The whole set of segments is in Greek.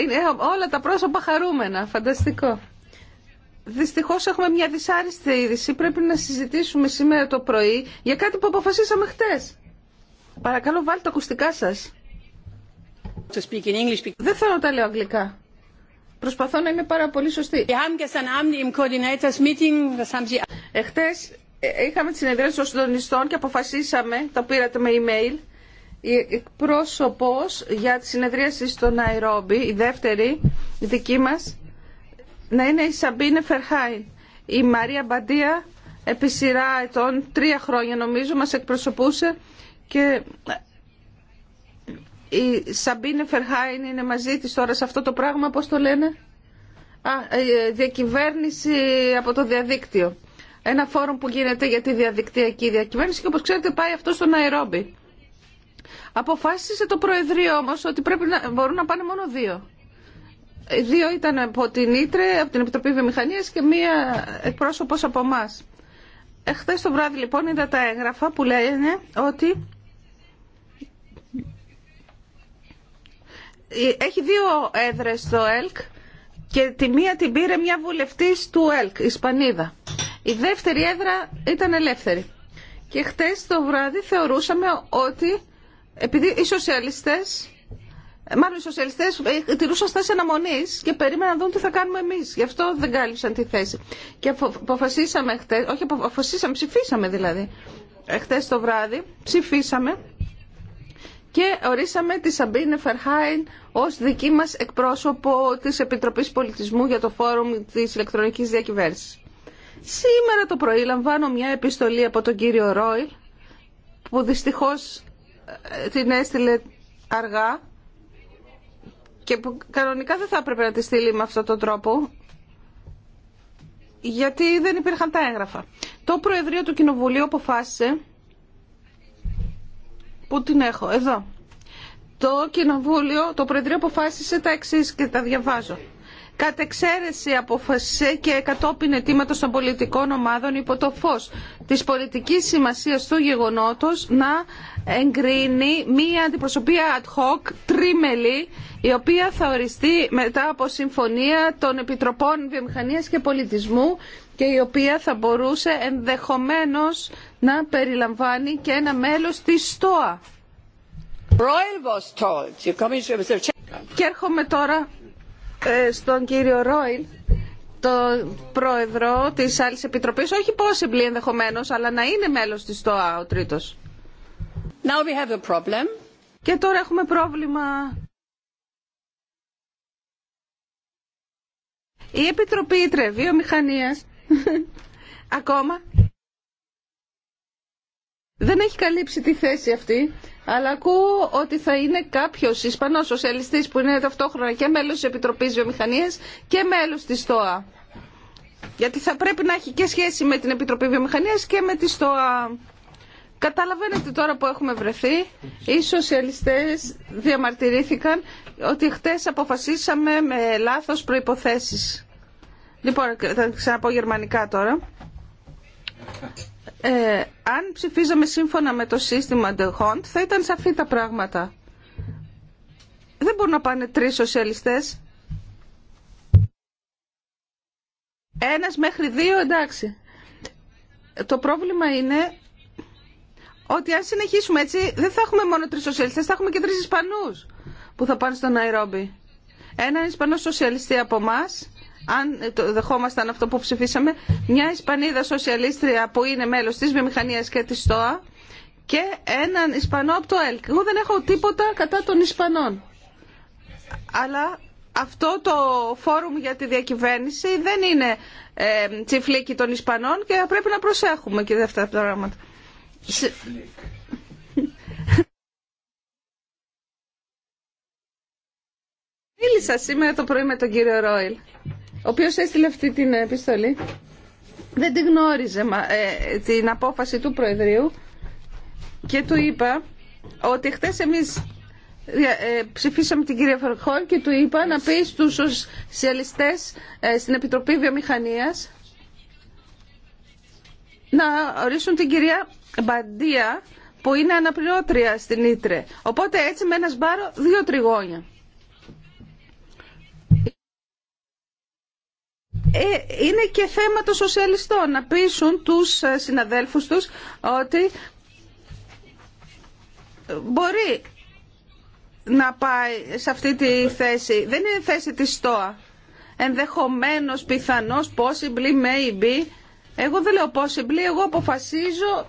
Είναι όλα τα πρόσωπα χαρούμενα. Φανταστικό. Δυστυχώς έχουμε μια δυσάρεστη είδηση. Πρέπει να συζητήσουμε σήμερα το πρωί για κάτι που αποφασίσαμε χτε. Παρακαλώ βάλτε τα ακουστικά σας. Δεν θέλω να τα λέω αγγλικά. Προσπαθώ να είμαι πάρα πολύ σωστή. Εχθέ ε, είχαμε τη συνεδρία των συντονιστών και αποφασίσαμε, το πήρατε με email, η για τη συνεδρίαση στο Ναϊρόμπι, η δεύτερη, δική μας, να είναι η Σαμπίνε Φερχάιν. Η Μαρία Μπαντία επί σειρά ετών, τρία χρόνια νομίζω, μας εκπροσωπούσε και η Σαμπίνε Φερχάιν είναι μαζί της τώρα σε αυτό το πράγμα, πώς το λένε, ε, διακυβέρνηση από το διαδίκτυο. Ένα φόρουμ που γίνεται για τη διαδικτυακή διακυβέρνηση και όπως ξέρετε πάει αυτό στο Ναϊρόμπι. Αποφάσισε το Προεδρείο όμω ότι πρέπει να, μπορούν να πάνε μόνο δύο. Ε, δύο ήταν από την Ήτρε, από την Επιτροπή Βιομηχανία και μία εκπρόσωπο από εμά. Εχθές το βράδυ λοιπόν είδα τα έγγραφα που λένε ότι έχει δύο έδρες το ΕΛΚ και τη μία την πήρε μια βουλευτής του ΕΛΚ, Ισπανίδα. Η δεύτερη έδρα ήταν ελεύθερη. Και χτες το βράδυ θεωρούσαμε ότι επειδή οι σοσιαλιστέ, μάλλον οι σοσιαλιστές ε, τηρούσαν στάση αναμονή και περίμεναν να δουν τι θα κάνουμε εμεί. Γι' αυτό δεν κάλυψαν τη θέση. Και αποφασίσαμε όχι αποφασίσαμε, ψηφίσαμε δηλαδή, Εχθέ το βράδυ, ψηφίσαμε και ορίσαμε τη Σαμπίνε Φερχάιν ω δική μα εκπρόσωπο τη Επιτροπή Πολιτισμού για το Φόρουμ τη Ηλεκτρονικής διακυβέρνηση. Σήμερα το πρωί λαμβάνω μια επιστολή από τον κύριο Ρόιλ που δυστυχώς την έστειλε αργά και που κανονικά δεν θα έπρεπε να τη στείλει με αυτόν τον τρόπο γιατί δεν υπήρχαν τα έγγραφα. Το Προεδρείο του Κοινοβουλίου αποφάσισε που την έχω εδώ. Το Κοινοβούλιο, το Προεδρείο αποφάσισε τα εξής και τα διαβάζω κατ' εξαίρεση αποφασίσε και κατόπιν αιτήματο των πολιτικών ομάδων υπό το φω της πολιτικής σημασίας του γεγονότος να εγκρίνει μία αντιπροσωπεία ad hoc τρίμελη η οποία θα οριστεί μετά από συμφωνία των Επιτροπών Βιομηχανίας και Πολιτισμού και η οποία θα μπορούσε ενδεχομένως να περιλαμβάνει και ένα μέλος της ΣΤΟΑ. Και έρχομαι τώρα ε, στον κύριο Ρόιλ, τον πρόεδρο τη Άλλη Επιτροπή, όχι possibly ενδεχομένω, αλλά να είναι μέλο τη ΤΟΑ ο τρίτο. have Και τώρα έχουμε πρόβλημα. Η Επιτροπή Ήτρε Βιομηχανίας ακόμα δεν έχει καλύψει τη θέση αυτή αλλά ακούω ότι θα είναι κάποιο Ισπανό σοσιαλιστή που είναι ταυτόχρονα και μέλο τη Επιτροπή Βιομηχανία και μέλο τη ΣΤΟΑ. Γιατί θα πρέπει να έχει και σχέση με την Επιτροπή Βιομηχανία και με τη ΣΤΟΑ. Καταλαβαίνετε τώρα που έχουμε βρεθεί, οι σοσιαλιστές διαμαρτυρήθηκαν ότι χτες αποφασίσαμε με λάθος προϋποθέσεις. Λοιπόν, θα ξαναπώ γερμανικά τώρα. Ε, αν ψηφίζαμε σύμφωνα με το σύστημα de Hunt θα ήταν σαφή τα πράγματα. Δεν μπορούν να πάνε τρεις σοσιαλιστές. Ένας μέχρι δύο, εντάξει. Το πρόβλημα είναι ότι αν συνεχίσουμε έτσι, δεν θα έχουμε μόνο τρεις σοσιαλιστές, θα έχουμε και τρεις Ισπανούς που θα πάνε στο Ναϊρόμπι. Έναν Ισπανό σοσιαλιστή από εμά αν ε, το δεχόμασταν αυτό που ψηφίσαμε, μια Ισπανίδα σοσιαλίστρια που είναι μέλος της βιομηχανία και της ΣΤΟΑ και έναν Ισπανό από το ΕΛΚ. Εγώ δεν έχω τίποτα κατά των Ισπανών. Αλλά αυτό το φόρουμ για τη διακυβέρνηση δεν είναι ε, τσιφλίκι των Ισπανών και πρέπει να προσέχουμε και αυτά τα πράγματα. Μίλησα σήμερα το πρωί με τον κύριο Ρόιλ ο οποίος έστειλε αυτή την επιστολή, δεν τη γνώριζε ε, την απόφαση του Προεδρείου και του είπα ότι χτες εμείς ε, ψηφίσαμε την κυρία Φερχόλ και του είπα να πει στους σοσιαλιστές ε, στην Επιτροπή Βιομηχανίας να ορίσουν την κυρία Μπαντία που είναι αναπληρώτρια στην Ήτρε. Οπότε έτσι με ένα σπάρο δύο τριγώνια. Ε, είναι και θέμα των σοσιαλιστών να πείσουν τους ε, συναδέλφους τους ότι μπορεί να πάει σε αυτή τη θέση. Δεν είναι θέση της ΣΤΟΑ. Ενδεχομένως, πιθανώς, possibly, maybe. Εγώ δεν λέω possibly, εγώ αποφασίζω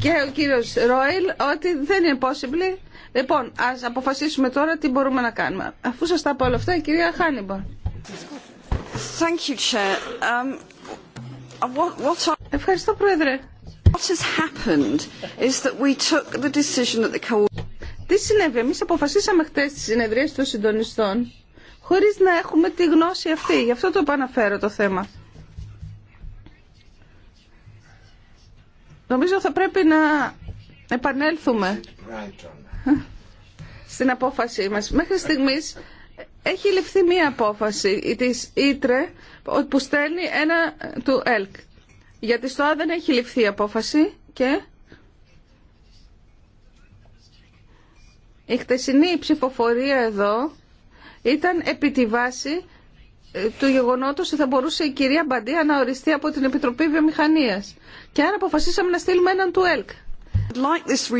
και ο κύριος Ρόιλ ότι δεν είναι possibly. Λοιπόν, ας αποφασίσουμε τώρα τι μπορούμε να κάνουμε. Αφού σας τα πω όλα αυτά, η κυρία Χάνιμπορ. Um, Ευχαριστώ, Πρόεδρε. Τι συνέβη, εμείς αποφασίσαμε χτες τις συνεδρίες των συντονιστών χωρίς να έχουμε τη γνώση αυτή. Γι' αυτό το επαναφέρω το θέμα. Νομίζω θα πρέπει να επανέλθουμε στην απόφαση μας. Μέχρι στιγμής έχει ληφθεί μία απόφαση της Ήτρε που στέλνει ένα του ΕΛΚ. Γιατί στο Α δεν έχει ληφθεί απόφαση και η χτεσινή ψηφοφορία εδώ ήταν επί τη βάση ε, του γεγονότος ότι θα μπορούσε η κυρία Μπαντία να οριστεί από την Επιτροπή Βιομηχανίας. Και άρα αποφασίσαμε να στείλουμε έναν του ΕΛΚ. Like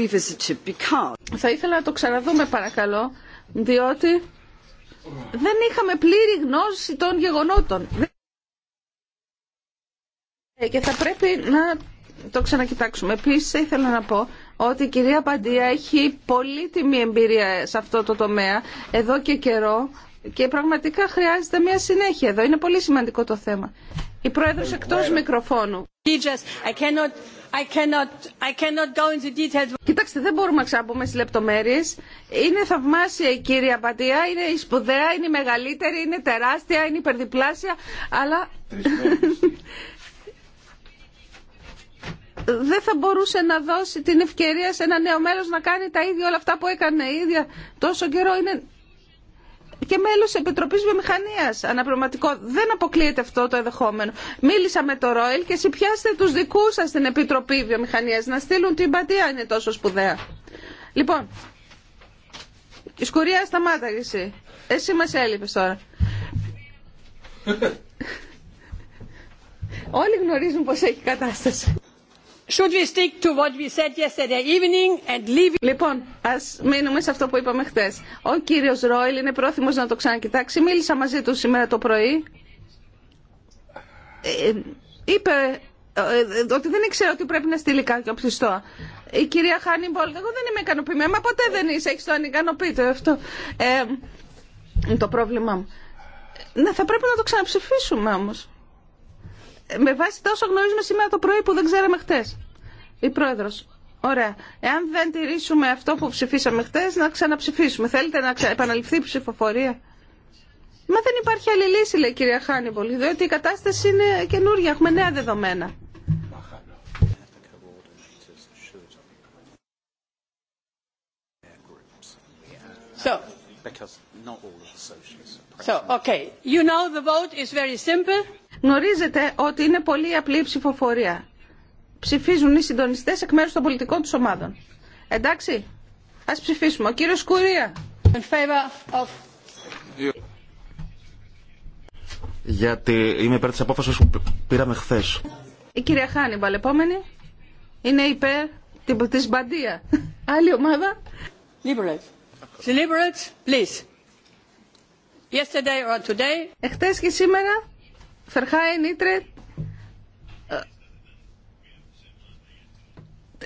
because... Θα ήθελα να το ξαναδούμε παρακαλώ, διότι δεν είχαμε πλήρη γνώση των γεγονότων. Ε, και θα πρέπει να το ξανακοιτάξουμε. Επίσης ήθελα να πω ότι η κυρία Παντία έχει πολύτιμη εμπειρία σε αυτό το τομέα εδώ και καιρό και πραγματικά χρειάζεται μια συνέχεια εδώ. Είναι πολύ σημαντικό το θέμα. Η πρόεδρος ε, εκτός ε, μικροφώνου. Κοιτάξτε, δεν μπορούμε να ξαναπούμε στις λεπτομέρειε. Είναι θαυμάσια η κυρία Πατία, είναι η σπουδαία, είναι η μεγαλύτερη, είναι τεράστια, είναι υπερδιπλάσια, αλλά... δεν θα μπορούσε να δώσει την ευκαιρία σε ένα νέο μέλος να κάνει τα ίδια όλα αυτά που έκανε η ίδια τόσο καιρό. Είναι και μέλο της Επιτροπής Βιομηχανίας αναπληρωματικό. Δεν αποκλείεται αυτό το ενδεχόμενο. Μίλησα με το Ρόιλ και συμπιάστε τους δικούς σας στην Επιτροπή Βιομηχανίας να στείλουν την πατία είναι τόσο σπουδαία. Λοιπόν, η σκουρία σταμάτα εσύ. Εσύ μας έλειπε τώρα. Όλοι γνωρίζουν πως έχει κατάσταση. Λοιπόν, α μείνουμε σε αυτό που είπαμε χθε. Ο κύριο Ρόιλ είναι πρόθυμο να το ξανακοιτάξει. Μίλησα μαζί του σήμερα το πρωί. Ε, είπε ε, ότι δεν ήξερα ότι πρέπει να στείλει κάποιο ψηστό. Η κυρία Χάνιμπολ, εγώ δεν είμαι ικανοποιημένη. Μα ποτέ δεν είσαι, έχει το ανικανοποιητό αυτό. Ε, το πρόβλημά μου. Ναι, θα πρέπει να το ξαναψηφίσουμε όμως με βάση τόσο γνωρίζουμε σήμερα το πρωί που δεν ξέραμε χτε. Η πρόεδρο. Ωραία. Εάν δεν τηρήσουμε αυτό που ψηφίσαμε χτες, να ξαναψηφίσουμε. Θέλετε να επαναληφθεί η ψηφοφορία. Μα δεν υπάρχει άλλη λύση, λέει η κυρία Χάνιμπολ, διότι η κατάσταση είναι καινούργια, έχουμε νέα δεδομένα. So, so, okay. You know the vote Γνωρίζετε ότι είναι πολύ απλή η ψηφοφορία. Ψηφίζουν οι συντονιστέ εκ μέρου των πολιτικών του ομάδων. Εντάξει, α ψηφίσουμε. Ο κύριο Κουρία. Γιατί είμαι υπέρ τη απόφαση που πήραμε χθε. Η κυρία Χάνιμπαλ, επόμενη, είναι υπέρ τη Μπαντία. Άλλη ομάδα. Liberate. please. Yesterday Εχθές και σήμερα Φερχάιν Ήτρε,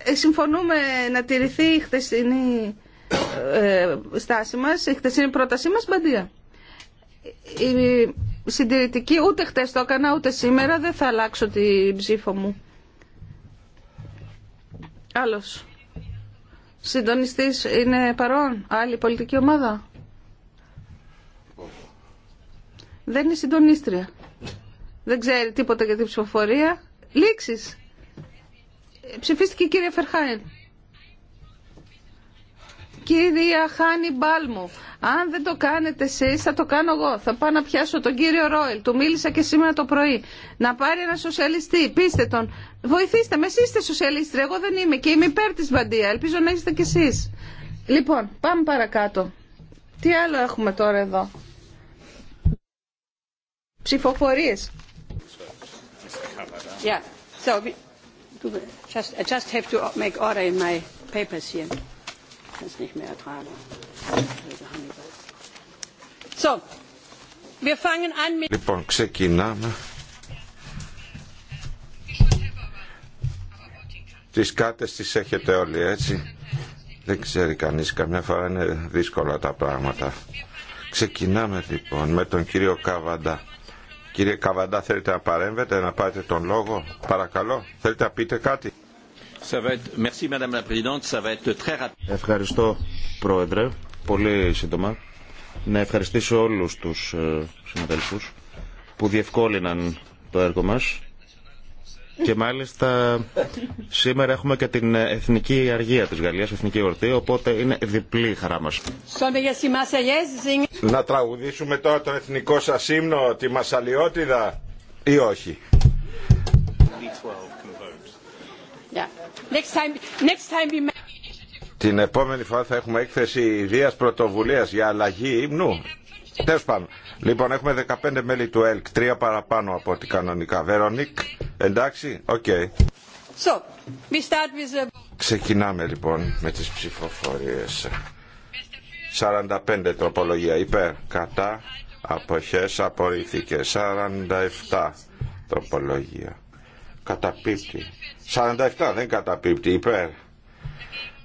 ε, συμφωνούμε να τηρηθεί η χτεσινή ε, στάση μας, η χτεσινή πρότασή μας, μπαντία. Η συντηρητική, ούτε χτες το έκανα, ούτε σήμερα, δεν θα αλλάξω την ψήφο μου. Άλλος. Συντονιστής είναι παρόν, άλλη πολιτική ομάδα. Δεν είναι συντονίστρια δεν ξέρει τίποτα για την ψηφοφορία. Λήξει. Ψηφίστηκε η κυρία Φερχάιν. Κυρία Χάνι Μπάλμου, αν δεν το κάνετε εσεί, θα το κάνω εγώ. Θα πάω να πιάσω τον κύριο Ρόιλ. Του μίλησα και σήμερα το πρωί. Να πάρει ένα σοσιαλιστή. Πείστε τον. Βοηθήστε με. Εσεί είστε σοσιαλίστρια. Εγώ δεν είμαι και είμαι υπέρ τη Βαντία. Ελπίζω να είστε κι εσεί. Λοιπόν, πάμε παρακάτω. Τι άλλο έχουμε τώρα εδώ. Ψηφοφορίες. Λοιπόν, ξεκινάμε. Τις κάρτες τις έχετε όλοι, έτσι. Δεν ξέρει κανείς, καμιά φορά είναι δύσκολα τα πράγματα. Ξεκινάμε λοιπόν με τον κύριο Κάβαντα Κύριε Καβαντά, θέλετε να παρέμβετε, να πάρετε τον λόγο. Παρακαλώ, θέλετε να πείτε κάτι. Ευχαριστώ, Πρόεδρε. Πολύ σύντομα. Να ευχαριστήσω όλους τους ε, συναδέλφους που διευκόλυναν το έργο μας και μάλιστα σήμερα έχουμε και την εθνική αργία της Γαλλίας, εθνική ορτή, οπότε είναι διπλή η χαρά μας. Να τραγουδήσουμε τώρα το εθνικό σας ύμνο, τη Μασαλιότιδα ή όχι. Την επόμενη φορά θα έχουμε έκθεση ιδίας πρωτοβουλίας για αλλαγή ύμνου. Τέλο πάντων. Λοιπόν, έχουμε 15 μέλη του ΕΛΚ, τρία παραπάνω από ό,τι κανονικά. Βερονίκ, εντάξει, οκ. So, the... Ξεκινάμε λοιπόν με τις ψηφοφορίες. 45 τροπολογία υπέρ, κατά, αποχές, απορρίφθηκε. 47 τροπολογία. Καταπίπτει. 47 δεν καταπίπτει, υπέρ.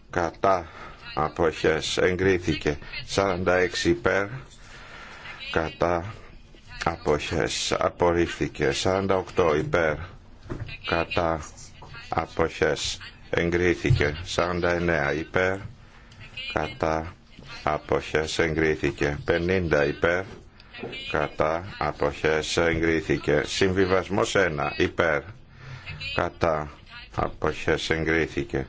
Κατά, αποχές, εγκρίθηκε. 46 υπέρ, κατά αποχές απορρίφθηκε 48 υπέρ κατά αποχές εγκρίθηκε 49 υπέρ κατά αποχές εγκρίθηκε 50 υπέρ κατά αποχές εγκρίθηκε συμβιβασμός 1 υπέρ κατά αποχές εγκρίθηκε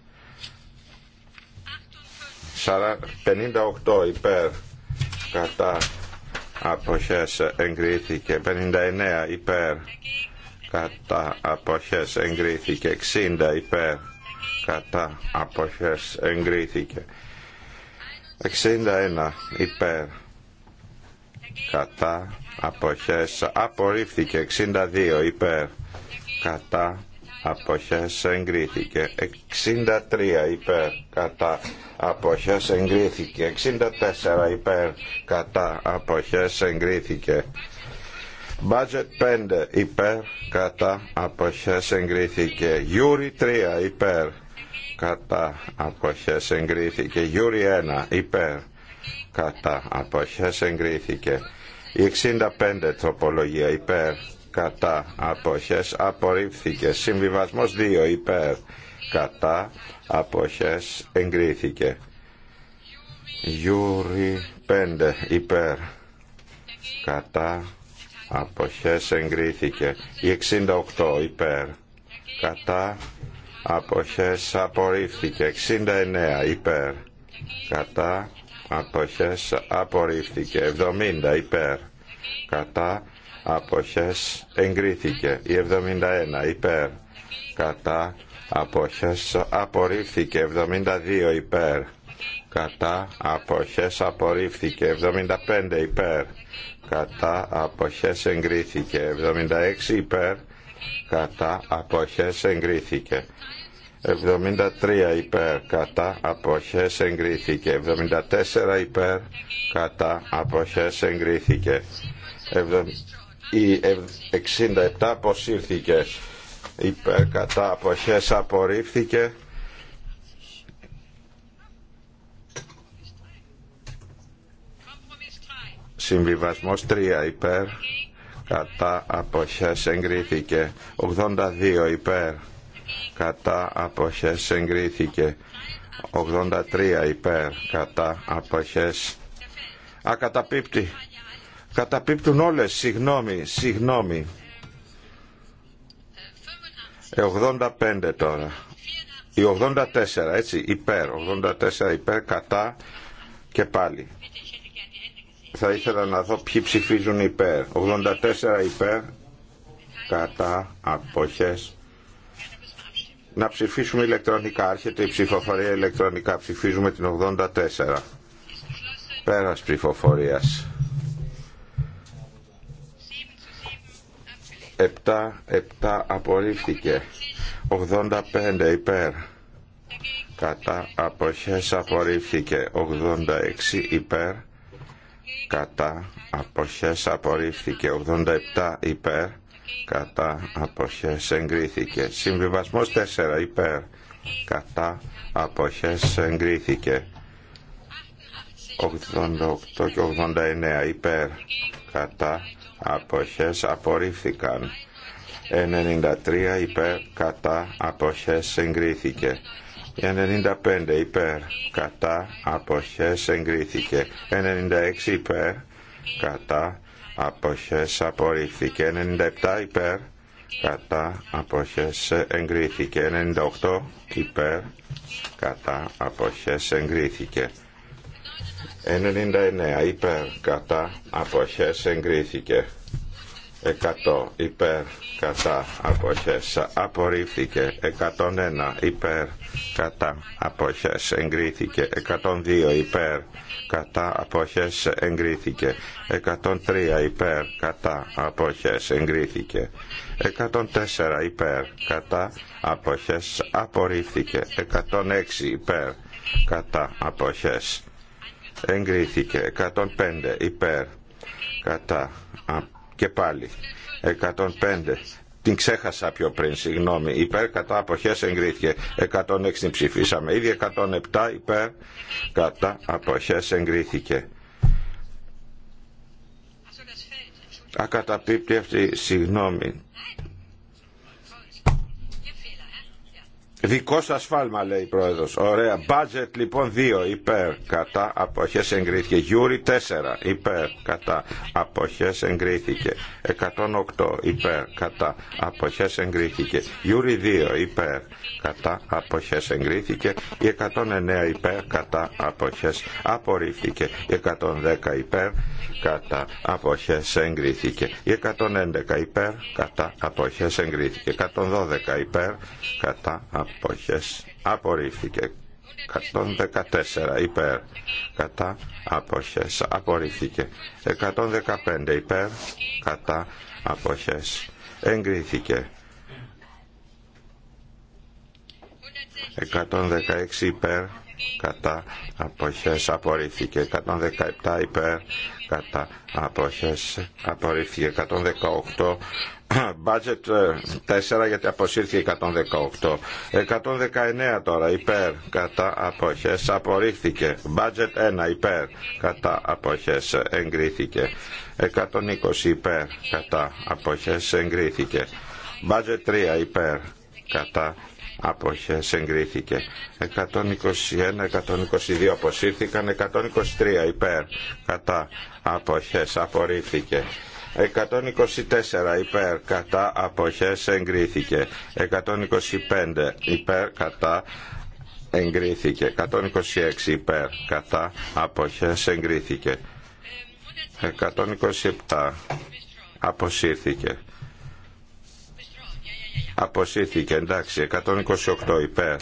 58 υπέρ κατά αποχές εγκρίθηκε 59 υπέρ κατά αποχές εγκρίθηκε 60 υπέρ κατά αποχές εγκρίθηκε 61 υπέρ κατά αποχές απορρίφθηκε 62 υπέρ κατά αποχές εγκρίθηκε 63 υπέρ κατά αποχές εγκρίθηκε 64 υπέρ κατά αποχές εγκρίθηκε Budget 5 υπέρ κατά αποχές εγκρίθηκε Γιούρι 3 υπέρ κατά αποχές εγκρίθηκε Γιούρι 1 υπέρ κατά αποχές εγκρίθηκε 65 τροπολογία υπέρ κατά αποχές απορρίφθηκε συμβιβασμός 2 υπέρ κατά αποχές εγκρίθηκε Γιούρι 5 υπέρ κατά αποχές εγκρίθηκε 68 υπέρ κατά αποχές απορρίφθηκε 69 υπέρ κατά αποχές απορρίφθηκε 70 υπέρ κατά αποχές εγκρίθηκε. Η 71 υπέρ κατά αποχές απορρίφθηκε. 72 υπέρ κατά αποχές απορρίφθηκε. 75 υπέρ κατά αποχές εγκρίθηκε. 76 υπέρ κατά αποχές εγκρίθηκε. 73 υπέρ κατά αποχές εγκρίθηκε 74 υπέρ κατά αποχές εγκρίθηκε η 67 αποσύρθηκε υπέρ κατά αποχές απορρίφθηκε συμβιβασμός 3 υπέρ κατά αποχές εγκρίθηκε 82 υπέρ κατά αποχές εγκρίθηκε 83 υπέρ κατά αποχές ακαταπίπτει Καταπίπτουν όλες. Συγγνώμη, συγγνώμη. 85 ε, τώρα. Η 84, έτσι, υπέρ. 84 υπέρ, κατά και πάλι. Θα ήθελα να δω ποιοι ψηφίζουν υπέρ. 84 υπέρ, κατά, αποχές. Να ψηφίσουμε ηλεκτρονικά. Άρχεται η ψηφοφορία ηλεκτρονικά. Ψηφίζουμε την 84. Πέρας ψηφοφορίας. 7, 7 απορρίφθηκε. 85 υπέρ. Κατά αποχές απορρίφθηκε. 86 υπέρ. Κατά αποχές απορρίφθηκε. 87 υπέρ. Κατά αποχές εγκρίθηκε. Συμβιβασμός 4 υπέρ. Κατά αποχές εγκρίθηκε. 88 και 89 υπέρ. Κατά αποχές απορρίφθηκαν 93 υπέρ κατά αποχές εγκρίθηκε 95 υπέρ κατά αποχές εγκρίθηκε 96 υπέρ κατά αποχές απορρίφθηκε 97 υπέρ κατά αποχές εγκρίθηκε 98 υπέρ κατά αποχές εγκρίθηκε 99 υπέρ κατά αποχές εγκρίθηκε 100 υπέρ κατά αποχές απορρίφθηκε 101 υπέρ κατά αποχές εγκρίθηκε 102 υπέρ κατά αποχές εγκρίθηκε 103 υπέρ κατά αποχές εγκρίθηκε 104 υπέρ κατά αποχές απορρίφθηκε 106 υπέρ κατά αποχές εγκρίθηκε 105 υπέρ κατά α, και πάλι 105 την ξέχασα πιο πριν, συγγνώμη. Υπέρ κατά αποχές εγκρίθηκε. 106 την ψηφίσαμε. Ήδη 107 υπέρ κατά αποχές εγκρίθηκε. Ακαταπίπτει αυτή, συγγνώμη. Δικό σα φάλμα λέει η Πρόεδρος. Ωραία. Budget λοιπόν 2 υπέρ κατά αποχές εγκρίθηκε. Γιούρι 4 υπέρ κατά αποχές εγκρίθηκε. 108 υπέρ κατά αποχές εγκρίθηκε. Γιούρι 2 υπέρ κατά αποχές εγκρίθηκε. Η 109 υπέρ κατά αποχές απορρίφθηκε. 110 υπέρ κατά αποχές εγκρίθηκε. Η 111 υπέρ κατά αποχές εγκρίθηκε. 112 υπέρ κατά αποχές απορρίφθηκε 114 υπέρ κατά απόχέ. απορρίφθηκε 115 υπέρ κατά αποχές εγκρίθηκε 116 υπέρ κατά αποχές απορρίφθηκε 117 υπέρ κατά αποχές απορρίφθηκε 118 Budget 4 ε, γιατί αποσύρθηκε 118. 119 τώρα υπέρ κατά αποχές απορρίφθηκε. Budget 1 υπέρ κατά αποχές εγκρίθηκε. 120 υπέρ κατά αποχές εγκρίθηκε. Budget 3 υπέρ κατά αποχές εγκρίθηκε. 121-122 αποσύρθηκαν. 123 υπέρ κατά αποχές απορρίφθηκε. 124 υπέρ κατά αποχές εγκρίθηκε. 125 υπέρ κατά εγκρίθηκε. 126 υπέρ κατά αποχές εγκρίθηκε. 127 αποσύρθηκε. Αποσύρθηκε εντάξει. 128 υπέρ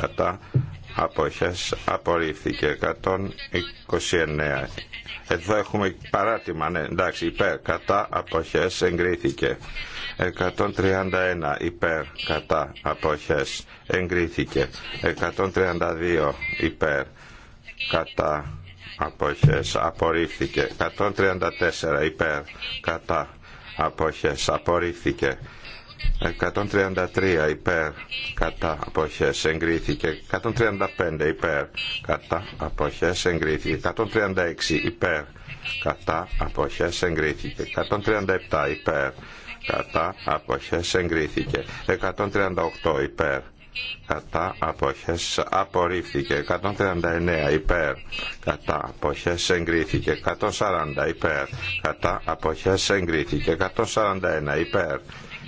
κατά αποχές απορρίφθηκε 129 εδώ έχουμε παράτημα ναι, εντάξει υπέρ κατά αποχές εγκρίθηκε 131 υπέρ κατά αποχές εγκρίθηκε 132 υπέρ κατά αποχές απορρίφθηκε 134 υπέρ κατά αποχές απορρίφθηκε 133 υπέρ κατά αποχές εγκρίθηκε 135 υπέρ κατά αποχές εγκρίθηκε 136 υπέρ κατά αποχές εγκρίθηκε 137 υπέρ κατά αποχές εγκρίθηκε 138 υπέρ κατά αποχές απορρίφθηκε 139 υπέρ κατά αποχές εγκρίθηκε 140 υπέρ κατά αποχές εγκρίθηκε 141 υπέρ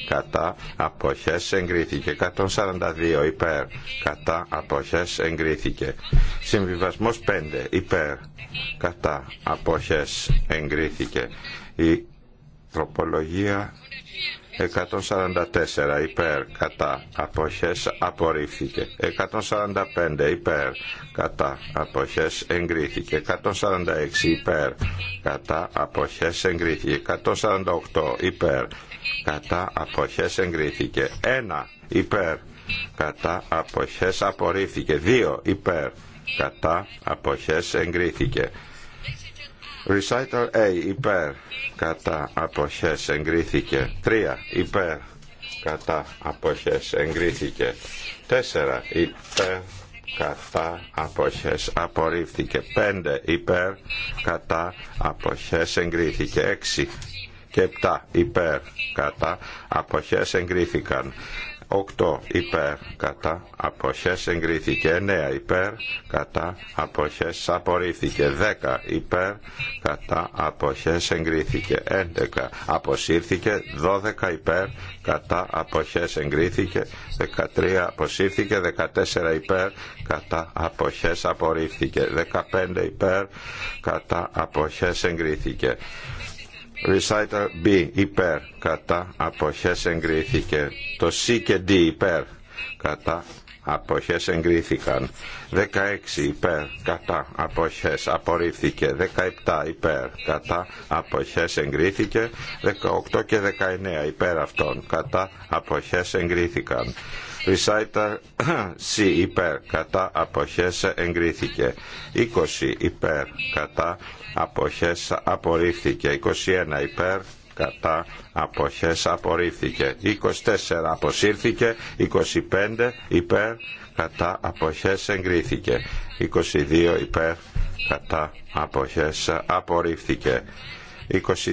κατά αποχές εγκρίθηκε 142 υπέρ κατά αποχές εγκρίθηκε συμβιβασμός 5 υπέρ κατά αποχές εγκρίθηκε η τροπολογία 144 υπέρ κατά αποχές απορρίφθηκε 145 υπέρ κατά αποχές εγκρίθηκε 146 υπέρ κατά αποχές εγκρίθηκε 148 υπέρ κατά αποχές εγκρίθηκε 1 υπέρ κατά αποχές απορρίφθηκε 2 υπέρ κατά αποχές εγκρίθηκε Recital A υπέρ κατά αποχές εγκρίθηκε. 3 υπέρ κατά αποχές εγκρίθηκε. 4 υπέρ κατά αποχές απορρίφθηκε. 5 υπέρ κατά αποχές εγκρίθηκε. 6 και 7 υπέρ κατά αποχές εγκρίθηκαν 8 υπέρ κατά αποχές εγκρίθηκε 9 υπέρ κατά αποχές απορρίφθηκε 10 υπέρ κατά αποχές εγκρίθηκε 11 αποσύρθηκε 12 υπέρ κατά αποχές εγκρίθηκε 13 αποσύρθηκε 14 υπέρ κατά αποχές απορρίφθηκε 15 υπέρ κατά αποχές εγκρίθηκε Recital B υπέρ κατά αποχές εγκρίθηκε. Το C και D υπέρ κατά αποχές εγκρίθηκαν 16 υπέρ κατά αποχές απορρίφθηκε 17 υπέρ κατά αποχές εγκρίθηκε 18 και 19 υπέρ αυτών κατά αποχές εγκρίθηκαν Recital C υπέρ κατά αποχές εγκρίθηκε 20 υπέρ κατά αποχές απορρίφθηκε 21 υπέρ κατά αποχές απορρίφθηκε 24 αποσύρθηκε 25 υπέρ κατά αποχές εγκρίθηκε 22 υπέρ κατά αποχές απορρίφθηκε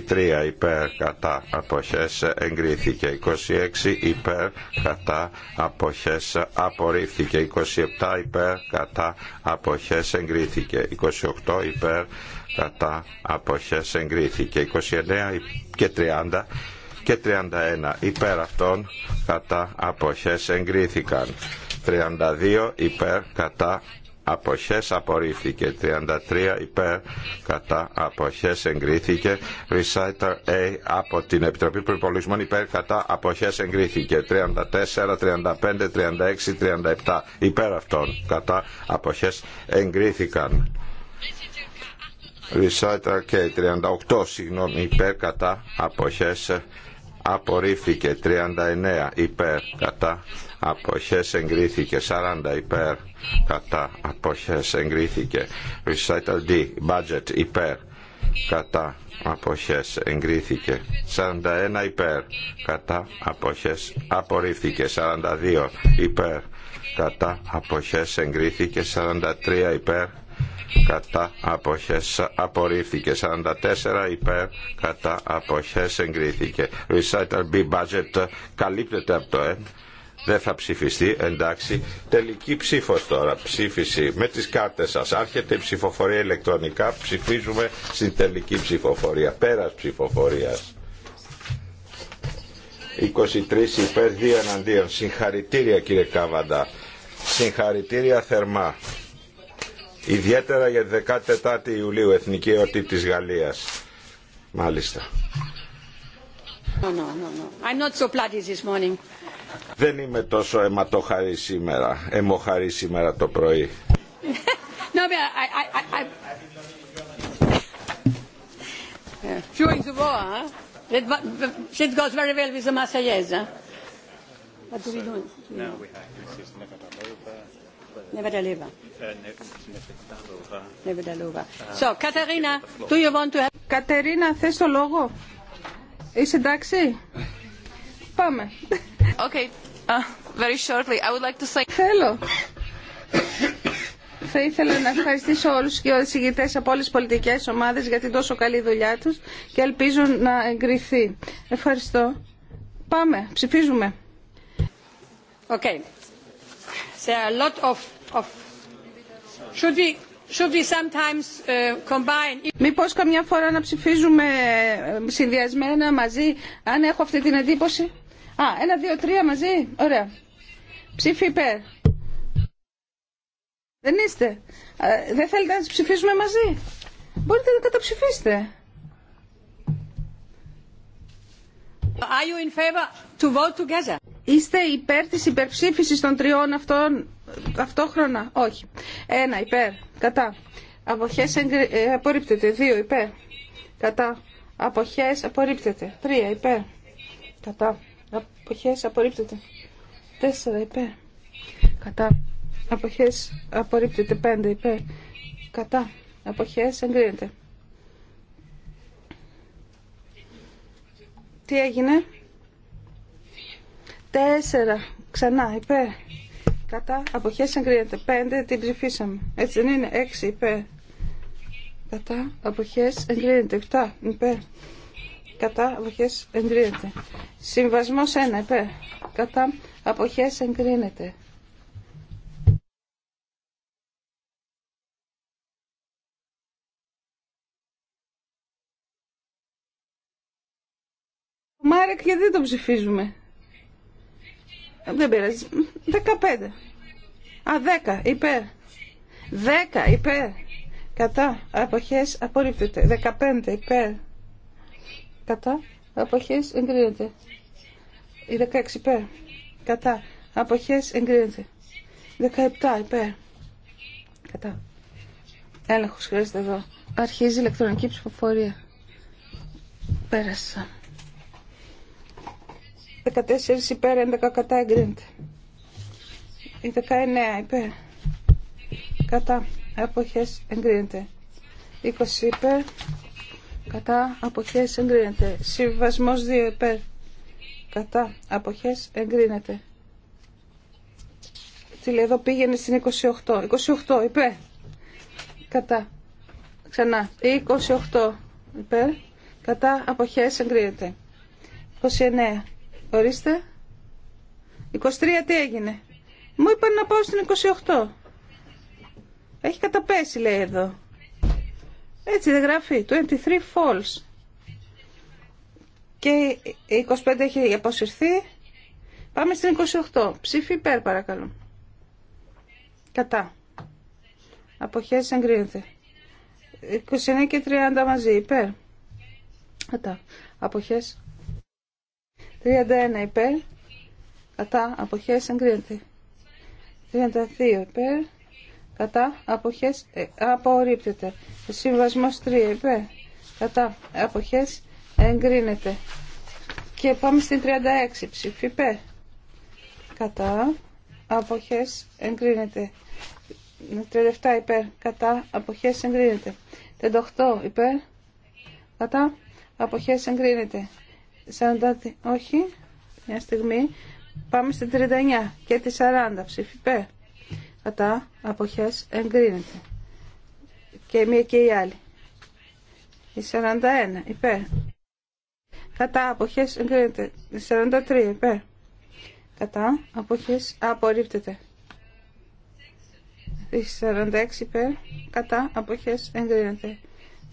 23 υπέρ κατά αποχές εγκρίθηκε 26 υπέρ κατά αποχές απορρίφθηκε 27 υπέρ κατά αποχές εγκρίθηκε 28 υπέρ κατά αποχές εγκρίθηκε 29 υπέρ και 30 και 31 υπέρ αυτών κατά αποχές εγκρίθηκαν. 32 υπέρ κατά αποχές απορρίφθηκε. 33 υπέρ κατά αποχές εγκρίθηκε. Reciter A από την Επιτροπή Προπολογισμών υπέρ κατά αποχές εγκρίθηκε. 34, 35, 36, 37 υπέρ αυτών κατά αποχές εγκρίθηκαν. Recital και 38 συγγνώμη υπέρ κατά αποχές απορρίφθηκε 39 υπέρ κατά αποχές εγκρίθηκε 40 υπέρ κατά αποχές εγκρίθηκε recital D budget υπέρ κατά αποχές εγκρίθηκε 41 υπέρ κατά αποχές απορρίφθηκε 42 υπέρ κατά αποχές εγκρίθηκε 43 υπέρ κατά αποχές απορρίφθηκε 44 υπέρ κατά αποχές εγκρίθηκε Recital B budget καλύπτεται από το ε δεν θα ψηφιστεί, εντάξει. Τελική ψήφος τώρα, ψήφιση με τις κάρτες σας. Άρχεται η ψηφοφορία ηλεκτρονικά, ψηφίζουμε στην τελική ψηφοφορία, πέρας ψηφοφορίας. 23 υπέρ 2 εναντίον. Συγχαρητήρια κύριε Κάβαντα. Συγχαρητήρια θερμά. Ιδιαίτερα για 14η Ιουλίου, Εθνική Εορτή της Γαλλίας. Μάλιστα. No, no, no, I'm not so bloody this morning. Δεν είμαι τόσο αιματοχαρή σήμερα, αιμοχαρή σήμερα το πρωί. no, but I, I, I, I... Yeah. During the war, huh? It goes very well with the Marseillaise. Huh? What do we do? No, we have. Nevedalova. Nevedalova. So, Κατερίνα, do you want to have... Κατερίνα, θες το λόγο. Είσαι εντάξει. Πάμε. Okay. Uh, very shortly, I would like to say... Θέλω. Θα ήθελα να ευχαριστήσω όλους και όλες τις από όλες τις πολιτικές ομάδες για την τόσο καλή δουλειά τους και ελπίζω να εγκριθεί. Ευχαριστώ. Πάμε, ψηφίζουμε. Okay. There are a lot of Μηπω uh, Μήπως καμιά φορά να ψηφίζουμε ε, συνδυασμένα μαζί, αν έχω αυτή την εντύπωση. Α, ένα, δύο, τρία μαζί. Ωραία. Ψήφι υπέρ. Δεν είστε. Ε, δεν θέλετε να τις ψηφίσουμε μαζί. Μπορείτε να καταψηφίσετε. Είστε υπέρ της υπερψήφισης των τριών αυτών ταυτόχρονα, όχι. Ένα υπέρ, κατά. Αποχές εγκρι... Ε, απορρίπτεται. Δύο υπέρ, κατά. Αποχές απορρίπτεται. Τρία υπέρ, κατά. Αποχές απορρίπτεται. Τέσσερα υπέρ, κατά. Αποχές απορρίπτεται. Πέντε υπέρ, κατά. Αποχές εγκρίνεται. Τι έγινε. Τέσσερα. Ξανά υπέρ Κατά αποχές εγκρίνεται. Πέντε, την ψηφίσαμε. Έτσι δεν είναι. Έξι, υπέρ. Κατά αποχές εγκρίνεται. Εφτά υπέρ. Κατά αποχές εγκρίνεται. Συμβασμό ένα, υπέρ. Κατά αποχές εγκρίνεται. Μάρεκ γιατί δεν το ψηφίζουμε. Δεν πειράζει. 15. Α, 10 υπέρ. 10 υπέρ. Κατά αποχές απορρίπτεται. 15 υπέρ. Κατά αποχές εγκρίνεται. Η 16 υπέρ. Κατά αποχές εγκρίνεται. 17 υπέρ. Κατά. Έλεγχος χρειάζεται εδώ. Αρχίζει η ηλεκτρονική ψηφοφορία. Πέρασα. 14 υπέρ, 11 κατά εγκρίνεται. Η 19 υπέρ, κατά αποχές εγκρίνεται. 20 υπέρ, κατά αποχές εγκρίνεται. Συμβασμός 2 υπέρ, κατά αποχές εγκρίνεται. Τι λέει εδώ πήγαινε στην 28. 28 υπέρ, κατά. Ξανά, 28 υπέρ, κατά αποχές εγκρίνεται. 29 Ορίστε. 23 τι έγινε. Μου είπαν να πάω στην 28. Έχει καταπέσει λέει εδώ. Έτσι δεν γράφει. 23 false. Και η 25 έχει αποσυρθεί. Πάμε στην 28. Ψήφι υπέρ παρακαλώ. Κατά. Αποχές εγκρίνεται. 29 και 30 μαζί υπέρ. Κατά. Αποχές 31 υπέρ. Κατά αποχές εγκρίνεται. 32 υπέρ. Κατά απόχέ. ε, απορρίπτεται. συμβασμό 3 υπέρ. Κατά αποχές εγκρίνεται. Και πάμε στην 36 ψήφι υπέρ. Κατά αποχές εγκρίνεται. 37 υπέρ. Κατά απόχέ εγκρίνεται. 38 υπέρ. Κατά απόχέ εγκρίνεται. 40, όχι, μια στιγμή. Πάμε στην 39 και τη 40 ψήφι Κατά αποχές εγκρίνεται. Και μία και η άλλη. Η 41 υπέ. Κατά αποχές εγκρίνεται. Η 43 υπέ. Κατά αποχές απορρίπτεται. Η 46 υπέ. Κατά αποχές εγκρίνεται.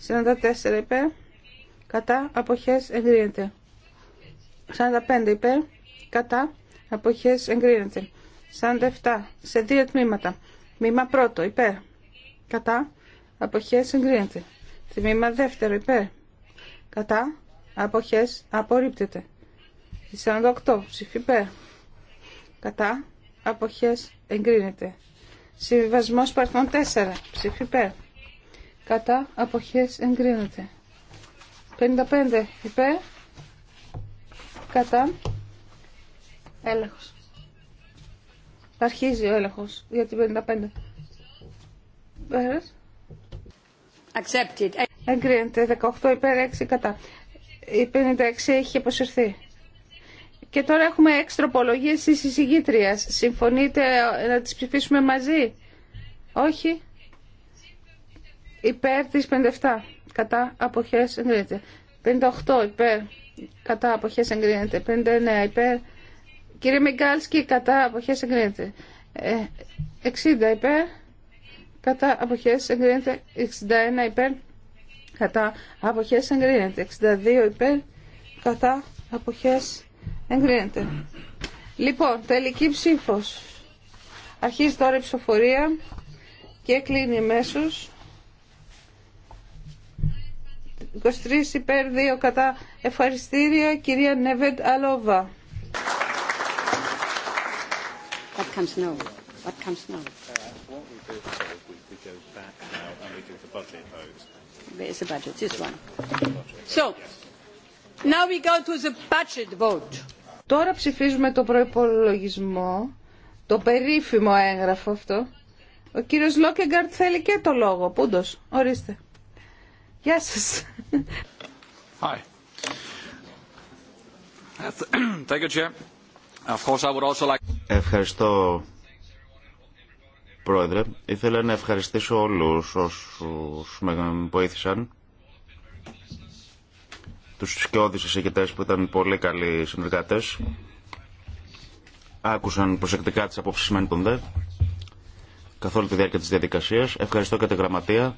44 υπέ. Κατά αποχές εγκρίνεται. 45 υπέρ, κατά, αποχές εγκρίνεται. 47 σε δύο τμήματα. Τμήμα πρώτο υπέρ, κατά, αποχές εγκρίνεται. Τμήμα δεύτερο υπέρ, κατά, αποχές απορρίπτεται. 48 ψήφι υπέρ, κατά, αποχές εγκρίνεται. Συμβιβασμό παρθών 4 ψήφι υπέρ, κατά, αποχές εγκρίνεται. 55 υπέρ, Κατά. Έλεγχος. Αρχίζει ο έλεγχος για την 55. Πέρας. Accepted. Εγκρίνεται 18 υπέρ 6 κατά. Η 56 έχει αποσυρθεί. Και τώρα έχουμε εξτροπολογίες τη της Συμφωνείτε να τις ψηφίσουμε μαζί. Όχι. Υπέρ της 57. Κατά αποχές εγκρίνεται. 58 υπέρ κατά αποχές εγκρίνεται. 59 υπέρ. Κύριε Μιγκάλσκι, κατά αποχές εγκρίνεται. 60 ε, υπέρ. Κατά αποχές εγκρίνεται. 61 υπέρ. Κατά αποχές εγκρίνεται. 62 υπέρ. Κατά αποχές εγκρίνεται. Λοιπόν, τελική ψήφος. Αρχίζει τώρα η ψηφοφορία και κλείνει μέσους. 23 υπέρ 2 κατά ευχαριστήρια κυρία Νεβέντ Αλόβα. Τώρα ψηφίζουμε το προϋπολογισμό, το περίφημο έγγραφο αυτό. Ο κύριος Λόκεγκαρτ θέλει και το λόγο. Πούντος, ορίστε. Ευχαριστώ, Πρόεδρε. Ήθελα να ευχαριστήσω όλους όσους με βοήθησαν. Τους σκιώδεις εισηγητές που ήταν πολύ καλοί συνεργάτες. Άκουσαν προσεκτικά τις απόψεις μεν των ΔΕ καθ' τη διάρκεια της διαδικασίας. Ευχαριστώ και τη Γραμματεία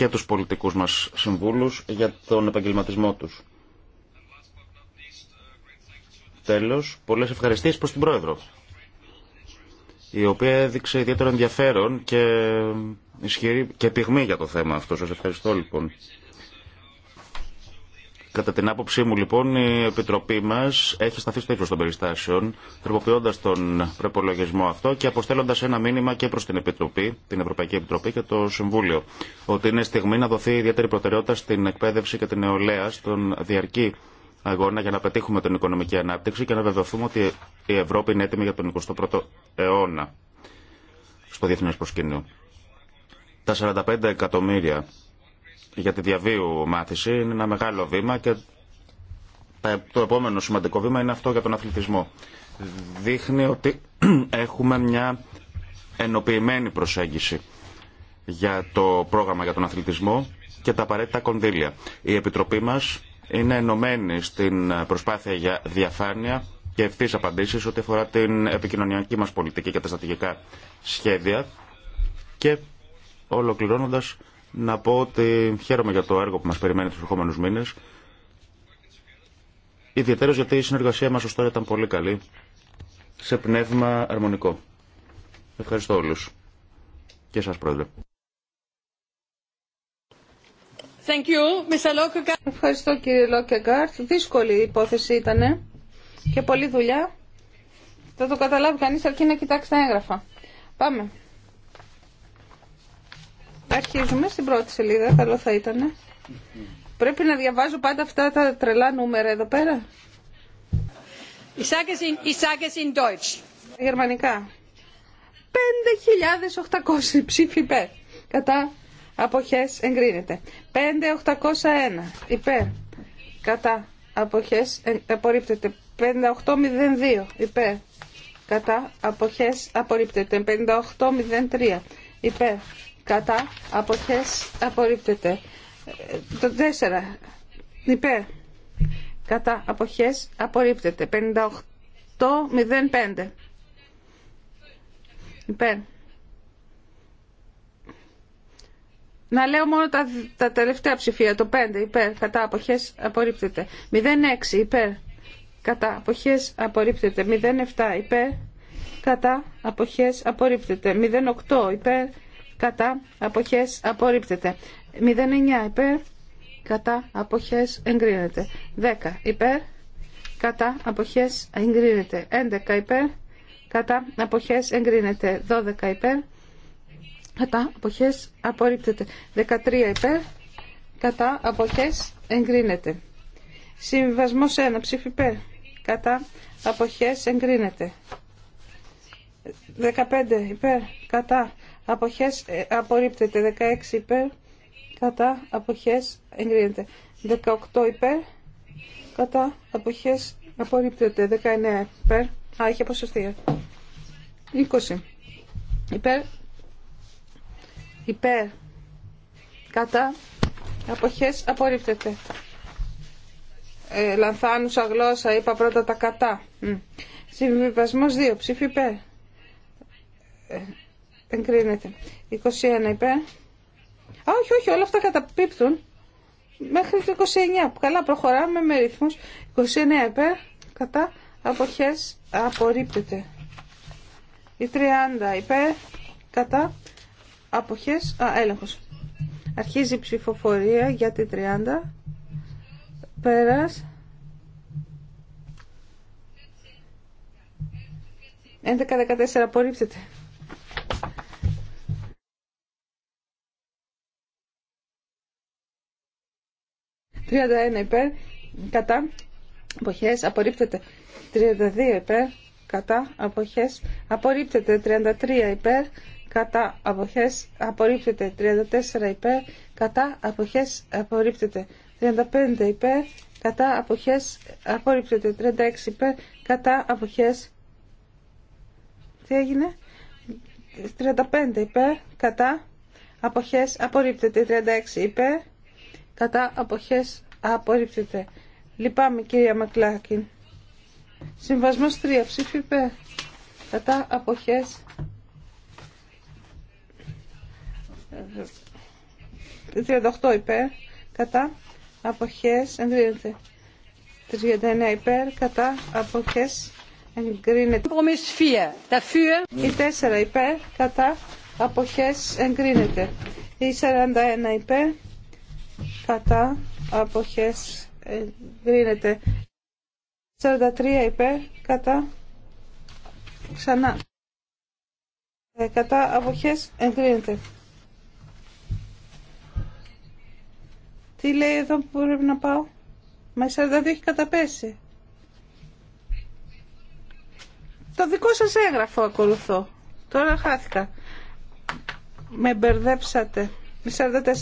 και τους πολιτικούς μας συμβούλους για τον επαγγελματισμό τους. Τέλος, πολλές ευχαριστίες προς την Πρόεδρο, η οποία έδειξε ιδιαίτερο ενδιαφέρον και ισχυρή και πυγμή για το θέμα αυτό. Σας ευχαριστώ λοιπόν. Κατά την άποψή μου λοιπόν η Επιτροπή μα έχει σταθεί στο ύψο των περιστάσεων τροποποιώντα τον προπολογισμό αυτό και αποστέλλοντα ένα μήνυμα και προ την Επιτροπή, την Ευρωπαϊκή Επιτροπή και το Συμβούλιο ότι είναι στιγμή να δοθεί ιδιαίτερη προτεραιότητα στην εκπαίδευση και την νεολαία στον διαρκή αγώνα για να πετύχουμε την οικονομική ανάπτυξη και να βεβαιωθούμε ότι η Ευρώπη είναι έτοιμη για τον 21ο αιώνα στο διεθνέ προσκήνιο. Τα 45 εκατομμύρια για τη διαβίου μάθηση είναι ένα μεγάλο βήμα και το επόμενο σημαντικό βήμα είναι αυτό για τον αθλητισμό. Δείχνει ότι έχουμε μια ενοποιημένη προσέγγιση για το πρόγραμμα για τον αθλητισμό και τα απαραίτητα κονδύλια. Η Επιτροπή μας είναι ενωμένη στην προσπάθεια για διαφάνεια και ευθύ απαντήσεις ό,τι αφορά την επικοινωνιακή μα πολιτική και τα στρατηγικά σχέδια. Και ολοκληρώνοντα, να πω ότι χαίρομαι για το έργο που μας περιμένει τους ερχόμενους μήνες. Ιδιαίτερως γιατί η συνεργασία μας ως τώρα ήταν πολύ καλή σε πνεύμα αρμονικό. Ευχαριστώ όλους. Και σας πρόεδρε. Thank you, Mr. Ευχαριστώ κύριε Λόκεγκάρτ. Δύσκολη η υπόθεση ήταν και πολλή δουλειά. Θα το καταλάβει κανείς αρκεί να κοιτάξει τα έγγραφα. Πάμε. Αρχίζουμε στην πρώτη σελίδα, καλό θα ήταν. Πρέπει να διαβάζω πάντα αυτά τα τρελά νούμερα εδώ πέρα. Ich Deutsch. Γερμανικά. 5.800 ψήφοι υπέρ. Κατά αποχές εγκρίνεται. 5.801 υπέρ. Κατά αποχές απορρίπτεται. 58.02 υπέρ. Κατά αποχές απορρίπτεται. 58.03 υπέρ κατά αποχές απορρίπτεται. Το 4 υπέρ κατά αποχές απορρίπτεται. 5805 υπέρ. Να λέω μόνο τα, τα τελευταία ψηφία. Το 5 υπέρ κατά αποχές απορρίπτεται. 06 υπέρ κατά αποχές απορρίπτεται. 07 υπέρ κατά αποχές απορρίπτεται. 08 υπέρ κατά αποχές απορρίπτεται. 09 υπέρ κατά αποχές εγκρίνεται. 10 υπέρ κατά αποχές εγκρίνεται. 11 υπέρ κατά αποχές εγκρίνεται. 12 υπέρ κατά αποχές απορρίπτεται. 13 υπέρ κατά αποχές εγκρίνεται. Συμβασμό 1 ψήφι υπέρ κατά αποχές εγκρίνεται. 15 υπέρ κατά αποχές ε, απορρίπτεται 16 υπέρ κατά αποχές εγκρίνεται 18 υπέρ κατά αποχές απορρίπτεται 19 υπέρ α έχει αποσυρθεί 20 υπέρ υπέρ κατά αποχές απορρίπτεται ε, λανθάνουσα γλώσσα είπα πρώτα τα κατά Συμβιβασμός 2 ψήφι υπέρ ε, κρίνεται. 21 υπέρ. Α, όχι, όχι, όλα αυτά καταπίπτουν. Μέχρι το 29. Καλά, προχωράμε με ρυθμούς. 29 υπέρ. Κατά. Αποχές. Απορρίπτεται. Η 30 υπέρ. Κατά. Αποχές. Α, έλεγχος. Αρχίζει η ψηφοφορία για τη 30. Πέρας. 11-14 απορρίπτεται. 31 υπέρ, κατά, αποχές, απορρίπτεται. 32 υπέρ, κατά, αποχές, απορρίπτεται. 33 υπέρ, κατά, αποχές, απορρίπτεται. 34 υπέρ, κατά, αποχές, απορρίπτεται. 35 υπέρ, κατά, αποχές, απορρίπτεται. 36 υπέρ, κατά, αποχές, τι έγινε, 35 υπέρ, κατά, αποχές, απορρίπτεται. 36 υπέρ, κατά αποχές απορρίπτεται. Λυπάμαι κυρία Μακλάκιν. Συμβασμός 3 ψήφι υπέρ κατά αποχές 38 υπέρ κατά αποχές εγκρίνεται 39 υπέρ κατά αποχές εγκρίνεται η 4 υπέρ κατά αποχές εγκρίνεται η 41 υπέρ κατά αποχές εγκρίνεται 43 υπέρ κατά ξανά ε, κατά αποχές εγκρίνεται τι λέει εδώ που πρέπει να πάω μα η 42 έχει καταπέσει το δικό σας έγγραφο ακολουθώ τώρα χάθηκα με μπερδέψατε με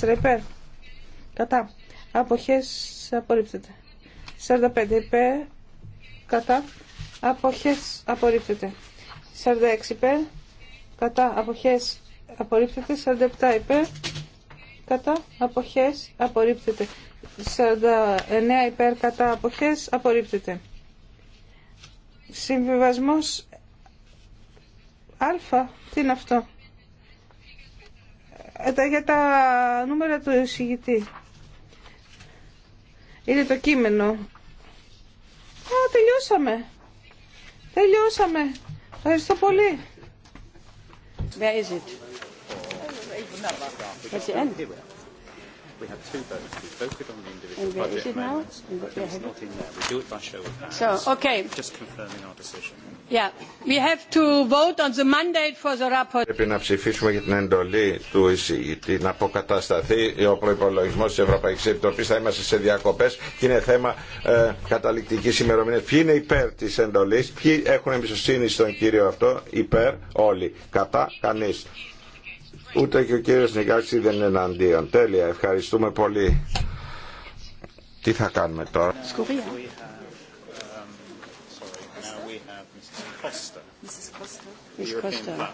44 υπέρ Κατά. Αποχές απορρίπτεται. 45 υπέρ. Κατά. Αποχές απορρίπτεται. 46 υπέρ. Κατά. Αποχές απορρίπτεται. 47 υπέρ. Κατά. Αποχές απορρίπτεται. 49 υπέρ. Κατά. Αποχές απορρίπτεται. Συμβιβασμός Α. Τι είναι αυτό. Ε, για τα νούμερα του εισηγητή. Είναι το κείμενο. Α, τελειώσαμε. Τελειώσαμε. Ευχαριστώ πολύ. Where is it? That's is end. We have two votes. We voted on the individual budget but it's not in there. We do it by show of hands. So, okay. Just confirming our decision. Πρέπει να ψηφίσουμε για την εντολή του εισηγητή να αποκατασταθεί ο προπολογισμό τη Ευρωπαϊκή Επιτροπή. Θα είμαστε σε διακοπέ και είναι θέμα ε, καταληκτική ημερομηνία. Ποιοι είναι υπέρ τη εντολή, ποιοι έχουν εμπιστοσύνη στον κύριο αυτό, υπέρ όλοι. Κατά κανεί. Ούτε και ο κύριο Νικάξη δεν είναι εναντίον. Τέλεια, ευχαριστούμε πολύ. Τι θα κάνουμε τώρα. Ms. Costa.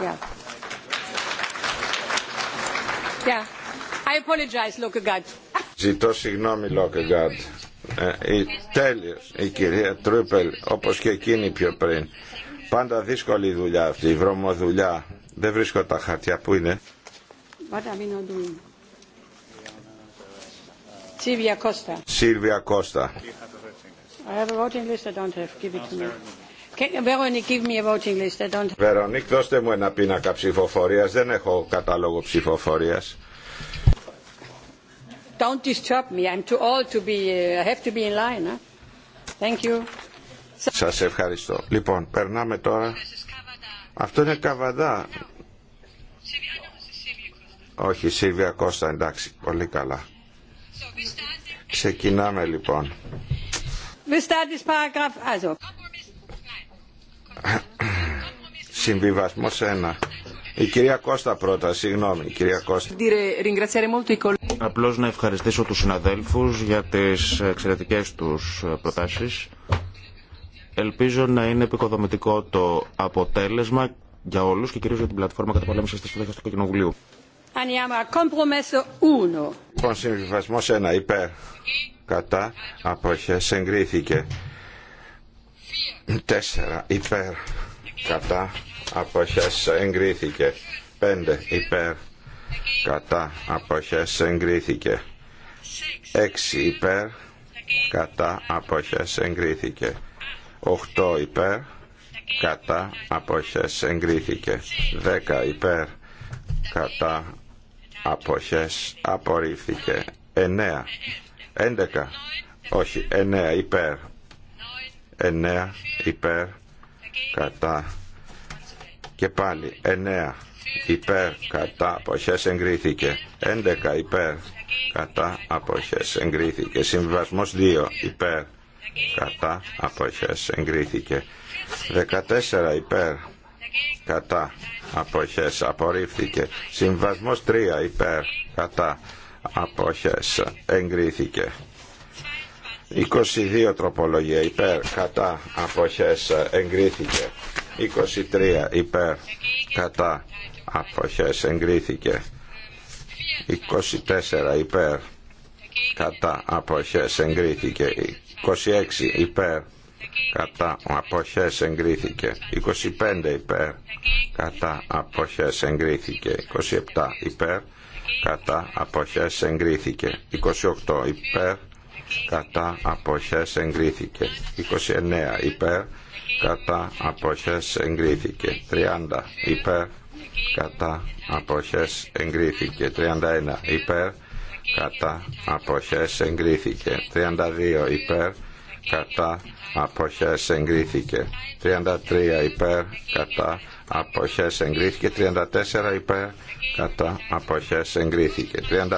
Yeah. Yeah. I apologize, Lockegaard. Ζητώ συγγνώμη, Λόκεγκαντ. Ε, τέλειος η κυρία Τρούπελ, όπως και εκείνη πιο πριν. Πάντα δύσκολη δουλειά αυτή, η βρωμοδουλειά. Δεν βρίσκω τα χαρτιά. Πού είναι? Σίλβια Κώστα. Κώστα. I have a voting list I don't have. Give it to me. Βερονίκ, δώστε μου ένα πίνακα ψηφοφορία. Δεν έχω κατάλογο ψηφοφορία. Don't Σας ευχαριστώ. Λοιπόν, περνάμε τώρα. Αυτό είναι καβαδά. Όχι, Σίλβια Κώστα, εντάξει, πολύ καλά. Ξεκινάμε λοιπόν. Συμβιβασμός ένα. Η κυρία Κώστα πρώτα, συγγνώμη, η κυρία Κώστα. Απλώς να ευχαριστήσω τους συναδέλφους για τις εξαιρετικές τους προτάσεις. Ελπίζω να είναι επικοδομητικό το αποτέλεσμα για όλους και κυρίως για την πλατφόρμα πολέμηση της φυλακής του Κοινοβουλίου. Λοιπόν, συμβιβασμός ένα υπέρ, κατά, αποχέ, εγκρίθηκε. 4 υπέρ κατά αποχές εγκρίθηκε 5 υπέρ κατά αποχές εγκρίθηκε 6 υπέρ κατά αποχές εγκρίθηκε 8 υπέρ κατά αποχές εγκρίθηκε 10 υπέρ κατά αποχές απορρίφθηκε 9 11 όχι 9 υπέρ 9 υπέρ κατά και πάλι 9 υπέρ κατά αποχές εγκρίθηκε 11 υπέρ κατά αποχές εγκρίθηκε Συμβασμό 2 υπέρ κατά αποχές εγκρίθηκε 14 υπέρ κατά αποχές απορρίφθηκε Συμβασμό 3 υπέρ κατά αποχές εγκρίθηκε 22 τροπολογία υπέρ κατά αποχές εγκρίθηκε 23 υπέρ κατά αποχές εγκρίθηκε 24 υπέρ κατά αποχές εγκρίθηκε 26 υπέρ κατά αποχές εγκρίθηκε 25 υπέρ κατά αποχές εγκρίθηκε 27 υπέρ κατά αποχές εγκρίθηκε 28 υπέρ κατά αποχές εγκρίθηκε 29 υπέρ κατά αποχές εγκρίθηκε 30 υπέρ κατά αποχές εγκρίθηκε 31 υπέρ κατά αποχές εγκρίθηκε 32 υπέρ κατά αποχές εγκρίθηκε 33 υπέρ κατά αποχές εγκρίθηκε 34 υπέρ κατά αποχές εγκρίθηκε 35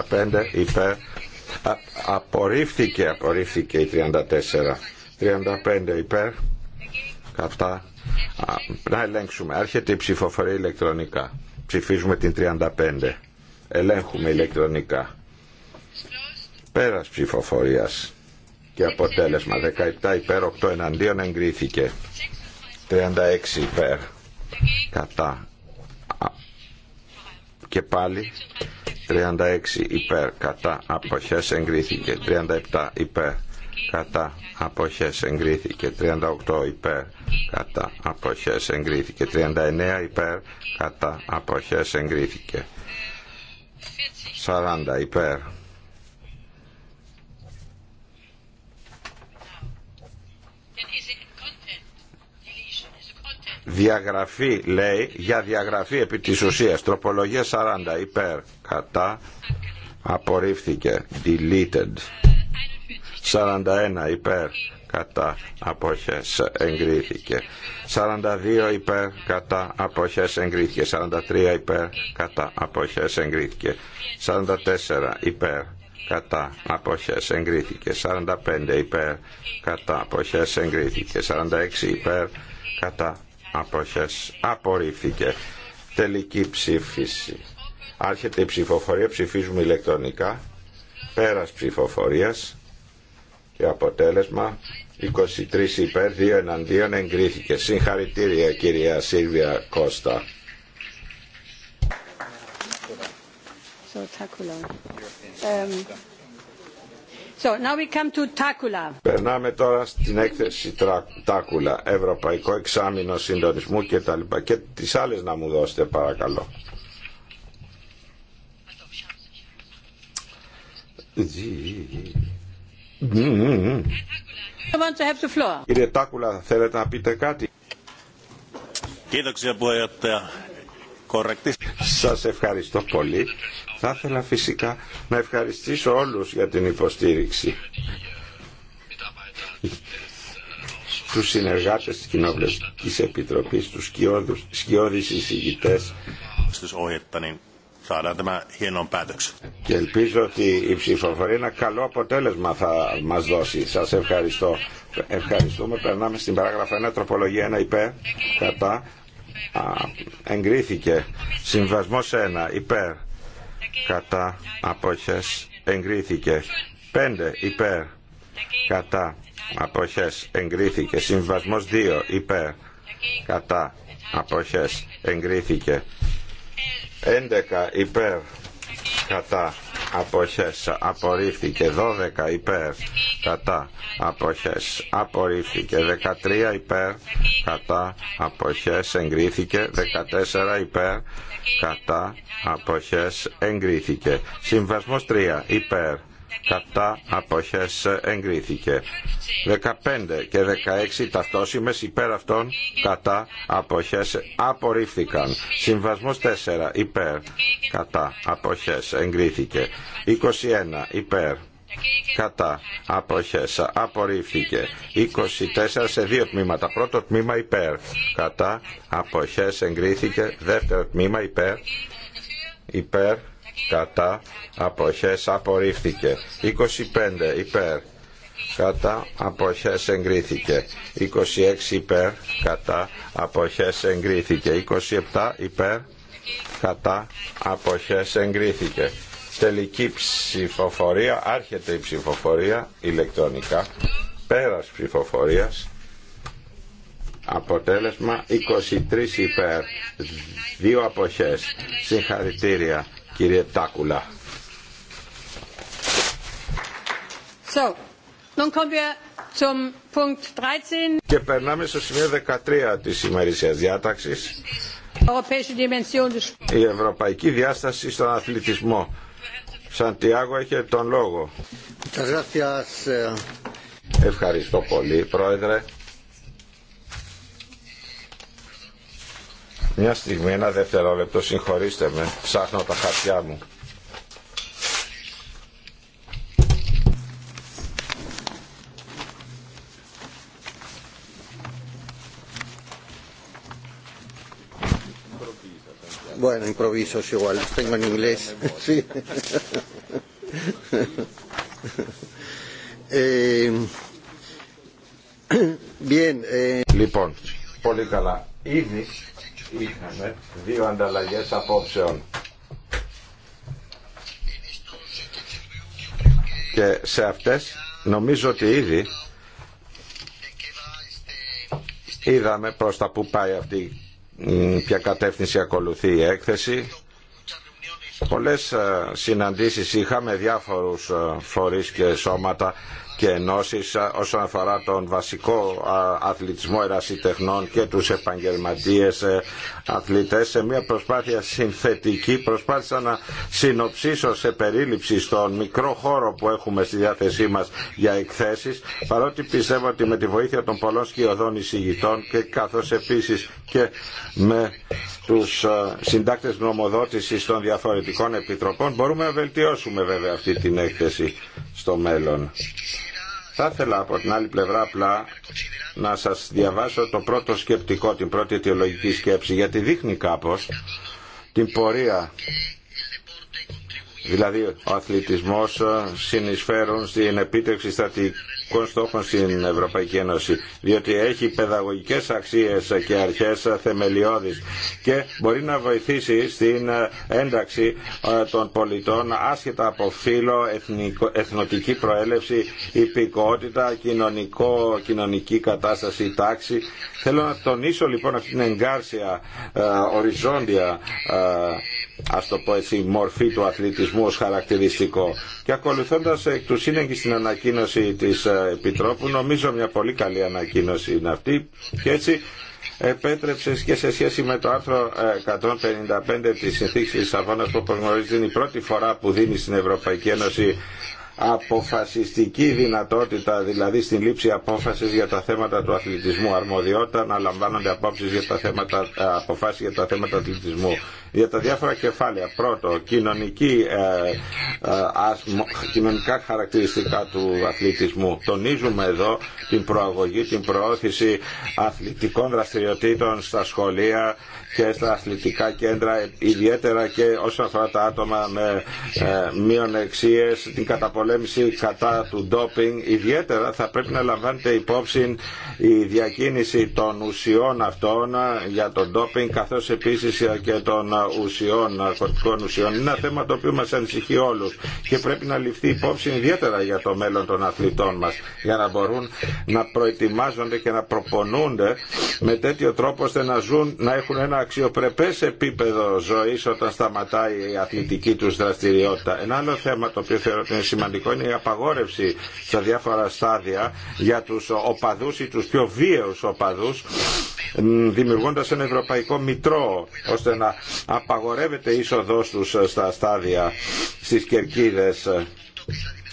υπέρ απορρίφθηκε, απορρίφθηκε η 34. 35 υπέρ. Κατά. να ελέγξουμε. Άρχεται η ψηφοφορία ηλεκτρονικά. Ψηφίζουμε την 35. Ελέγχουμε ηλεκτρονικά. Πέρας ψηφοφορίας και αποτέλεσμα 17 υπέρ 8 εναντίον εγκρίθηκε. 36 υπέρ κατά και πάλι 36 υπέρ κατά αποχές εγκρίθηκε 37 υπέρ κατά αποχές εγκρίθηκε 38 υπέρ κατά αποχές εγκρίθηκε 39 υπέρ κατά αποχές εγκρίθηκε 40 υπέρ διαγραφή λέει για διαγραφή επί της ουσίας τροπολογία 40 υπέρ κατά απορρίφθηκε deleted 41 υπέρ κατά αποχές εγκρίθηκε 42 υπέρ κατά αποχές εγκρίθηκε 43 υπέρ κατά αποχές εγκρίθηκε 44 υπέρ κατά αποχές εγκρίθηκε 45 υπέρ κατά αποχές εγκρίθηκε 46 υπέρ κατά αποχές απορρίφθηκε τελική ψήφιση άρχεται η ψηφοφορία ψηφίζουμε ηλεκτρονικά πέρας ψηφοφορίας και αποτέλεσμα 23 υπέρ 2 εναντίον εγκρίθηκε συγχαρητήρια κυρία Σίλβια Κώστα so, Περνάμε τώρα στην έκθεση Τάκουλα, Ευρωπαϊκό Εξάμεινο Συντονισμού και τα λοιπά. Και τις άλλες να μου δώσετε παρακαλώ. Κύριε Τάκουλα, θέλετε να πείτε κάτι. Κοίταξε, σας ευχαριστώ πολύ. Θα ήθελα φυσικά να ευχαριστήσω όλους για την υποστήριξη τους συνεργάτες της Κοινοβουλευτικής Επιτροπής, τους σκιώδεις εισηγητές και ελπίζω ότι η ψηφοφορία ένα καλό αποτέλεσμα θα μας δώσει. Σας ευχαριστώ. Ευχαριστούμε. Περνάμε στην παράγραφα 1, τροπολογία 1 υπέ κατά, εγκρίθηκε συμβασμός 1 υπέρ κατά αποχές εγκρίθηκε 5 υπέρ κατά αποχές εγκρίθηκε συμβασμός 2 υπέρ κατά αποχές εγκρίθηκε 11 υπέρ κατά αποχές απορρίφθηκε 12 υπέρ κατά αποχές απορρίφθηκε 13 υπέρ κατά αποχές εγκρίθηκε 14 υπέρ κατά αποχές εγκρίθηκε συμβασμός 3 υπέρ κατά αποχές εγκρίθηκε. 15 και 16 ταυτόσημες υπέρ αυτών κατά αποχές απορρίφθηκαν. Συμβασμός 4 υπέρ κατά αποχές εγκρίθηκε. 21 υπέρ κατά αποχές απορρίφθηκε 24 σε δύο τμήματα πρώτο τμήμα υπέρ κατά αποχές εγκρίθηκε δεύτερο τμήμα υπέρ υπέρ κατά αποχές απορρίφθηκε 25 υπέρ κατά αποχές εγκρίθηκε 26 υπέρ κατά αποχές εγκρίθηκε 27 υπέρ κατά αποχές εγκρίθηκε τελική ψηφοφορία άρχεται η ψηφοφορία ηλεκτρονικά πέρας ψηφοφορίας αποτέλεσμα 23 υπέρ δύο αποχές συγχαρητήρια κύριε Τάκουλα. So, nun zum Punkt 13. Και περνάμε στο σημείο 13 της ημερήσιας διάταξης. Η ευρωπαϊκή διάσταση στον αθλητισμό. Σαντιάγο, έχει τον λόγο. Ε, Ευχαριστώ πολύ, Πρόεδρε. Μια στιγμή, ένα δευτερόλεπτο, συγχωρήστε με, ψάχνω τα χαρτιά μου. Bueno, improviso igual, los tengo en inglés. Sí. ε, bien, ε... Λοιπόν, πολύ καλά. Ήδη είχαμε δύο ανταλλαγές απόψεων. Και σε αυτές νομίζω ότι ήδη είδαμε προς τα που πάει αυτή, ποια κατεύθυνση ακολουθεί η έκθεση. Πολλές ε, συναντήσεις είχαμε διάφορους ε, φορείς και σώματα και ενώσεις όσον αφορά τον βασικό αθλητισμό ερασιτεχνών και τους επαγγελματίες ε, αθλητές σε μια προσπάθεια συνθετική προσπάθησα να συνοψίσω σε περίληψη στον μικρό χώρο που έχουμε στη διάθεσή μας για εκθέσεις παρότι πιστεύω ότι με τη βοήθεια των πολλών σκιωδών εισηγητών και καθώς επίσης και με τους συντάκτες γνωμοδότησης των διαφορετικών επιτροπών μπορούμε να βελτιώσουμε βέβαια αυτή την έκθεση στο μέλλον. Θα ήθελα από την άλλη πλευρά απλά να σας διαβάσω το πρώτο σκεπτικό, την πρώτη αιτιολογική σκέψη, γιατί δείχνει κάπως την πορεία δηλαδή ο αθλητισμός συνεισφέρουν στην επίτευξη στατικών στόχων στην Ευρωπαϊκή Ένωση διότι έχει παιδαγωγικές αξίες και αρχές θεμελιώδεις και μπορεί να βοηθήσει στην ένταξη ε, των πολιτών άσχετα από φύλλο, εθνοτική προέλευση, υπηκότητα, κοινωνικό, κοινωνική κατάσταση, τάξη. Θέλω να τονίσω λοιπόν αυτήν την εγκάρσια ε, οριζόντια ε, ας το πω έτσι, μορφή του αθλητισμού ως χαρακτηριστικό. Και ακολουθώντας εκ του σύνεγγυ στην ανακοίνωση της ε, Επιτρόπου, νομίζω μια πολύ καλή ανακοίνωση είναι αυτή και έτσι επέτρεψε και σε σχέση με το άρθρο 155 ε, της Συνθήκης Λισαβόνας που όπως γνωρίζετε είναι η πρώτη φορά που δίνει στην Ευρωπαϊκή Ένωση αποφασιστική δυνατότητα δηλαδή στην λήψη απόφασης για τα θέματα του αθλητισμού αρμοδιότητα να λαμβάνονται απόψεις για τα θέματα, ε, αποφάσεις για τα θέματα αθλητισμού για τα διάφορα κεφάλαια. Πρώτο, κοινωνική, ε, ε, κοινωνικά χαρακτηριστικά του αθλητισμού. Τονίζουμε εδώ την προαγωγή, την προώθηση αθλητικών δραστηριοτήτων στα σχολεία και στα αθλητικά κέντρα, ιδιαίτερα και όσον αφορά τα άτομα με ε, μειονεξίες, την καταπολέμηση κατά του ντόπινγκ. Ιδιαίτερα θα πρέπει να λαμβάνεται υπόψη η διακίνηση των ουσιών αυτών για τον ντόπινγκ, καθώς επίσης και των ουσιών, ναρκωτικών ουσιών. Είναι ένα θέμα το οποίο μας ανησυχεί όλους και πρέπει να ληφθεί υπόψη ιδιαίτερα για το μέλλον των αθλητών μας για να μπορούν να προετοιμάζονται και να προπονούνται με τέτοιο τρόπο ώστε να έχουν ένα αξιοπρεπές επίπεδο ζωής όταν σταματάει η αθλητική τους δραστηριότητα. Ένα άλλο θέμα το οποίο θεωρώ ότι είναι σημαντικό είναι η απαγόρευση στα διάφορα στάδια για τους οπαδούς ή τους πιο βίαιους οπαδού δημιουργώντα ένα ευρωπαϊκό μητρό ώστε να απαγορεύεται η είσοδός τους στα στάδια στις κερκίδες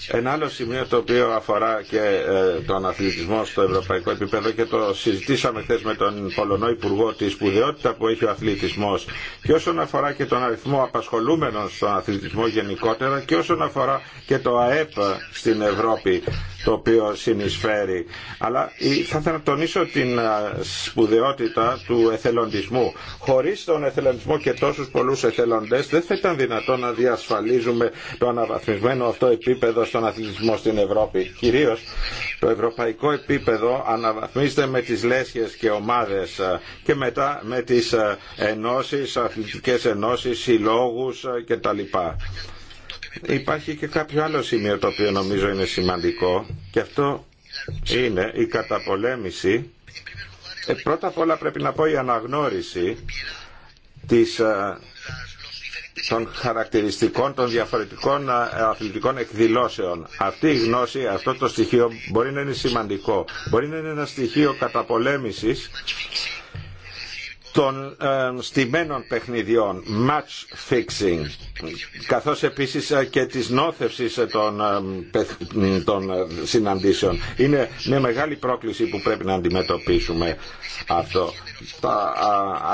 ένα άλλο σημείο το οποίο αφορά και ε, τον αθλητισμό στο ευρωπαϊκό επίπεδο και το συζητήσαμε χθε με τον Πολωνό Υπουργό τη σπουδαιότητα που έχει ο αθλητισμό και όσον αφορά και τον αριθμό απασχολούμενων στον αθλητισμό γενικότερα και όσον αφορά και το ΑΕΠ στην Ευρώπη το οποίο συνεισφέρει. Αλλά θα ήθελα να τονίσω την ε, σπουδαιότητα του εθελοντισμού. Χωρί τον εθελοντισμό και τόσου πολλού εθελοντέ δεν θα ήταν δυνατόν να διασφαλίζουμε το αναβαθμισμένο αυτό επίπεδο στον αθλητισμό στην Ευρώπη. Κυρίως το ευρωπαϊκό επίπεδο αναβαθμίζεται με τις λέσχες και ομάδες ε, και μετά με τις ε, ενώσει, αθλητικές ενώσει, συλλόγους ε, κτλ. Υπάρχει και κάποιο άλλο σημείο το οποίο νομίζω είναι σημαντικό και αυτό είναι η καταπολέμηση. Ε, πρώτα απ' όλα πρέπει να πω η αναγνώριση της των χαρακτηριστικών των διαφορετικών ε, αθλητικών εκδηλώσεων. Αυτή η γνώση, αυτό το στοιχείο μπορεί να είναι σημαντικό. Μπορεί να είναι ένα στοιχείο καταπολέμησης των ε, στημένων παιχνιδιών, match fixing, καθώς επίσης ε, και της νόθευσης ε, των, ε, συναντήσεων. Είναι μια μεγάλη πρόκληση που πρέπει να αντιμετωπίσουμε αυτό. Τα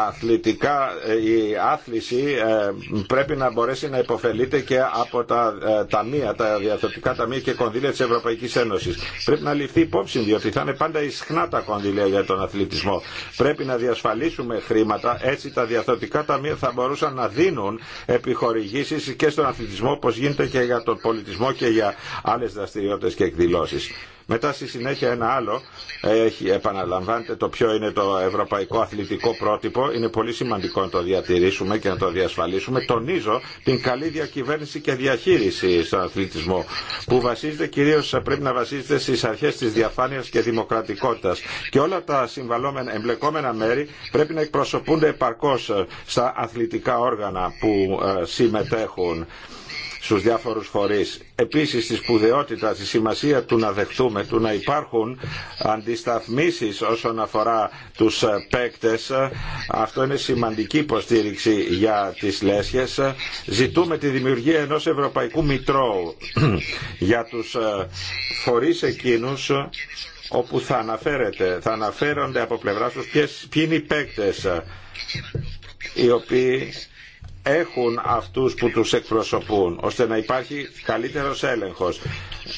αθλητικά, η άθληση πρέπει να μπορέσει να υποφελείται και από τα ταμεία, τα διαθετικά ταμεία και κονδύλια της Ευρωπαϊκής Ένωσης. Πρέπει να ληφθεί υπόψη, διότι θα είναι πάντα ισχνά τα κονδύλια για τον αθλητισμό. Πρέπει να διασφαλίσουμε χρήματα, έτσι τα τα ταμεία θα μπορούσαν να δίνουν επιχορηγήσεις και στον αθλητισμό όπως γίνεται και για τον πολιτισμό και για άλλες δραστηριότητες και εκδηλώσεις. Μετά στη συνέχεια ένα άλλο έχει επαναλαμβάνεται το ποιο είναι το ευρωπαϊκό αθλητικό πρότυπο. Είναι πολύ σημαντικό να το διατηρήσουμε και να το διασφαλίσουμε. Τονίζω την καλή διακυβέρνηση και διαχείριση στον αθλητισμό που βασίζεται κυρίως πρέπει να βασίζεται στις αρχές της διαφάνειας και δημοκρατικότητας και όλα τα συμβαλόμενα εμπλεκόμενα μέρη πρέπει να εκπροσωπούνται επαρκώς στα αθλητικά όργανα που ε, συμμετέχουν στους διάφορους φορείς. Επίσης τη σπουδαιότητα, τη σημασία του να δεχτούμε, του να υπάρχουν αντισταθμίσεις όσον αφορά τους παίκτες. Αυτό είναι σημαντική υποστήριξη για τις λέσχες. Ζητούμε τη δημιουργία ενός ευρωπαϊκού μητρώου για τους φορείς εκείνους όπου θα αναφέρεται, θα αναφέρονται από πλευρά τους ποιοι είναι οι παίκτες οι οποίοι έχουν αυτούς που τους εκπροσωπούν, ώστε να υπάρχει καλύτερος έλεγχος.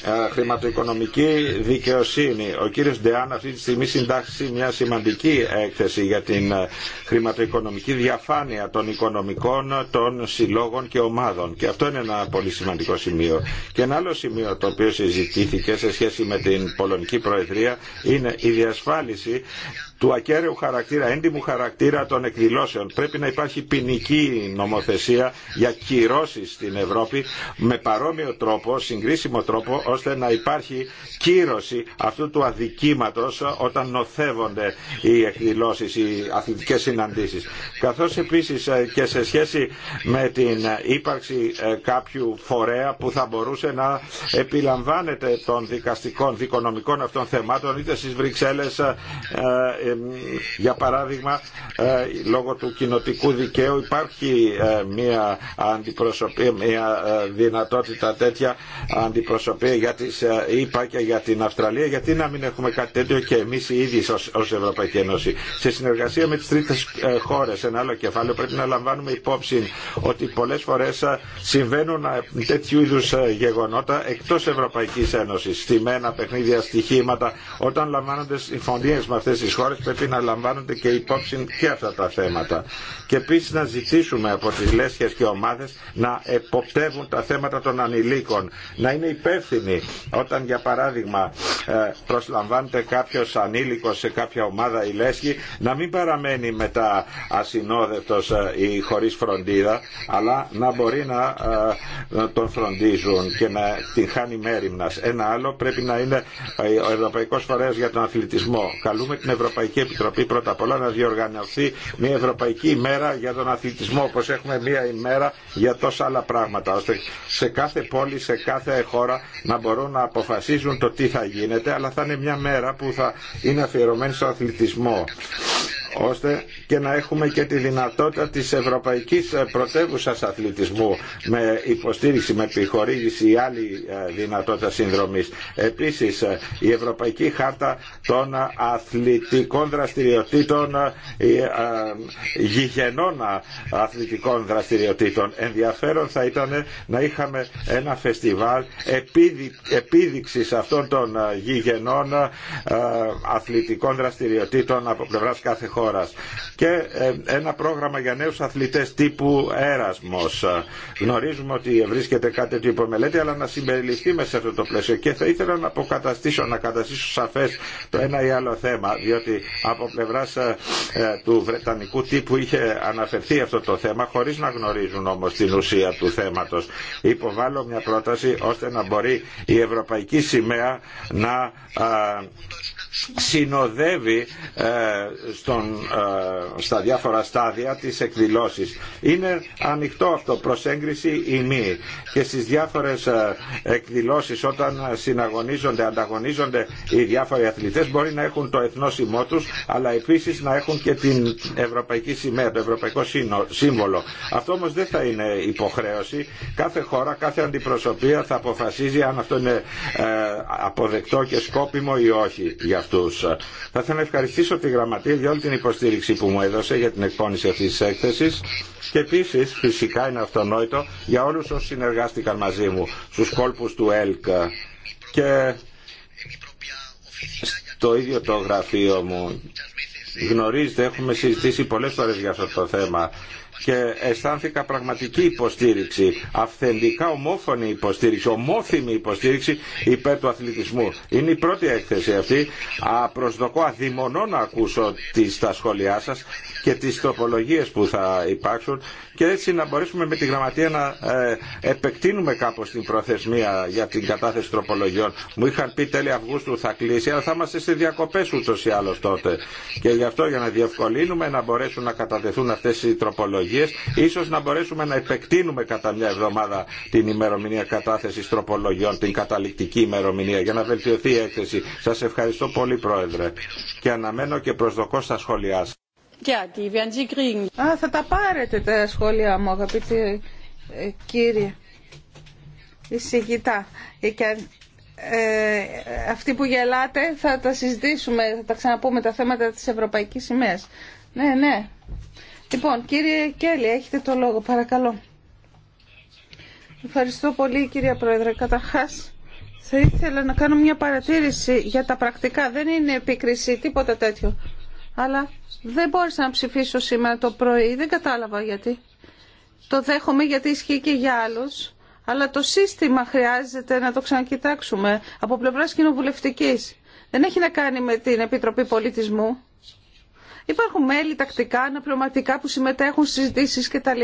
Ε, χρηματοοικονομική δικαιοσύνη. Ο κύριος Ντεάν αυτή τη στιγμή συντάξει μια σημαντική έκθεση για την ε, χρηματοοικονομική διαφάνεια των οικονομικών, των συλλόγων και ομάδων. Και αυτό είναι ένα πολύ σημαντικό σημείο. Και ένα άλλο σημείο το οποίο συζητήθηκε σε σχέση με την Πολωνική Προεδρία είναι η διασφάλιση του ακέραιου χαρακτήρα, έντιμου χαρακτήρα των εκδηλώσεων. Πρέπει να υπάρχει ποινική νομοθεσία για κυρώσει στην Ευρώπη με παρόμοιο τρόπο, συγκρίσιμο τρόπο, ώστε να υπάρχει κύρωση αυτού του αδικήματο όταν νοθεύονται οι εκδηλώσει, οι αθλητικέ συναντήσει. Καθώ επίση ε, και σε σχέση με την ύπαρξη ε, κάποιου φορέα που θα μπορούσε να επιλαμβάνεται των δικαστικών, δικονομικών αυτών θεμάτων είτε στι Βρυξέλλε ε, για παράδειγμα ε, λόγω του κοινοτικού δικαίου υπάρχει ε, μια, αντιπροσωπία μια ε, δυνατότητα τέτοια αντιπροσωπία για τις είπα και για την Αυστραλία γιατί να μην έχουμε κάτι τέτοιο και εμείς οι ίδιοι ως Ευρωπαϊκή Ένωση. Σε συνεργασία με τις τρίτες χώρες, ένα άλλο κεφάλαιο, πρέπει να λαμβάνουμε υπόψη ότι πολλές φορές συμβαίνουν τέτοιου είδους γεγονότα εκτός Ευρωπαϊκής Ένωσης, στημένα παιχνίδια, στοιχήματα, όταν λαμβάνονται συμφωνίες με αυτές τις χώρες πρέπει να λαμβάνονται και υπόψη και αυτά τα θέματα. Και επίση να ζητήσουμε από τι λέσχε και ομάδε να εποπτεύουν τα θέματα των ανηλίκων. Να είναι υπεύθυνοι όταν για παράδειγμα ε, προσλαμβάνεται κάποιο ανήλικο σε κάποια ομάδα η λέσχη να μην παραμένει μετά ασυνόδευτο ή ε, χωρί φροντίδα αλλά να μπορεί να ε, τον φροντίζουν και να την χάνει μέρημνα. Ένα άλλο πρέπει να είναι ο Ευρωπαϊκό Φορέα για τον Αθλητισμό. Καλούμε την Ευρωπαϊκή Ευρωπαϊκή Επιτροπή πρώτα απ' όλα να διοργανωθεί μια Ευρωπαϊκή ημέρα για τον αθλητισμό, όπως έχουμε μια ημέρα για τόσα άλλα πράγματα, ώστε σε κάθε πόλη, σε κάθε χώρα να μπορούν να αποφασίζουν το τι θα γίνεται, αλλά θα είναι μια μέρα που θα είναι αφιερωμένη στο αθλητισμό ώστε και να έχουμε και τη δυνατότητα της ευρωπαϊκής πρωτεύουσα αθλητισμού με υποστήριξη, με επιχορήγηση ή άλλη ε, δυνατότητα συνδρομής. Επίσης, ε, η Ευρωπαϊκή Χάρτα των Αθλητικών Δραστηριοτήτων ε, γηγενών αθλητικών δραστηριοτήτων. Ενδιαφέρον θα ήταν να είχαμε ένα φεστιβάλ επίδειξης αυτών των γηγενών αθλητικών δραστηριοτήτων από πλευράς κάθε χώρα χώρας και ε, ένα πρόγραμμα για νέους αθλητές τύπου Έρασμος. Γνωρίζουμε ότι βρίσκεται κάτι του υπομελέτη αλλά να συμπεριληφθεί μέσα σε αυτό το πλαίσιο και θα ήθελα να αποκαταστήσω, να καταστήσω σαφές το ένα ή άλλο θέμα διότι από πλευράς ε, ε, του Βρετανικού τύπου είχε αναφερθεί αυτό το θέμα χωρίς να γνωρίζουν όμως την ουσία του θέματος. Υποβάλλω μια πρόταση ώστε να μπορεί η Ευρωπαϊκή Σημαία να συνοδεύει ε, στον, ε, στα διάφορα στάδια της εκδηλώσεις. Είναι ανοιχτό αυτό προς έγκριση ή μη και στις διάφορες ε, εκδηλώσεις όταν συναγωνίζονται, ανταγωνίζονται οι διάφοροι αθλητές μπορεί να έχουν το εθνόσημό τους αλλά επίσης να έχουν και την ευρωπαϊκή σημαία, το ευρωπαϊκό σύμβολο. Αυτό όμως δεν θα είναι υποχρέωση. Κάθε χώρα, κάθε αντιπροσωπεία θα αποφασίζει αν αυτό είναι αποδεκτό και σκόπιμο ή όχι θα ήθελα να ευχαριστήσω τη Γραμματεία για όλη την υποστήριξη που μου έδωσε για την εκπόνηση αυτής της έκθεσης και επίσης φυσικά είναι αυτονόητο για όλου όσοι συνεργάστηκαν μαζί μου στους κόλπου του ΕΛΚ και στο ίδιο το γραφείο μου Γνωρίζετε, έχουμε συζητήσει πολλές φορές για αυτό το θέμα και αισθάνθηκα πραγματική υποστήριξη, αυθεντικά ομόφωνη υποστήριξη, ομόθυμη υποστήριξη υπέρ του αθλητισμού. Είναι η πρώτη έκθεση αυτή. Προσδοκώ αδειμονώ να ακούσω τις, τα σχόλιά σας και τις τροπολογίες που θα υπάρξουν και έτσι να μπορέσουμε με τη γραμματεία να ε, επεκτείνουμε κάπως την προθεσμία για την κατάθεση τροπολογιών. Μου είχαν πει τέλη Αυγούστου θα κλείσει, αλλά θα είμαστε σε διακοπές ούτως ή άλλως τότε. Και γι' αυτό για να διευκολύνουμε να μπορέσουν να κατατεθούν αυτές οι τροπολογίες Ίσως να μπορέσουμε να επεκτείνουμε κατά μια εβδομάδα την ημερομηνία κατάθεσης τροπολογιών, την καταληκτική ημερομηνία για να βελτιωθεί η έκθεση. Σας ευχαριστώ πολύ Πρόεδρε και αναμένω και προσδοκώ στα σχόλιά σας. Α, θα τα πάρετε τα σχόλια μου αγαπητοί ε, κύριε. Εισηγητά. Ε, και ε, αυτοί που γελάτε θα τα συζητήσουμε, θα τα ξαναπούμε τα θέματα της Ευρωπαϊκής Σημαίας. Ναι, ναι, Λοιπόν, κύριε Κέλλη, έχετε το λόγο, παρακαλώ. Ευχαριστώ πολύ, κυρία Πρόεδρε. Καταρχάς, θα ήθελα να κάνω μια παρατήρηση για τα πρακτικά. Δεν είναι επίκριση, τίποτα τέτοιο. Αλλά δεν μπόρεσα να ψηφίσω σήμερα το πρωί, δεν κατάλαβα γιατί. Το δέχομαι γιατί ισχύει και για άλλους, αλλά το σύστημα χρειάζεται να το ξανακοιτάξουμε από πλευράς κοινοβουλευτικής. Δεν έχει να κάνει με την Επιτροπή Πολιτισμού. Υπάρχουν μέλη τακτικά, αναπληρωματικά που συμμετέχουν στι συζητήσεις κτλ.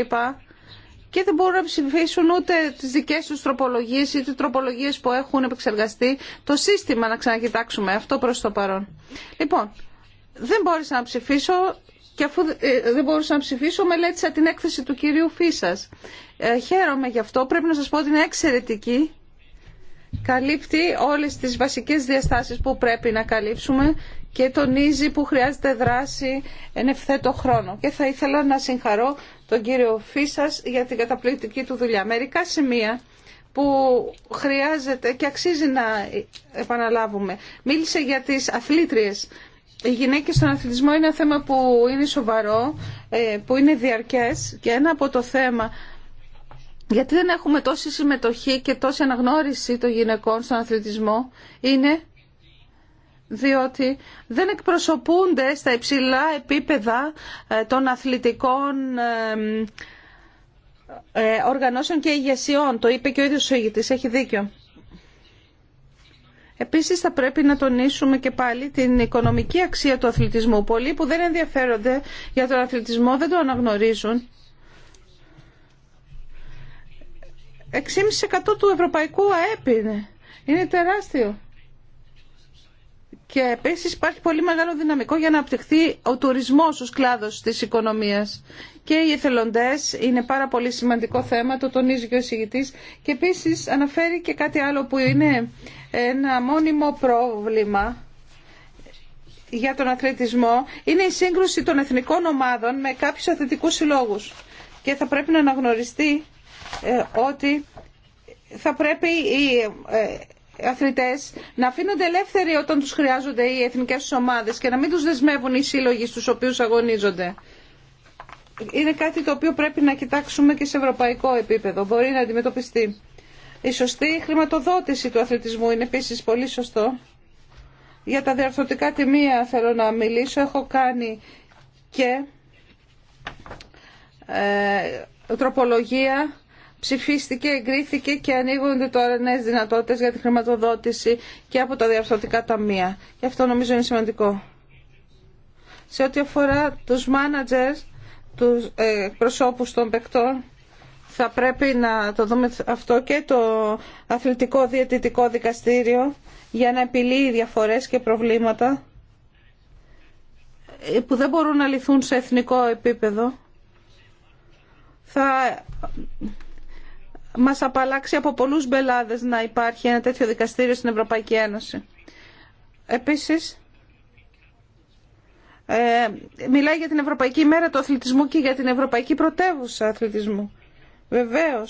Και δεν μπορούν να ψηφίσουν ούτε τι δικέ του τροπολογίε ή τι τροπολογίες που έχουν επεξεργαστεί το σύστημα να ξανακοιτάξουμε αυτό προ το παρόν. Λοιπόν, δεν μπόρεσα να ψηφίσω και αφού ε, δεν μπορούσα να ψηφίσω μελέτησα την έκθεση του κυρίου Φίσα. Ε, χαίρομαι γι' αυτό. Πρέπει να σα πω ότι είναι εξαιρετική. Καλύπτει όλες τις βασικές διαστάσεις που πρέπει να καλύψουμε και τονίζει που χρειάζεται δράση εν ευθέτω χρόνο. Και θα ήθελα να συγχαρώ τον κύριο Φίσας για την καταπληκτική του δουλειά. Μερικά σημεία που χρειάζεται και αξίζει να επαναλάβουμε. Μίλησε για τις αθλήτριες. Οι γυναίκες στον αθλητισμό είναι ένα θέμα που είναι σοβαρό, ε, που είναι διαρκές και ένα από το θέμα γιατί δεν έχουμε τόση συμμετοχή και τόση αναγνώριση των γυναικών στον αθλητισμό είναι διότι δεν εκπροσωπούνται στα υψηλά επίπεδα ε, των αθλητικών ε, οργανώσεων και ηγεσιών. Το είπε και ο ίδιος ο ηγητής, έχει δίκιο. Επίσης θα πρέπει να τονίσουμε και πάλι την οικονομική αξία του αθλητισμού. Πολλοί που δεν ενδιαφέρονται για τον αθλητισμό δεν το αναγνωρίζουν. 6,5% του ευρωπαϊκού ΑΕΠ είναι. Είναι τεράστιο. Και επίσης υπάρχει πολύ μεγάλο δυναμικό για να απτυχθεί ο τουρισμός ως κλάδος της οικονομίας. Και οι εθελοντές είναι πάρα πολύ σημαντικό θέμα, το τονίζει και ο συγητής. Και επίσης αναφέρει και κάτι άλλο που είναι ένα μόνιμο πρόβλημα για τον αθλητισμό. Είναι η σύγκρουση των εθνικών ομάδων με κάποιους αθλητικούς συλλόγους. Και θα πρέπει να αναγνωριστεί ε, ότι θα πρέπει ε, αθλητές να αφήνονται ελεύθεροι όταν τους χρειάζονται οι εθνικές ομάδες και να μην τους δεσμεύουν οι σύλλογοι στους οποίους αγωνίζονται. Είναι κάτι το οποίο πρέπει να κοιτάξουμε και σε ευρωπαϊκό επίπεδο. Μπορεί να αντιμετωπιστεί. Η σωστή χρηματοδότηση του αθλητισμού είναι επίση πολύ σωστό. Για τα διαρθρωτικά τιμία θέλω να μιλήσω. Έχω κάνει και ε, τροπολογία ψηφίστηκε, εγκρίθηκε και ανοίγονται τώρα νέε δυνατότητε για τη χρηματοδότηση και από τα διαρθρωτικά ταμεία. Και αυτό νομίζω είναι σημαντικό. Σε ό,τι αφορά τους managers, τους ε, προσώπους των παικτών, θα πρέπει να το δούμε αυτό και το αθλητικό διαιτητικό δικαστήριο για να επιλύει διαφορές και προβλήματα ε, που δεν μπορούν να λυθούν σε εθνικό επίπεδο. Θα Μα απαλλάξει από πολλούς μπελάδε να υπάρχει ένα τέτοιο δικαστήριο στην Ευρωπαϊκή Ένωση. Επίσης, ε, μιλάει για την Ευρωπαϊκή Μέρα του Αθλητισμού και για την Ευρωπαϊκή Πρωτεύουσα Αθλητισμού. Βεβαίω,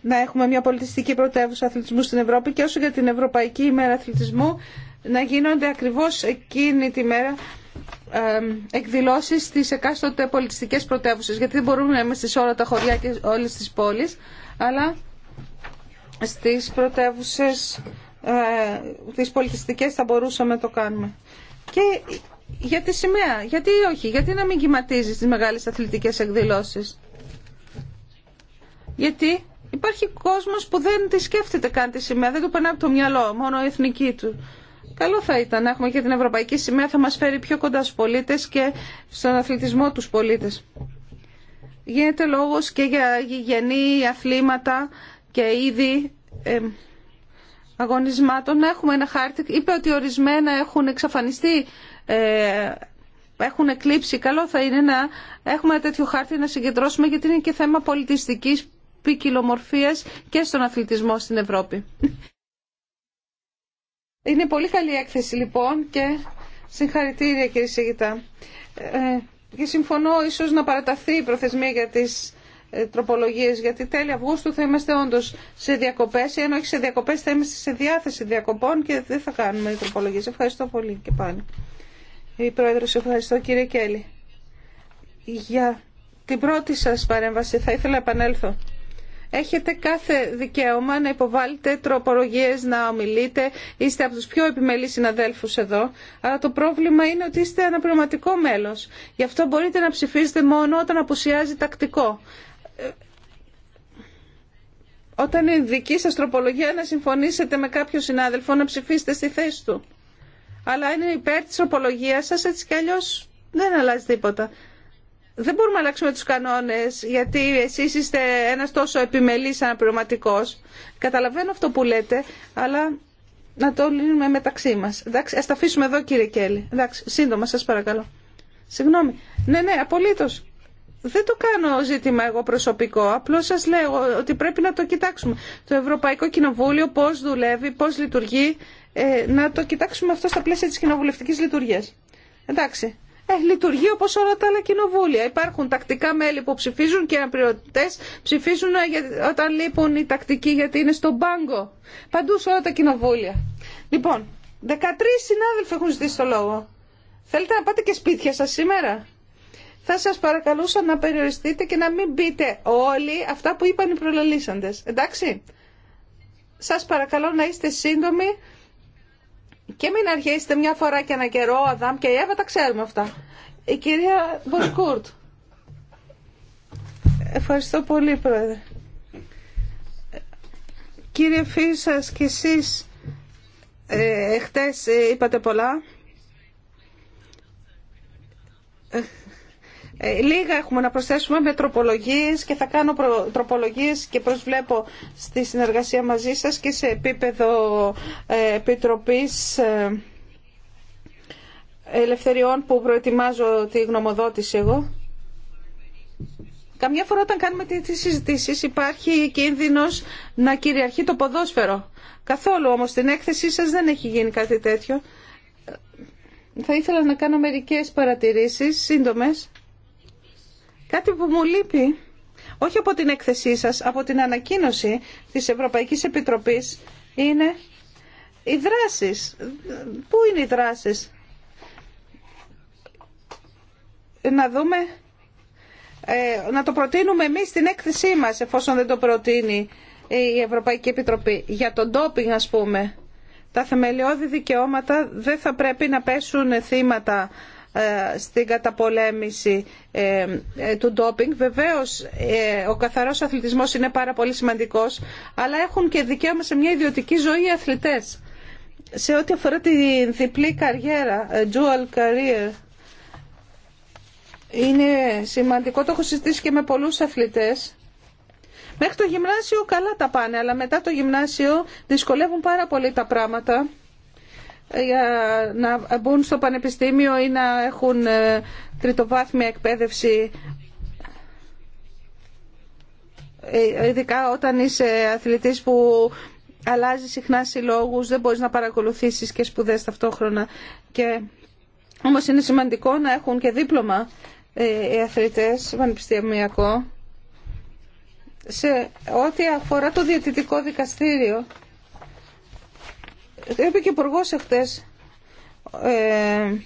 να έχουμε μια πολιτιστική πρωτεύουσα αθλητισμού στην Ευρώπη και όσο για την Ευρωπαϊκή ημέρα αθλητισμού να γίνονται ακριβώς εκείνη τη μέρα εκδηλώσεις στι εκάστοτε πολιτιστικέ πρωτεύουσε, γιατί δεν μπορούμε να είμαστε σε όλα τα χωριά και όλες τις πόλεις αλλά στις πρωτεύουσε, ε, τις πολιτιστικές θα μπορούσαμε να το κάνουμε και για τη σημαία γιατί όχι, γιατί να μην κυματίζει τις μεγάλες αθλητικές εκδηλώσεις γιατί υπάρχει κόσμος που δεν τη σκέφτεται καν τη σημαία δεν του περνάει από το μυαλό μόνο η εθνική του Καλό θα ήταν να έχουμε και την Ευρωπαϊκή Σημαία, θα μας φέρει πιο κοντά στους πολίτες και στον αθλητισμό τους πολίτες. Γίνεται λόγος και για γηγενή αθλήματα και είδη ε, αγωνισμάτων. Έχουμε ένα χάρτη, είπε ότι ορισμένα έχουν εξαφανιστεί, ε, έχουν εκλείψει. Καλό θα είναι να έχουμε ένα τέτοιο χάρτη να συγκεντρώσουμε γιατί είναι και θέμα πολιτιστικής ποικιλομορφίας και στον αθλητισμό στην Ευρώπη. Είναι πολύ καλή έκθεση λοιπόν και συγχαρητήρια κύριε Σιγητά. Ε, και συμφωνώ ίσως να παραταθεί η προθεσμία για τις ε, τροπολογίες γιατί τέλη Αυγούστου θα είμαστε όντως σε διακοπές ή αν όχι σε διακοπές θα είμαστε σε διάθεση διακοπών και δεν θα κάνουμε τροπολογίες. Ευχαριστώ πολύ και πάλι. Η Πρόεδρος, ευχαριστώ κύριε Κέλλη. Για την πρώτη σας παρέμβαση θα ήθελα να επανέλθω. Έχετε κάθε δικαίωμα να υποβάλλετε τροπολογίες, να ομιλείτε. Είστε από τους πιο επιμελείς συναδέλφους εδώ. Αλλά το πρόβλημα είναι ότι είστε αναπληρωματικό μέλος. Γι' αυτό μπορείτε να ψηφίσετε μόνο όταν απουσιάζει τακτικό. Ε, όταν είναι δική σας τροπολογία να συμφωνήσετε με κάποιο συνάδελφο να ψηφίσετε στη θέση του. Αλλά είναι υπέρ της τροπολογίας σας έτσι κι αλλιώς δεν αλλάζει τίποτα δεν μπορούμε να αλλάξουμε τους κανόνες γιατί εσείς είστε ένας τόσο επιμελής αναπληρωματικός. Καταλαβαίνω αυτό που λέτε, αλλά να το λύνουμε μεταξύ μας. Εντάξει, ας τα αφήσουμε εδώ κύριε Κέλλη. Εντάξει, σύντομα σας παρακαλώ. Συγγνώμη. Ναι, ναι, απολύτως. Δεν το κάνω ζήτημα εγώ προσωπικό, απλώς σας λέω ότι πρέπει να το κοιτάξουμε. Το Ευρωπαϊκό Κοινοβούλιο πώς δουλεύει, πώς λειτουργεί, ε, να το κοιτάξουμε αυτό στα πλαίσια της κοινοβουλευτικής λειτουργίας. Εντάξει, ε, λειτουργεί όπω όλα τα άλλα κοινοβούλια. Υπάρχουν τακτικά μέλη που ψηφίζουν και αναπληρωτέ ψηφίζουν ε, όταν λείπουν οι τακτικοί γιατί είναι στον πάγκο. Παντού σε όλα τα κοινοβούλια. Λοιπόν, 13 συνάδελφοι έχουν ζητήσει το λόγο. Θέλετε να πάτε και σπίτια σας σήμερα. Θα σας παρακαλούσα να περιοριστείτε και να μην πείτε όλοι αυτά που είπαν οι προλαλήσαντε. Εντάξει. Σας παρακαλώ να είστε σύντομοι και μην αρχίσετε μια φορά και ένα καιρό, Αδάμ και η Εύα, τα ξέρουμε αυτά. Η κυρία Μποσκούρτ. Ευχαριστώ πολύ, Πρόεδρε. Κύριε Φίσας, και εσείς ε, χτες ε, είπατε πολλά. Ε, ε, λίγα έχουμε να προσθέσουμε με τροπολογίες και θα κάνω προ... τροπολογίες και προσβλέπω στη συνεργασία μαζί σας και σε επίπεδο ε, Επιτροπής ε, Ελευθεριών που προετοιμάζω τη γνωμοδότηση εγώ. Καμιά φορά όταν κάνουμε τις συζητήσεις υπάρχει κίνδυνος να κυριαρχεί το ποδόσφαιρο. Καθόλου όμως στην έκθεσή σας δεν έχει γίνει κάτι τέτοιο. Θα ήθελα να κάνω μερικές παρατηρήσεις σύντομες Κάτι που μου λείπει, όχι από την έκθεσή σας, από την ανακοίνωση της Ευρωπαϊκής Επιτροπής, είναι οι δράσεις. Πού είναι οι δράσεις. Να δούμε, ε, να το προτείνουμε εμείς στην έκθεσή μας, εφόσον δεν το προτείνει η Ευρωπαϊκή Επιτροπή. Για τον ντόπινγκ, ας πούμε. Τα θεμελιώδη δικαιώματα δεν θα πρέπει να πέσουν θύματα ε, στην καταπολέμηση ε, ε, του ντόπινγκ. Βεβαίως ο καθαρός αθλητισμός είναι πάρα πολύ σημαντικός, αλλά έχουν και δικαίωμα σε μια ιδιωτική ζωή οι αθλητές. Σε ό,τι αφορά τη διπλή καριέρα, dual career, είναι σημαντικό, το έχω συζητήσει και με πολλούς αθλητές. Μέχρι το γυμνάσιο καλά τα πάνε, αλλά μετά το γυμνάσιο δυσκολεύουν πάρα πολύ τα πράγματα για να μπουν στο πανεπιστήμιο ή να έχουν ε, τριτοβάθμια εκπαίδευση ε, ειδικά όταν είσαι αθλητής που αλλάζει συχνά συλλόγου, δεν μπορείς να παρακολουθήσεις και σπουδές ταυτόχρονα. Και... Όμως είναι σημαντικό να έχουν και δίπλωμα ε, οι αθλητές πανεπιστημιακό σε ό,τι αφορά το διαιτητικό δικαστήριο είπε και ο υπουργό ε,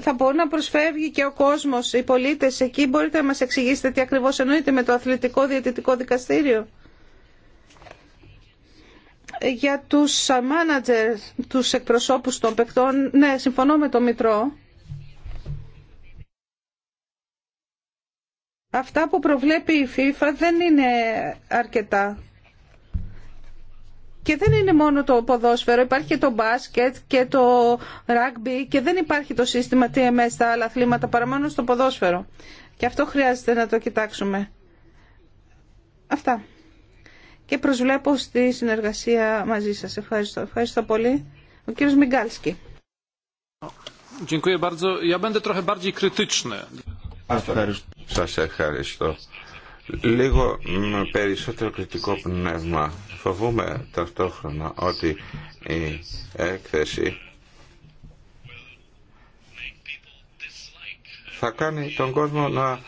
θα μπορεί να προσφεύγει και ο κόσμος, οι πολίτες εκεί. Μπορείτε να μας εξηγήσετε τι ακριβώ εννοείται με το αθλητικό διαιτητικό δικαστήριο. Για τους μάνατζερ, τους εκπροσώπους των παικτών, ναι, συμφωνώ με το Μητρό. Αυτά που προβλέπει η FIFA δεν είναι αρκετά. Και δεν είναι μόνο το ποδόσφαιρο, υπάρχει και το μπάσκετ και το ράγμπι και δεν υπάρχει το σύστημα TMS στα άλλα αθλήματα παρά μόνο στο ποδόσφαιρο. Και αυτό χρειάζεται να το κοιτάξουμε. Αυτά. Και προσβλέπω στη συνεργασία μαζί σας. Ευχαριστώ. Ευχαριστώ πολύ. Ο κύριος Μιγκάλσκι. Σας ευχαριστώ λίγο περισσότερο κριτικό πνεύμα. Φοβούμε ταυτόχρονα ότι η έκθεση θα κάνει τον κόσμο να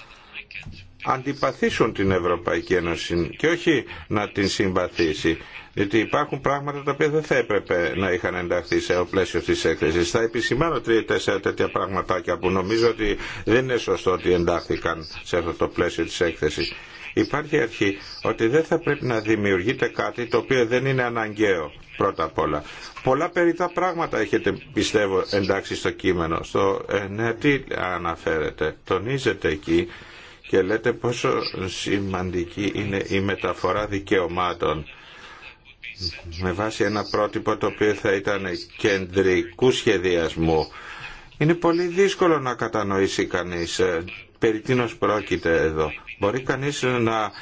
αντιπαθήσουν την Ευρωπαϊκή Ένωση και όχι να την συμπαθήσει. Διότι υπάρχουν πράγματα τα οποία δεν θα έπρεπε να είχαν ενταχθεί σε ο πλαίσιο τη έκθεση. Θα επισημάνω τρία-τέσσερα τέτοια πραγματάκια που νομίζω ότι δεν είναι σωστό ότι εντάχθηκαν σε αυτό το πλαίσιο τη έκθεση. Υπάρχει αρχή ότι δεν θα πρέπει να δημιουργείται κάτι το οποίο δεν είναι αναγκαίο πρώτα απ' όλα. Πολλά τα πράγματα έχετε πιστεύω εντάξει στο κείμενο. Στο ε, ναι, τι αναφέρεται. Τονίζετε εκεί και λέτε πόσο σημαντική είναι η μεταφορά δικαιωμάτων με βάση ένα πρότυπο το οποίο θα ήταν κεντρικού σχεδιασμού. Είναι πολύ δύσκολο να κατανοήσει κανείς ε, περί τίνος πρόκειται εδώ μπορεί κανείς να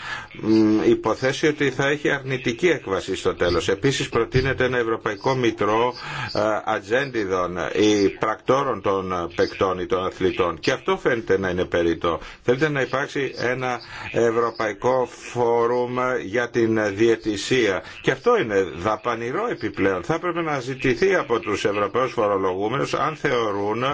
υποθέσει ότι θα έχει αρνητική έκβαση στο τέλος. Επίσης προτείνεται ένα ευρωπαϊκό μητρό ε, ατζέντιδων ή πρακτόρων των παικτών ή των αθλητών και αυτό φαίνεται να είναι περίτω. Θέλετε να υπάρξει ένα ευρωπαϊκό φόρουμ για την διαιτησία και αυτό είναι δαπανηρό επιπλέον. Θα έπρεπε να ζητηθεί από τους Ευρωπαίους φορολογούμενους αν θεωρούν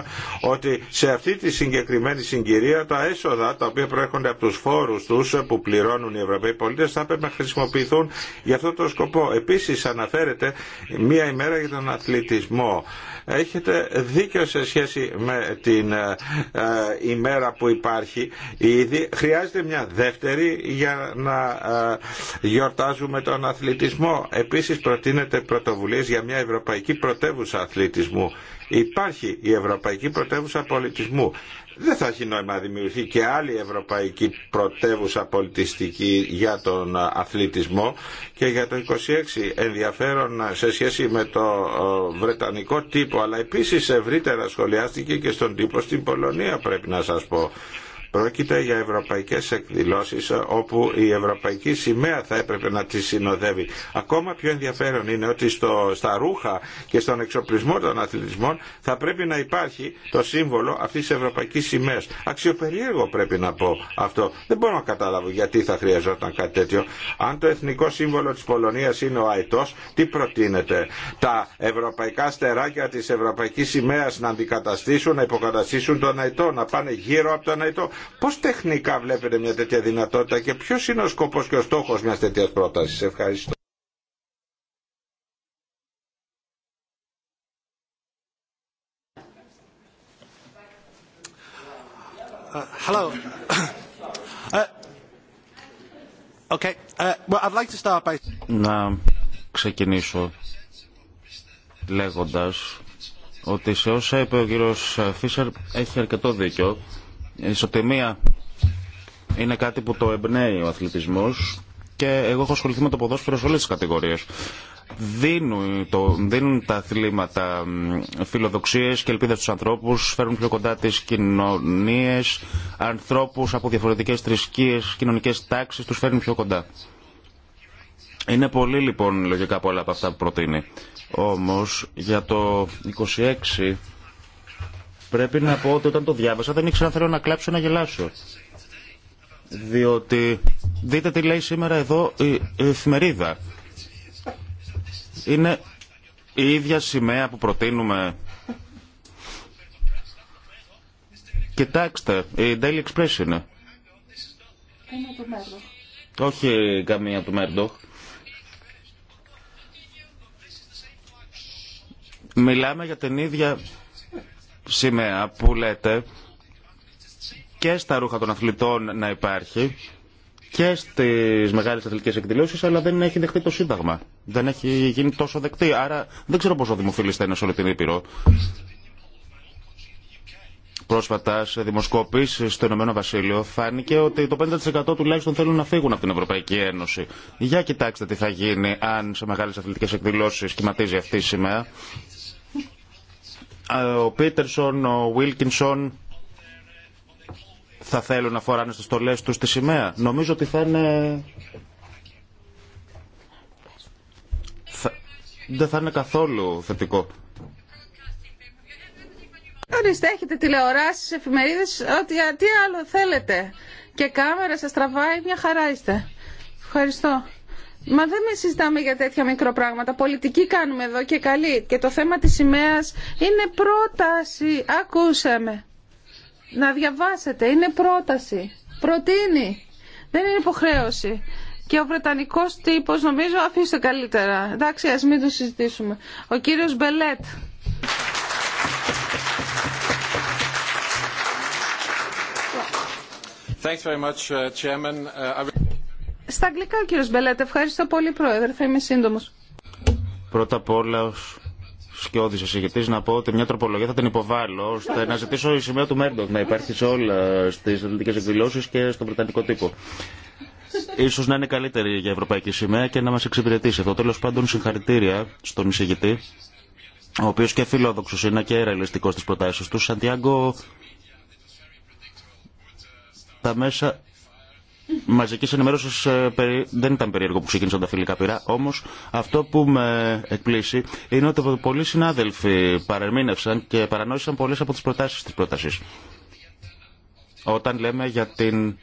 ότι σε αυτή τη συγκεκριμένη συγκυρία τα έσοδα τα οποία προέρχονται από τους φόρους τους που πληρώνουν οι Ευρωπαίοι πολίτες θα έπρεπε να χρησιμοποιηθούν για αυτό το σκοπό. Επίσης αναφέρεται μία ημέρα για τον αθλητισμό. Έχετε δίκιο σε σχέση με την ε, ε, ημέρα που υπάρχει ήδη. Χρειάζεται μια δεύτερη για να ε, γιορτάζουμε τον αθλητισμό. Επίσης προτείνεται πρωτοβουλίες για μια ευρωπαϊκή πρωτεύουσα αθλητισμού Υπάρχει η Ευρωπαϊκή Πρωτεύουσα Πολιτισμού. Δεν θα έχει νόημα να δημιουργηθεί και άλλη Ευρωπαϊκή Πρωτεύουσα Πολιτιστική για τον αθλητισμό και για το 26 ενδιαφέρον σε σχέση με το βρετανικό τύπο αλλά επίσης ευρύτερα σχολιάστηκε και στον τύπο στην Πολωνία πρέπει να σας πω Πρόκειται για ευρωπαϊκές εκδηλώσεις όπου η ευρωπαϊκή σημαία θα έπρεπε να τις συνοδεύει. Ακόμα πιο ενδιαφέρον είναι ότι στο, στα ρούχα και στον εξοπλισμό των αθλητισμών θα πρέπει να υπάρχει το σύμβολο αυτής της ευρωπαϊκής σημαίας. Αξιοπερίεργο πρέπει να πω αυτό. Δεν μπορώ να καταλάβω γιατί θα χρειαζόταν κάτι τέτοιο. Αν το εθνικό σύμβολο της Πολωνίας είναι ο αετός, τι προτείνεται. Τα ευρωπαϊκά στεράκια της ευρωπαϊκής σημαίας να αντικαταστήσουν, να υποκαταστήσουν τον Αϊτό, να πάνε γύρω από τον Αϊτό. Πώς τεχνικά βλέπετε μια τέτοια δυνατότητα και ποιος είναι ο σκοπός και ο στόχος μιας τέτοιας πρότασης. Ευχαριστώ. Uh, hello. Uh, okay. Uh, well, I'd like to start by... Να ξεκινήσω λέγοντας ότι σε όσα είπε ο κύριος Φίσερ έχει αρκετό δίκιο η ισοτιμία είναι κάτι που το εμπνέει ο αθλητισμός και εγώ έχω ασχοληθεί με το ποδόσφαιρο σε όλες τις κατηγορίες. Δίνουν, δίνουν τα αθλήματα φιλοδοξίες και ελπίδες στους ανθρώπους, φέρνουν πιο κοντά τις κοινωνίες, ανθρώπους από διαφορετικές θρησκείες, κοινωνικές τάξεις, τους φέρνουν πιο κοντά. Είναι πολύ λοιπόν λογικά πολλά από αυτά που προτείνει. Όμως για το 26 Πρέπει να πω ότι όταν το διάβασα δεν ήξερα να θέλω να κλάψω ή να γελάσω. Διότι δείτε τι λέει σήμερα εδώ η εφημερίδα. Είναι η ίδια σημαία που προτείνουμε. Κοιτάξτε, η Daily Express είναι. Το Όχι καμία του Μέρντοχ. Μιλάμε για την ίδια σημαία που λέτε και στα ρούχα των αθλητών να υπάρχει και στι μεγάλε αθλητικέ εκδηλώσει, αλλά δεν έχει δεχτεί το Σύνταγμα. Δεν έχει γίνει τόσο δεκτή. Άρα δεν ξέρω πόσο δημοφιλή θα σε όλη την Ήπειρο. Πρόσφατα σε δημοσκόπηση στο Ηνωμένο Βασίλειο φάνηκε ότι το 50% τουλάχιστον θέλουν να φύγουν από την Ευρωπαϊκή Ένωση. Για κοιτάξτε τι θα γίνει αν σε μεγάλε αθλητικέ εκδηλώσει σχηματίζει αυτή η σημαία ο Πίτερσον, ο Βίλκινσον θα θέλουν να φοράνε στις στολές τους τη σημαία. Νομίζω ότι θα είναι... Δεν θα είναι καθόλου θετικό. Ορίστε, έχετε τηλεοράσεις, εφημερίδες, ό,τι τι άλλο θέλετε. Και κάμερα σας τραβάει, μια χαρά είστε. Ευχαριστώ. Μα δεν με συζητάμε για τέτοια μικροπράγματα. Πολιτική κάνουμε εδώ και καλή. Και το θέμα της σημαία είναι πρόταση. Ακούσαμε. Να διαβάσετε. Είναι πρόταση. Προτείνει. Δεν είναι υποχρέωση. Και ο Βρετανικός τύπος νομίζω αφήστε καλύτερα. Εντάξει, α μην το συζητήσουμε. Ο κύριος Μπελέτ. Thanks very much, uh, Chairman. Uh, στα αγγλικά κύριο Μπελέτε. Ευχαριστώ πολύ πρόεδρε. Θα είμαι σύντομο. Πρώτα απ' όλα ω σκιώδη εισηγητή, να πω ότι μια τροπολογία θα την υποβάλω ώστε να ζητήσω η σημαία του Μέρντοκ να υπάρχει σε όλα στις ελληνικές εκδηλώσει και στον Βρετανικό τύπο. Ίσως να είναι καλύτερη για ευρωπαϊκή σημαία και να μας εξυπηρετήσει αυτό. Τέλος πάντων συγχαρητήρια στον εισηγητή ο οποίος και φιλόδοξο είναι και ρεαλιστικός στις προτάσει του. Σαντιάγκο τα μέσα μαζική ενημέρωση ε, δεν ήταν περίεργο που ξεκίνησαν τα φιλικά πειρά. Όμω αυτό που με εκπλήσει είναι ότι πολλοί συνάδελφοι παρεμήνευσαν και παρανόησαν πολλέ από τι προτάσει τη πρόταση. Όταν λέμε για, την,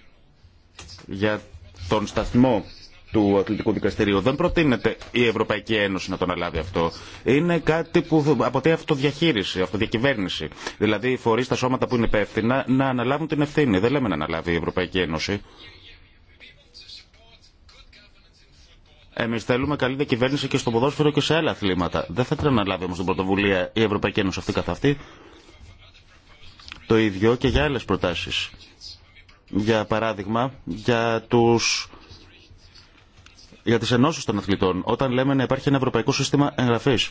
για τον σταθμό του Αθλητικού Δικαστηρίου. Δεν προτείνεται η Ευρωπαϊκή Ένωση να τον αναλάβει αυτό. Είναι κάτι που αποτελεί αυτοδιαχείριση, αυτοδιακυβέρνηση. Δηλαδή οι φορεί, τα σώματα που είναι υπεύθυνα να αναλάβουν την ευθύνη. Δεν λέμε να αναλάβει η Ευρωπαϊκή Ένωση. Εμεί θέλουμε καλή διακυβέρνηση και στο ποδόσφαιρο και σε άλλα αθλήματα. Δεν θα ήθελα να λάβει όμω την πρωτοβουλία η Ευρωπαϊκή Ένωση αυτή καθ' αυτή. Το ίδιο και για άλλε προτάσει. Για παράδειγμα, για τους για τις ενώσεις των αθλητών, όταν λέμε να υπάρχει ένα ευρωπαϊκό σύστημα εγγραφής.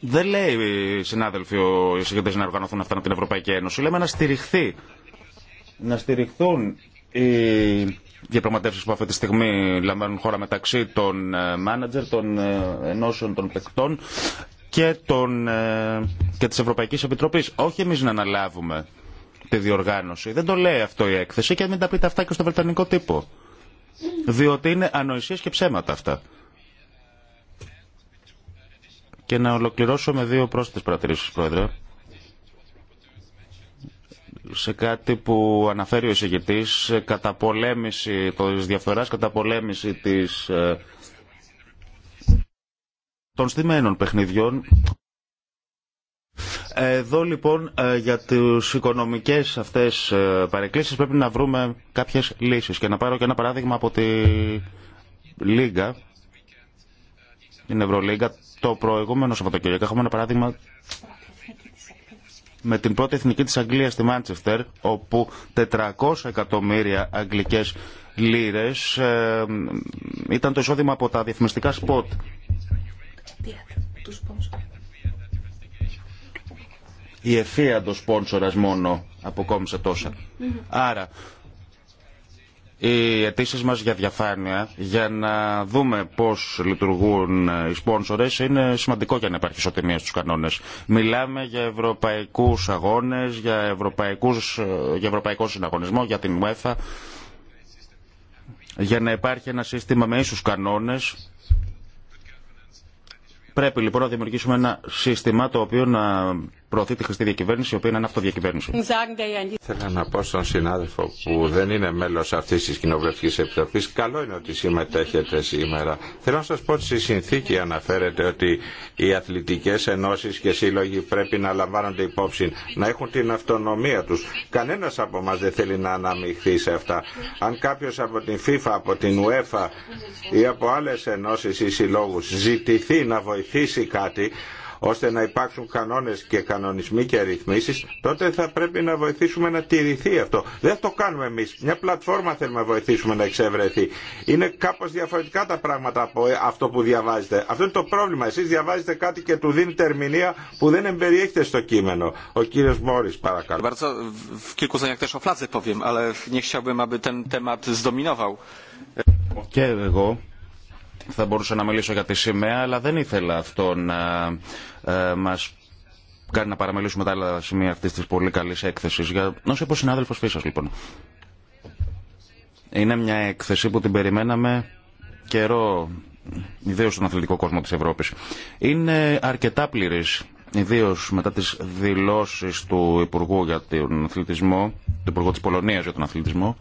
Δεν λέει οι συνάδελφοι, οι συγκεντές να οργανωθούν αυτά από την Ευρωπαϊκή Ένωση. Λέμε να στηριχθεί, να στηριχθούν οι Διαπραγματεύσει που αυτή τη στιγμή λαμβάνουν χώρα μεταξύ των μάνατζερ, των ε, ενώσεων των παικτών και, των, ε, και της Ευρωπαϊκής Επιτροπής. Όχι εμείς να αναλάβουμε τη διοργάνωση. Δεν το λέει αυτό η έκθεση και μην τα πείτε αυτά και στο Βρετανικό τύπο. Διότι είναι ανοησίες και ψέματα αυτά. Και να ολοκληρώσω με δύο πρόσθετες παρατηρήσεις, Πρόεδρε σε κάτι που αναφέρει ο εισηγητής, πολέμηση της διαφθοράς, καταπολέμηση της, ε, των στημένων παιχνιδιών. Εδώ λοιπόν ε, για τις οικονομικές αυτές ε, παρεκκλήσεις πρέπει να βρούμε κάποιες λύσεις και να πάρω και ένα παράδειγμα από τη Λίγκα, την Ευρωλίγκα, το προηγούμενο Σαββατοκύριακο. Έχουμε ένα παράδειγμα με την πρώτη εθνική της Αγγλίας στη Μάντσεστερ, όπου 400 εκατομμύρια αγγλικές λίρες ε, ήταν το εισόδημα από τα διαφημιστικά σποτ. Η ευθεία των σπόνσορας μόνο αποκόμισε τόσα. Άρα οι αιτήσει μας για διαφάνεια, για να δούμε πώς λειτουργούν οι σπόνσορε, είναι σημαντικό για να υπάρχει ισοτιμία στους κανόνε. Μιλάμε για ευρωπαϊκούς αγώνες, για, για ευρωπαϊκό συναγωνισμό, για την UEFA, για να υπάρχει ένα σύστημα με ίσους κανόνες. Πρέπει λοιπόν να δημιουργήσουμε ένα σύστημα το οποίο να προωθεί τη χρηστή διακυβέρνηση, η οποία είναι αυτοδιακυβέρνηση. Θέλω να πω στον συνάδελφο που δεν είναι μέλο αυτή τη κοινοβουλευτική επιτροπή, καλό είναι ότι συμμετέχετε σήμερα. Θέλω να σα πω ότι στη συνθήκη αναφέρεται ότι οι αθλητικέ ενώσει και σύλλογοι πρέπει να λαμβάνονται υπόψη, να έχουν την αυτονομία του. Κανένα από εμά δεν θέλει να αναμειχθεί σε αυτά. Αν κάποιο από την FIFA, από την UEFA ή από άλλε ενώσει ή συλλόγου ζητηθεί να βοηθήσει κάτι, ώστε να υπάρξουν κανόνες και κανονισμοί και ρυθμίσεις, τότε θα πρέπει να βοηθήσουμε να τηρηθεί αυτό. Δεν το κάνουμε εμείς. Μια πλατφόρμα θέλουμε να βοηθήσουμε να εξευρεθεί. Είναι κάπως διαφορετικά τα πράγματα από αυτό που διαβάζετε. Αυτό είναι το πρόβλημα. Εσείς διαβάζετε κάτι και του δίνετε ερμηνεία που δεν εμπεριέχεται στο κείμενο. Ο κύριος Μόρης παρακαλώ. Και εγώ θα μπορούσα να μιλήσω για τη σημαία, αλλά δεν ήθελα αυτό να ε, μας κάνει να παραμελήσουμε τα άλλα σημεία αυτής της πολύ καλής έκθεσης. Για... Όσο σε πω λοιπόν. Είναι μια έκθεση που την περιμέναμε καιρό, ιδίως στον αθλητικό κόσμο της Ευρώπης. Είναι αρκετά πλήρης, ιδίως μετά τις δηλώσεις του Υπουργού για τον αθλητισμό, του Υπουργού της Πολωνίας για τον αθλητισμό.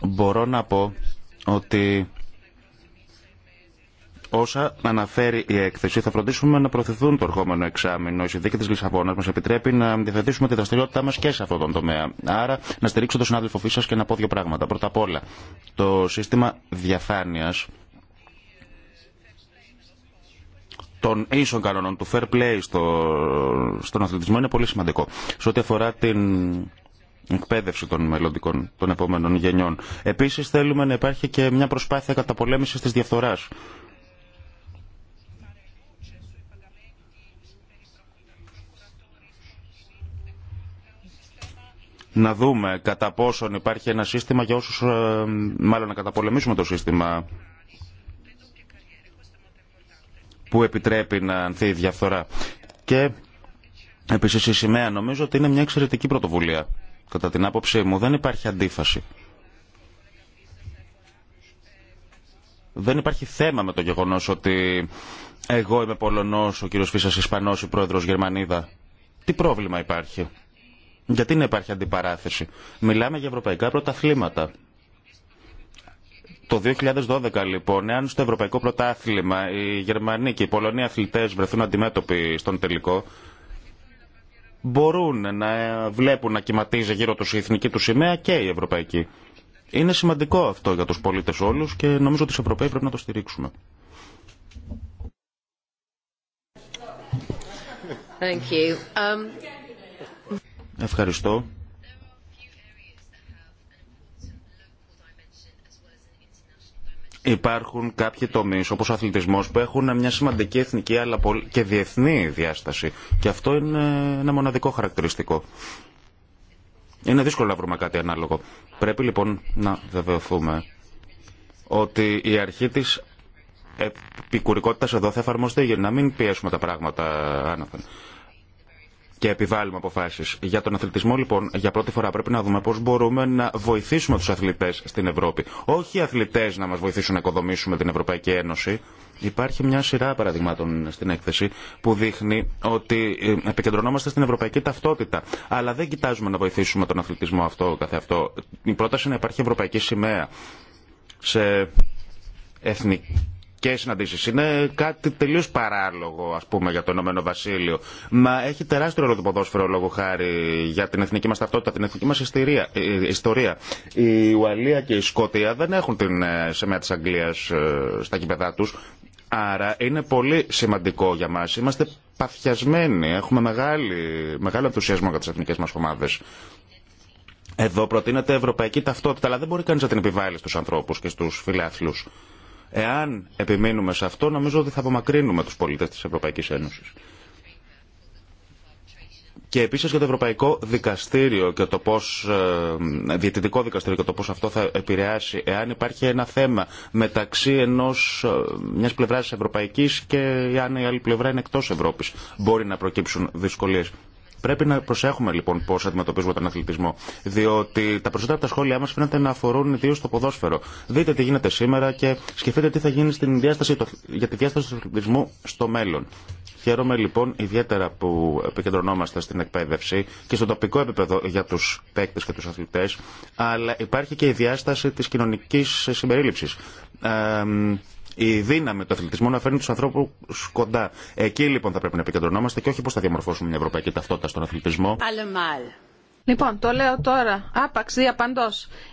Μπορώ να πω ότι όσα αναφέρει η έκθεση θα φροντίσουμε να προωθηθούν το ερχόμενο εξάμεινο. Η συνδίκη τη Λισαβόνα μα επιτρέπει να διαθετήσουμε τη δραστηριότητά μα και σε αυτόν τον τομέα. Άρα, να στηρίξω τον συνάδελφο Φίσα και να πω δύο πράγματα. Πρώτα απ' όλα, το σύστημα διαφάνεια των ίσων κανόνων του fair play στο, στον αθλητισμό είναι πολύ σημαντικό. Σε ό,τι αφορά την εκπαίδευση των μελλοντικών, των επόμενων γενιών. Επίσης θέλουμε να υπάρχει και μια προσπάθεια καταπολέμησης της διαφθοράς να δούμε κατά πόσον υπάρχει ένα σύστημα για όσους, ε, μάλλον να καταπολεμήσουμε το σύστημα που επιτρέπει να ανθεί η διαφθορά. Και επίσης η σημαία νομίζω ότι είναι μια εξαιρετική πρωτοβουλία. Κατά την άποψή μου δεν υπάρχει αντίφαση. Δεν υπάρχει θέμα με το γεγονός ότι εγώ είμαι Πολωνός, ο κύριος Φίσας Ισπανός, η πρόεδρος Γερμανίδα. Τι πρόβλημα υπάρχει. Γιατί να υπάρχει αντιπαράθεση. Μιλάμε για ευρωπαϊκά πρωταθλήματα. Το 2012 λοιπόν, εάν στο ευρωπαϊκό πρωτάθλημα οι Γερμανοί και οι Πολωνοί αθλητές βρεθούν αντιμέτωποι στον τελικό, μπορούν να βλέπουν να κυματίζει γύρω τους η εθνική του σημαία και η ευρωπαϊκή. Είναι σημαντικό αυτό για τους πολίτες όλους και νομίζω ότι οι Ευρωπαίοι πρέπει να το στηρίξουμε. Thank you. Um... Ευχαριστώ. Υπάρχουν κάποιοι τομεί, όπω ο αθλητισμό, που έχουν μια σημαντική εθνική αλλά και διεθνή διάσταση. Και αυτό είναι ένα μοναδικό χαρακτηριστικό. Είναι δύσκολο να βρούμε κάτι ανάλογο. Πρέπει λοιπόν να βεβαιωθούμε ότι η αρχή τη επικουρικότητα εδώ θα εφαρμοστεί για να μην πιέσουμε τα πράγματα άναθεν και επιβάλλουμε αποφάσει. Για τον αθλητισμό, λοιπόν, για πρώτη φορά πρέπει να δούμε πώ μπορούμε να βοηθήσουμε του αθλητέ στην Ευρώπη. Όχι οι αθλητέ να μα βοηθήσουν να οικοδομήσουμε την Ευρωπαϊκή Ένωση. Υπάρχει μια σειρά παραδειγμάτων στην έκθεση που δείχνει ότι ε, επικεντρωνόμαστε στην ευρωπαϊκή ταυτότητα. Αλλά δεν κοιτάζουμε να βοηθήσουμε τον αθλητισμό αυτό καθεαυτό. Η πρόταση είναι να υπάρχει ευρωπαϊκή σημαία σε εθνική και συναντήσει Είναι κάτι τελείω παράλογο ας πούμε για το Ηνωμένο Βασίλειο. Μα έχει τεράστιο ρόλο το ποδόσφαιρο λόγω χάρη για την εθνική μα ταυτότητα, την εθνική μα ε, ε, ιστορία. Η Ουαλία και η Σκότια δεν έχουν την ε, σημαία της Αγγλίας στα κήπεδά του, Άρα είναι πολύ σημαντικό για μα. Είμαστε παθιασμένοι, έχουμε μεγάλη, μεγάλο ενθουσιασμό για τι εθνικέ μα ομάδε. Εδώ προτείνεται ευρωπαϊκή ταυτότητα, αλλά δεν μπορεί κανείς να την επιβάλλει στους ανθρώπους και στους φιλάθλους. Εάν επιμείνουμε σε αυτό, νομίζω ότι θα απομακρύνουμε τους πολίτες της Ευρωπαϊκής Ένωσης. Και επίσης για το Ευρωπαϊκό Δικαστήριο και το πώς, ε, διαιτητικό δικαστήριο και το πώς αυτό θα επηρεάσει εάν υπάρχει ένα θέμα μεταξύ ενός, ε, μιας πλευράς ευρωπαϊκής και αν η άλλη πλευρά είναι εκτός Ευρώπης. Μπορεί να προκύψουν δυσκολίες. Πρέπει να προσέχουμε λοιπόν πώ αντιμετωπίζουμε τον αθλητισμό. Διότι τα περισσότερα από τα σχόλιά μα φαίνεται να αφορούν ιδίω το ποδόσφαιρο. Δείτε τι γίνεται σήμερα και σκεφτείτε τι θα γίνει στην διάσταση, για τη διάσταση του αθλητισμού στο μέλλον. Χαίρομαι λοιπόν ιδιαίτερα που επικεντρωνόμαστε στην εκπαίδευση και στο τοπικό επίπεδο για του παίκτε και του αθλητέ, αλλά υπάρχει και η διάσταση τη κοινωνική συμπερίληψη. Ε, η δύναμη του αθλητισμού να φέρνει του ανθρώπου κοντά. Εκεί λοιπόν θα πρέπει να επικεντρωνόμαστε και όχι πώ θα διαμορφώσουμε την ευρωπαϊκή ταυτότητα στον αθλητισμό. Λοιπόν, το λέω τώρα, άπαξ διαπαντό.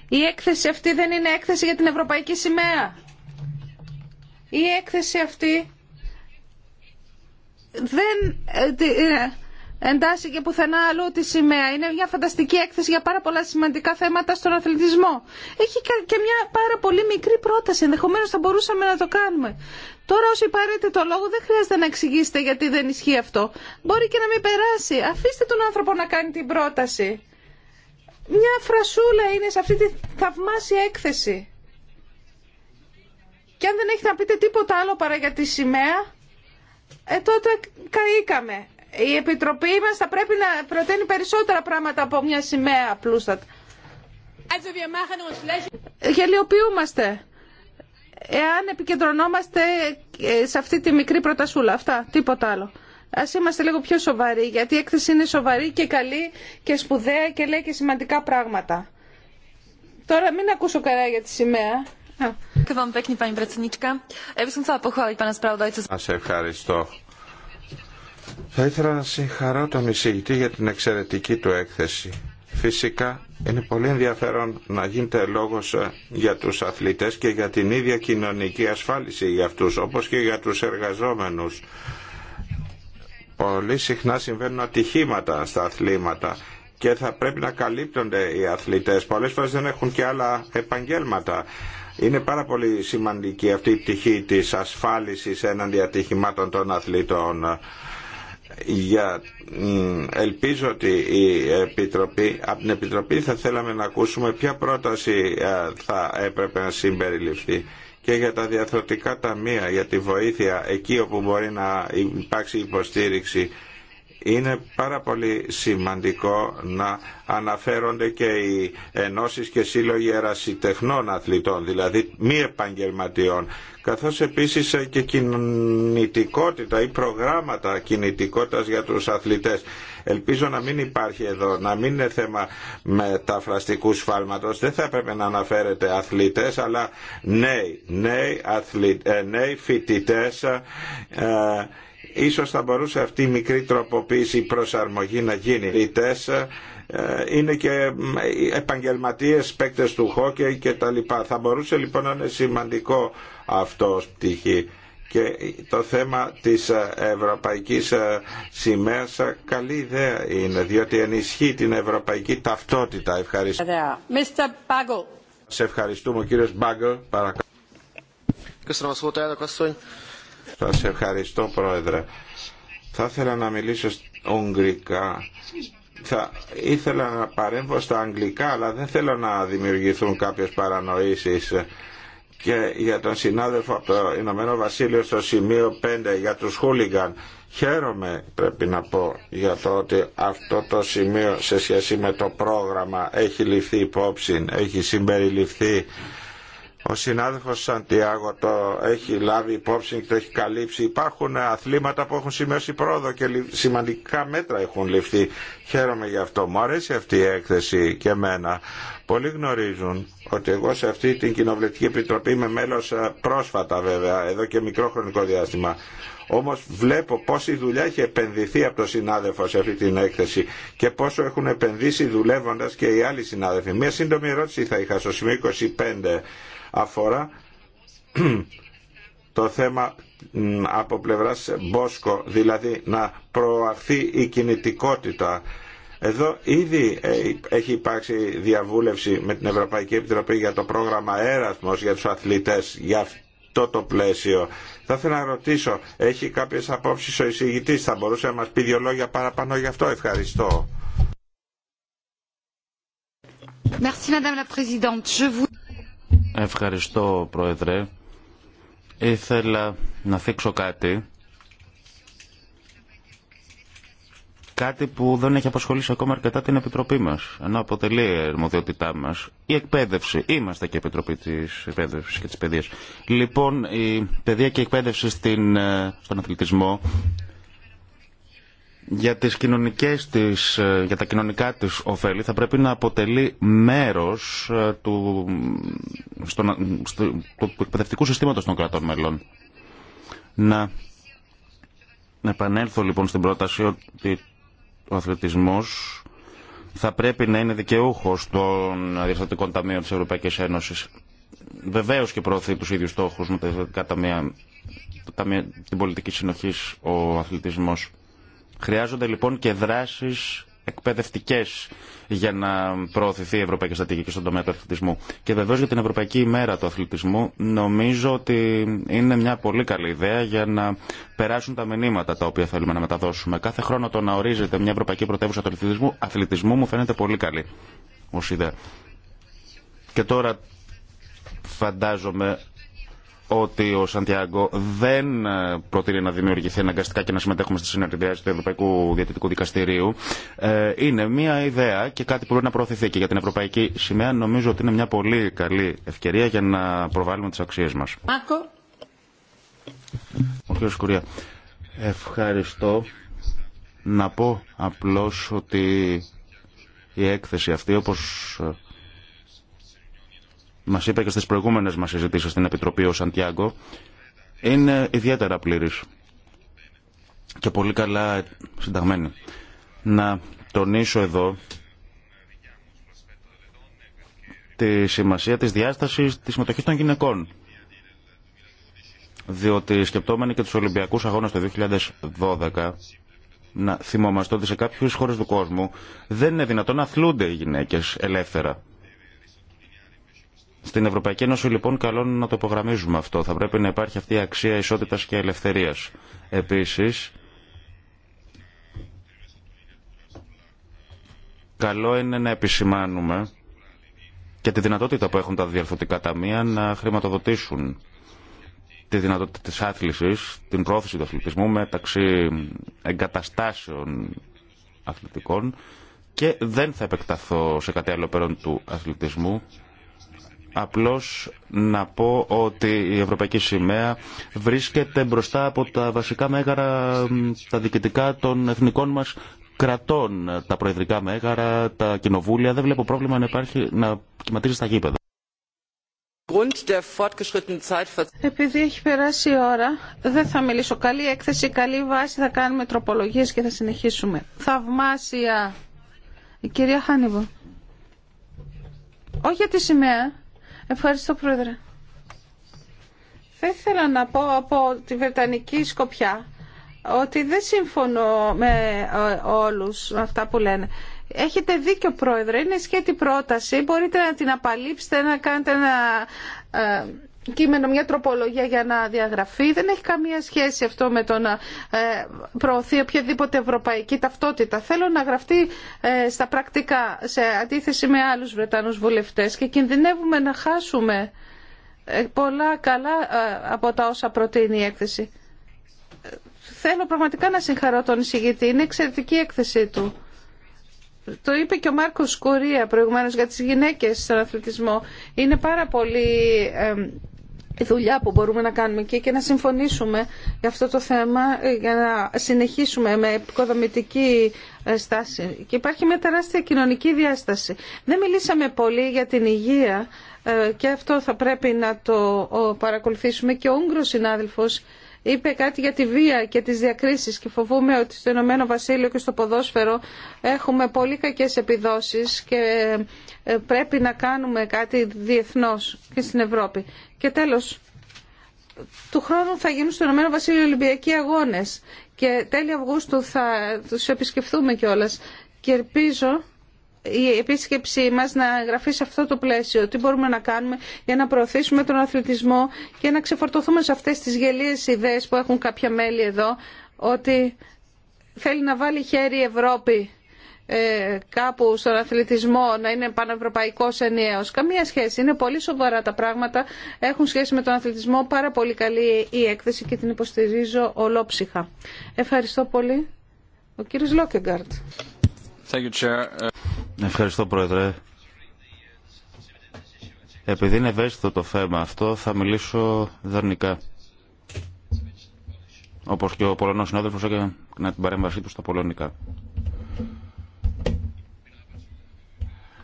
Η έκθεση αυτή δεν είναι έκθεση για την ευρωπαϊκή σημαία. Η έκθεση αυτή δεν ε, ε, εντάσσει και πουθενά αλλού τη σημαία. Είναι μια φανταστική έκθεση για πάρα πολλά σημαντικά θέματα στον αθλητισμό. Έχει και μια πάρα πολύ μικρή πρόταση. Ενδεχομένω θα μπορούσαμε να το κάνουμε. Τώρα όσοι πάρετε το λόγο δεν χρειάζεται να εξηγήσετε γιατί δεν ισχύει αυτό. Μπορεί και να μην περάσει. Αφήστε τον άνθρωπο να κάνει την πρόταση. Μια φρασούλα είναι σε αυτή τη θαυμάσια έκθεση. Και αν δεν έχετε να πείτε τίποτα άλλο παρά για τη σημαία, ε, τότε καήκαμε η Επιτροπή μας θα πρέπει να προτείνει περισσότερα πράγματα από μια σημαία απλούστατα. Γελιοποιούμαστε. Εάν επικεντρωνόμαστε σε αυτή τη μικρή προτασούλα, αυτά, τίποτα άλλο. Α είμαστε λίγο πιο σοβαροί, γιατί η έκθεση είναι σοβαρή και καλή και σπουδαία και λέει και σημαντικά πράγματα. Τώρα μην ακούσω καρά για τη σημαία. Σα ευχαριστώ. Θα ήθελα να συγχαρώ τον εισηγητή για την εξαιρετική του έκθεση. Φυσικά είναι πολύ ενδιαφέρον να γίνεται λόγος ε, για τους αθλητές και για την ίδια κοινωνική ασφάλιση για αυτούς, όπως και για τους εργαζόμενους. Πολύ συχνά συμβαίνουν ατυχήματα στα αθλήματα και θα πρέπει να καλύπτονται οι αθλητές. Πολλές φορές δεν έχουν και άλλα επαγγέλματα. Είναι πάρα πολύ σημαντική αυτή η πτυχή της ασφάλισης έναντι ατυχημάτων των αθλητών για, ελπίζω ότι η Επιτροπή, από την Επιτροπή θα θέλαμε να ακούσουμε ποια πρόταση ε, θα έπρεπε να συμπεριληφθεί και για τα διαθροτικά ταμεία, για τη βοήθεια εκεί όπου μπορεί να υπάρξει υποστήριξη είναι πάρα πολύ σημαντικό να αναφέρονται και οι ενώσεις και σύλλογοι ερασιτεχνών αθλητών, δηλαδή μη επαγγελματιών, καθώς επίσης και κινητικότητα ή προγράμματα κινητικότητας για τους αθλητές. Ελπίζω να μην υπάρχει εδώ, να μην είναι θέμα μεταφραστικού σφάλματος. Δεν θα έπρεπε να αναφέρεται αθλητές, αλλά νέοι, νέοι, αθλη, ε, ε, Ίσως θα μπορούσε αυτή η μικρή τροποποίηση, η προσαρμογή να γίνει. Οι ε, είναι και επαγγελματίες παίκτες του χόκεϊ και τα λοιπά. Θα μπορούσε λοιπόν να είναι σημαντικό αυτό πτυχή και το θέμα της ε, ευρωπαϊκής ε, σημαίας καλή ιδέα είναι διότι ενισχύει την ευρωπαϊκή ταυτότητα. Ευχαριστώ. Mr. Σε ευχαριστούμε Μπάγκο. Παρακαλώ. Σας ευχαριστώ Πρόεδρε. Θα ήθελα να μιλήσω ουγγρικά. Θα ήθελα να παρέμβω στα αγγλικά, αλλά δεν θέλω να δημιουργηθούν κάποιες παρανοήσεις και για τον συνάδελφο από το Ηνωμένο Βασίλειο στο σημείο 5 για τους χούλιγκαν. Χαίρομαι πρέπει να πω για το ότι αυτό το σημείο σε σχέση με το πρόγραμμα έχει ληφθεί υπόψη, έχει συμπεριληφθεί ο συνάδελφος Σαντιάγο το έχει λάβει υπόψη και το έχει καλύψει. Υπάρχουν αθλήματα που έχουν σημειώσει πρόοδο και σημαντικά μέτρα έχουν ληφθεί. Χαίρομαι γι' αυτό. Μου αρέσει αυτή η έκθεση και εμένα. Πολλοί γνωρίζουν ότι εγώ σε αυτή την Κοινοβουλευτική Επιτροπή είμαι μέλος ε, πρόσφατα βέβαια, εδώ και μικρό χρονικό διάστημα. Όμως βλέπω πόση δουλειά έχει επενδυθεί από τον συνάδελφο σε αυτή την έκθεση και πόσο έχουν επενδύσει δουλεύοντα και οι άλλοι συνάδελφοι. Μία σύντομη ερώτηση θα είχα στο σημείο 25 αφορά το θέμα από πλευράς Μπόσκο, δηλαδή να προαχθεί η κινητικότητα. Εδώ ήδη ε, έχει υπάρξει διαβούλευση με την Ευρωπαϊκή Επιτροπή για το πρόγραμμα Έρασμος για τους αθλητές, για αυτό το πλαίσιο. Θα ήθελα να ρωτήσω, έχει κάποιες απόψεις ο εισηγητής, θα μπορούσε να μας πει δύο λόγια παραπάνω γι' αυτό. Ευχαριστώ. Merci, Madame la Présidente. Je vous... Ευχαριστώ, Πρόεδρε. Ήθελα να θίξω κάτι. Κάτι που δεν έχει απασχολήσει ακόμα αρκετά την Επιτροπή μα, ενώ αποτελεί αρμοδιότητά μας. η εκπαίδευση. Είμαστε και Επιτροπή της εκπαίδευσης και της Παιδείας. Λοιπόν, η παιδεία και η εκπαίδευση στην, ε, στον αθλητισμό για, τις κοινωνικές της, ε, για τα κοινωνικά της ωφέλη θα πρέπει να αποτελεί μέρος ε, του, στο, του εκπαιδευτικού συστήματος των κρατών μελών. Να επανέλθω λοιπόν στην πρόταση ότι ο αθλητισμός θα πρέπει να είναι δικαιούχος των διευθυντικών ταμείων της Ευρωπαϊκής Ένωσης. Βεβαίως και προωθεί τους ίδιους στόχους με τα διευθυντικά ταμεία, την πολιτική συνοχής ο αθλητισμός. Χρειάζονται λοιπόν και δράσει εκπαιδευτικέ για να προωθηθεί η Ευρωπαϊκή και στον τομέα του αθλητισμού. Και βεβαίω για την Ευρωπαϊκή ημέρα του αθλητισμού, νομίζω ότι είναι μια πολύ καλή ιδέα για να περάσουν τα μηνύματα τα οποία θέλουμε να μεταδώσουμε. Κάθε χρόνο το να ορίζεται μια Ευρωπαϊκή Πρωτεύουσα του αθλητισμού, αθλητισμού μου φαίνεται πολύ καλή ω ιδέα. Και τώρα φαντάζομαι ότι ο Σαντιάγκο δεν ε, προτείνει να δημιουργηθεί αναγκαστικά και να συμμετέχουμε στη συνεργασία του Ευρωπαϊκού Διατητικού Δικαστηρίου. Ε, είναι μια ιδέα και κάτι που πρέπει να προωθηθεί και για την Ευρωπαϊκή Σημαία νομίζω ότι είναι μια πολύ καλή ευκαιρία για να προβάλλουμε τις αξίες μας. Ο κ. Σκουρία. Ευχαριστώ. Να πω απλώς ότι η έκθεση αυτή όπως Μα είπε και στι προηγούμενε μα συζητήσει στην Επιτροπή ο Σαντιάγκο, είναι ιδιαίτερα πλήρη. και πολύ καλά συνταγμένη. Να τονίσω εδώ τη σημασία της διάστασης της συμμετοχή των γυναικών. Διότι σκεπτόμενοι και τους Ολυμπιακούς Αγώνες το 2012, να θυμόμαστε ότι σε κάποιε χώρες του κόσμου δεν είναι δυνατόν να αθλούνται οι γυναίκες ελεύθερα. Στην Ευρωπαϊκή Ένωση λοιπόν καλό είναι να το υπογραμμίζουμε αυτό. Θα πρέπει να υπάρχει αυτή η αξία ισότητας και ελευθερίας. Επίσης, καλό είναι να επισημάνουμε και τη δυνατότητα που έχουν τα διαρθωτικά ταμεία να χρηματοδοτήσουν τη δυνατότητα της άθλησης, την πρόθεση του αθλητισμού μεταξύ εγκαταστάσεων αθλητικών και δεν θα επεκταθώ σε κάτι άλλο πέραν του αθλητισμού Απλώς να πω ότι η Ευρωπαϊκή Σημαία βρίσκεται μπροστά από τα βασικά μέγαρα, τα διοικητικά των εθνικών μας κρατών, τα προεδρικά μέγαρα, τα κοινοβούλια. Δεν βλέπω πρόβλημα να, υπάρχει, να κυματίζει στα γήπεδα. Επειδή έχει περάσει η ώρα, δεν θα μιλήσω. Καλή έκθεση, καλή βάση, θα κάνουμε τροπολογίες και θα συνεχίσουμε. Θαυμάσια. Η κυρία Χάνιβο. Όχι για τη σημαία. Ευχαριστώ, Πρόεδρε. Θα ήθελα να πω από τη Βρετανική Σκοπιά ότι δεν συμφωνώ με ε, όλους αυτά που λένε. Έχετε δίκιο, Πρόεδρε. Είναι σχέτη πρόταση. Μπορείτε να την απαλείψετε, να κάνετε ένα ε, κείμενο, μια τροπολογία για να διαγραφεί. Δεν έχει καμία σχέση αυτό με το να ε, προωθεί οποιαδήποτε ευρωπαϊκή ταυτότητα. Θέλω να γραφτεί ε, στα πρακτικά σε αντίθεση με άλλους Βρετανούς βουλευτές και κινδυνεύουμε να χάσουμε ε, πολλά καλά από τα όσα προτείνει η έκθεση. Θέλω πραγματικά να συγχαρώ τον εισηγητή. Είναι εξαιρετική η έκθεση του. Το είπε και ο Μάρκος Κουρία προηγουμένως για τις γυναίκες στον αθλητισμό. Είναι πάρα πολύ δουλειά που μπορούμε να κάνουμε εκεί και να συμφωνήσουμε για αυτό το θέμα ε, για να συνεχίσουμε με επικοδομητική ε, στάση. Και υπάρχει μια τεράστια κοινωνική διάσταση. Δεν μιλήσαμε πολύ για την υγεία ε, και αυτό θα πρέπει να το παρακολουθήσουμε και ο Ούγγρος συνάδελφος είπε κάτι για τη βία και τις διακρίσεις και φοβούμαι ότι στο Ηνωμένο Βασίλειο και στο ποδόσφαιρο έχουμε πολύ κακές επιδόσεις και ε, πρέπει να κάνουμε κάτι διεθνώς και στην Ευρώπη. Και τέλος, του χρόνου θα γίνουν στο Ηνωμένο Βασίλειο Ολυμπιακοί Αγώνες και τέλη Αυγούστου θα τους επισκεφθούμε κιόλας και ελπίζω η επίσκεψή μας να εγγραφεί σε αυτό το πλαίσιο. Τι μπορούμε να κάνουμε για να προωθήσουμε τον αθλητισμό και να ξεφορτωθούμε σε αυτές τις γελίες ιδέες που έχουν κάποια μέλη εδώ ότι θέλει να βάλει χέρι η Ευρώπη ε, κάπου στον αθλητισμό να είναι πανευρωπαϊκός ενιαίος. Καμία σχέση. Είναι πολύ σοβαρά τα πράγματα. Έχουν σχέση με τον αθλητισμό. Πάρα πολύ καλή η έκθεση και την υποστηρίζω ολόψυχα. Ευχαριστώ πολύ. Ο κύριος Λόκεγκαρτ. Ευχαριστώ Πρόεδρε. Επειδή είναι ευαίσθητο το θέμα αυτό, θα μιλήσω δανεικά. Όπως και ο Πολωνός συνάδελφος έκανε την παρέμβασή του στα πολωνικά.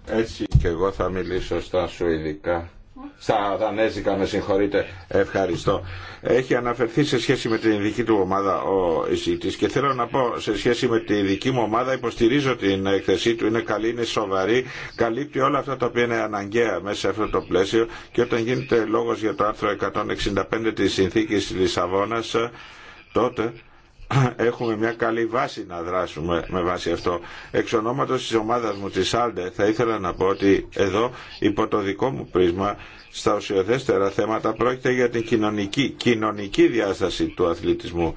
Έτσι και εγώ θα μιλήσω στα σουηδικά στα δανέζικα με συγχωρείτε ευχαριστώ έχει αναφερθεί σε σχέση με την ειδική του ομάδα ο Ισήτη και θέλω να πω σε σχέση με την ειδική μου ομάδα υποστηρίζω την έκθεσή του είναι καλή, είναι σοβαρή καλύπτει όλα αυτά τα οποία είναι αναγκαία μέσα σε αυτό το πλαίσιο και όταν γίνεται λόγο για το άρθρο 165 τη συνθήκη Λισαβόνα, τότε έχουμε μια καλή βάση να δράσουμε με βάση αυτό. Εξ ονόματος της ομάδας μου της Άλντε θα ήθελα να πω ότι εδώ υπό το δικό μου πρίσμα στα ουσιοθέστερα θέματα πρόκειται για την κοινωνική, κοινωνική διάσταση του αθλητισμού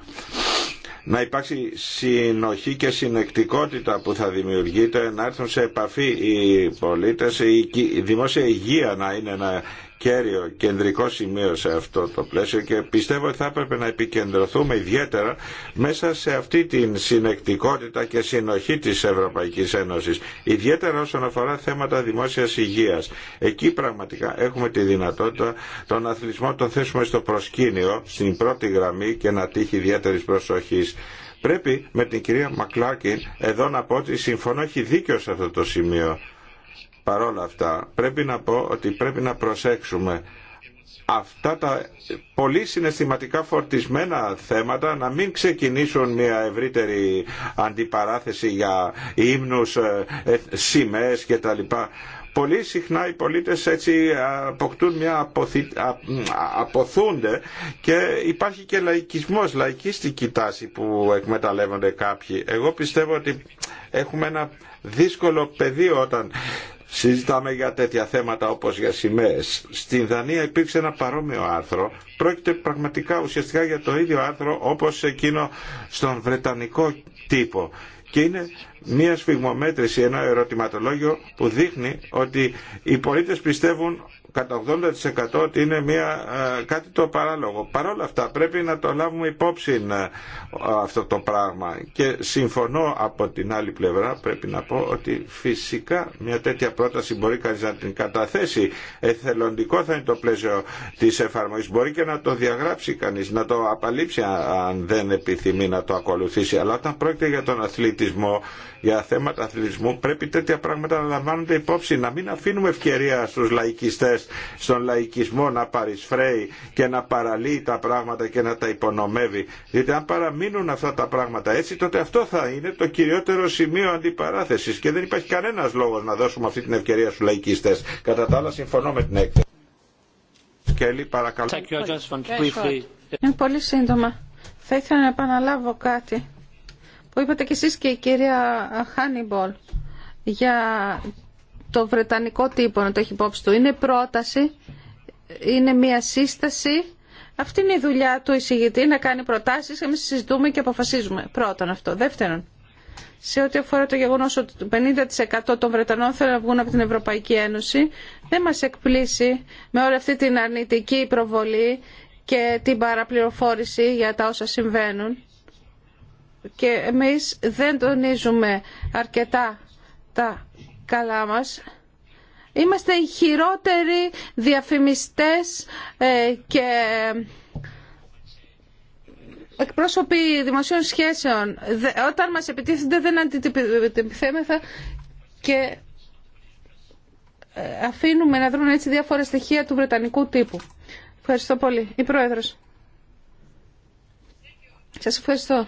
να υπάρξει συνοχή και συνεκτικότητα που θα δημιουργείται, να έρθουν σε επαφή οι πολίτες, η δημόσια υγεία να είναι ένα κέριο κεντρικό σημείο σε αυτό το πλαίσιο και πιστεύω ότι θα έπρεπε να επικεντρωθούμε ιδιαίτερα μέσα σε αυτή την συνεκτικότητα και συνοχή της Ευρωπαϊκής Ένωσης ιδιαίτερα όσον αφορά θέματα δημόσιας υγείας εκεί πραγματικά έχουμε τη δυνατότητα τον αθλητισμό τον θέσουμε στο προσκήνιο στην πρώτη γραμμή και να τύχει ιδιαίτερης προσοχής Πρέπει με την κυρία Μακλάκη εδώ να πω ότι συμφωνώ έχει δίκιο σε αυτό το σημείο παρόλα αυτά πρέπει να πω ότι πρέπει να προσέξουμε αυτά τα πολύ συναισθηματικά φορτισμένα θέματα να μην ξεκινήσουν μια ευρύτερη αντιπαράθεση για ύμνους, ε, ε, σημαίες και τα λοιπά. Πολύ συχνά οι πολίτες έτσι αποκτούν μια αποθούνται και υπάρχει και λαϊκισμός, λαϊκίστικη τάση που εκμεταλλεύονται κάποιοι. Εγώ πιστεύω ότι έχουμε ένα δύσκολο πεδίο όταν συζητάμε για τέτοια θέματα όπως για σημαίες. Στην Δανία υπήρξε ένα παρόμοιο άρθρο. Πρόκειται πραγματικά ουσιαστικά για το ίδιο άρθρο όπως εκείνο στον Βρετανικό τύπο. Και είναι μια σφιγμομέτρηση, ένα ερωτηματολόγιο που δείχνει ότι οι πολίτες πιστεύουν κατά 80% ότι είναι μια, ε, κάτι το παράλογο. Παρ' όλα αυτά πρέπει να το λάβουμε υπόψη ε, αυτό το πράγμα και συμφωνώ από την άλλη πλευρά πρέπει να πω ότι φυσικά μια τέτοια πρόταση μπορεί κανείς να την καταθέσει. Εθελοντικό θα είναι το πλαίσιο της εφαρμογής. Μπορεί και να το διαγράψει κανείς, να το απαλείψει αν δεν επιθυμεί να το ακολουθήσει. Αλλά όταν πρόκειται για τον αθλητισμό, για θέματα αθλητισμού πρέπει τέτοια πράγματα να λαμβάνονται υπόψη, να μην αφήνουμε ευκαιρία στους λαϊκιστές στον λαϊκισμό να παρισφραίει και να παραλύει τα πράγματα και να τα υπονομεύει. Γιατί αν παραμείνουν αυτά τα πράγματα έτσι, τότε αυτό θα είναι το κυριότερο σημείο αντιπαράθεση και δεν υπάρχει κανένα λόγο να δώσουμε αυτή την ευκαιρία στου λαϊκίστες. Κατά τα άλλα συμφωνώ με την έκθεση. Σκέλη, παρακαλώ. Είναι πολύ σύντομα. Θα ήθελα να επαναλάβω κάτι που είπατε κι εσείς και η κυρία Χάνιμπολ για το βρετανικό τύπο να το έχει υπόψη του. Είναι πρόταση, είναι μια σύσταση. Αυτή είναι η δουλειά του εισηγητή, να κάνει προτάσεις, εμείς συζητούμε και αποφασίζουμε. Πρώτον αυτό. Δεύτερον, σε ό,τι αφορά το γεγονός ότι το 50% των Βρετανών θέλουν να βγουν από την Ευρωπαϊκή Ένωση, δεν μας εκπλήσει με όλη αυτή την αρνητική προβολή και την παραπληροφόρηση για τα όσα συμβαίνουν. Και εμείς δεν τονίζουμε αρκετά τα καλά μας. Είμαστε οι χειρότεροι διαφημιστές ε, και εκπρόσωποι δημοσίων σχέσεων. Όταν μας επιτίθενται δεν αντιτιπιθέμεθα και ε, αφήνουμε να δρουν έτσι διάφορα στοιχεία του βρετανικού τύπου. Ευχαριστώ πολύ. Η Πρόεδρος. Σας ευχαριστώ.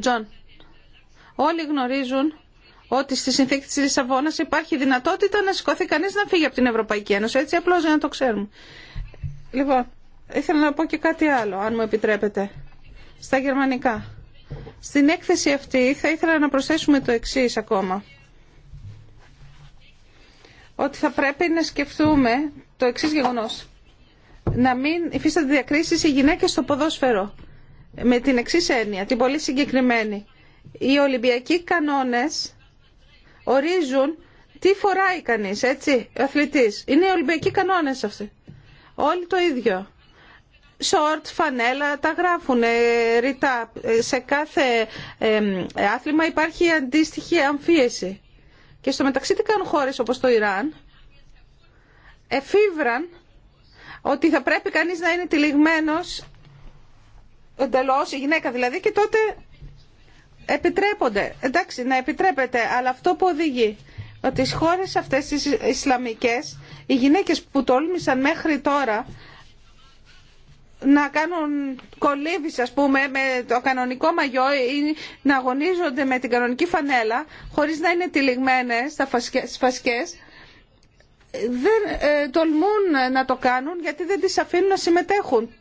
Τζον. Όλοι γνωρίζουν ότι στη συνθήκη της Λισαβόνας υπάρχει δυνατότητα να σηκωθεί κανείς να φύγει από την Ευρωπαϊκή Ένωση. Έτσι απλώς για να το ξέρουμε. Λοιπόν, ήθελα να πω και κάτι άλλο, αν μου επιτρέπετε, στα γερμανικά. Στην έκθεση αυτή θα ήθελα να προσθέσουμε το εξή ακόμα. Ότι θα πρέπει να σκεφτούμε το εξή γεγονός. Να μην υφίσταται διακρίσει οι γυναίκε στο ποδόσφαιρο. Με την εξή έννοια, την πολύ συγκεκριμένη. Οι Ολυμπιακοί κανόνες ορίζουν τι φοράει κανείς, έτσι, αθλητής. Είναι οι Ολυμπιακοί κανόνες αυτοί. Όλοι το ίδιο. Σόρτ, φανέλα, τα γράφουν ε, ρητά. Ε, σε κάθε ε, άθλημα υπάρχει αντίστοιχη αμφίεση. Και στο μεταξύ τι κάνουν χώρες όπως το Ιράν. Εφήβραν ότι θα πρέπει κανείς να είναι τυλιγμένος εντελώς, η γυναίκα δηλαδή, και τότε επιτρέπονται. Εντάξει, να επιτρέπεται, αλλά αυτό που οδηγεί ότι στις χώρες αυτές τις Ισλαμικές, οι γυναίκες που τόλμησαν μέχρι τώρα να κάνουν κολύβεις ας πούμε με το κανονικό μαγιό ή να αγωνίζονται με την κανονική φανέλα χωρίς να είναι τυλιγμένες στα φασκές δεν ε, τολμούν να το κάνουν γιατί δεν τις αφήνουν να συμμετέχουν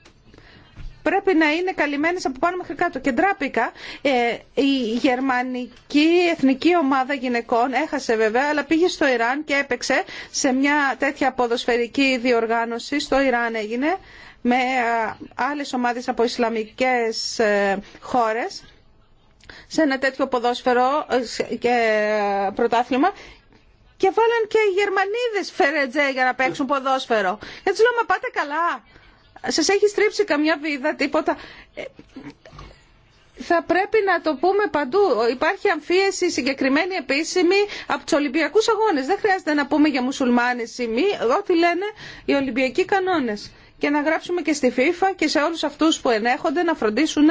πρέπει να είναι καλυμμένες από πάνω μέχρι κάτω. Και ντράπηκα, ε, η γερμανική εθνική ομάδα γυναικών έχασε βέβαια, αλλά πήγε στο Ιράν και έπαιξε σε μια τέτοια ποδοσφαιρική διοργάνωση. Στο Ιράν έγινε με άλλες ομάδες από Ισλαμικές ε, χώρες σε ένα τέτοιο ποδόσφαιρο ε, και πρωτάθλημα και βάλαν και οι Γερμανίδες φερετζέ για να παίξουν ποδόσφαιρο. Έτσι λέω, μα πάτε καλά σας έχει στρίψει καμιά βίδα, τίποτα. Ε, θα πρέπει να το πούμε παντού. Υπάρχει αμφίεση συγκεκριμένη επίσημη από του Ολυμπιακού Αγώνε. Δεν χρειάζεται να πούμε για μουσουλμάνες ή μη, ό,τι λένε οι Ολυμπιακοί κανόνε. Και να γράψουμε και στη FIFA και σε όλου αυτού που ενέχονται να φροντίσουν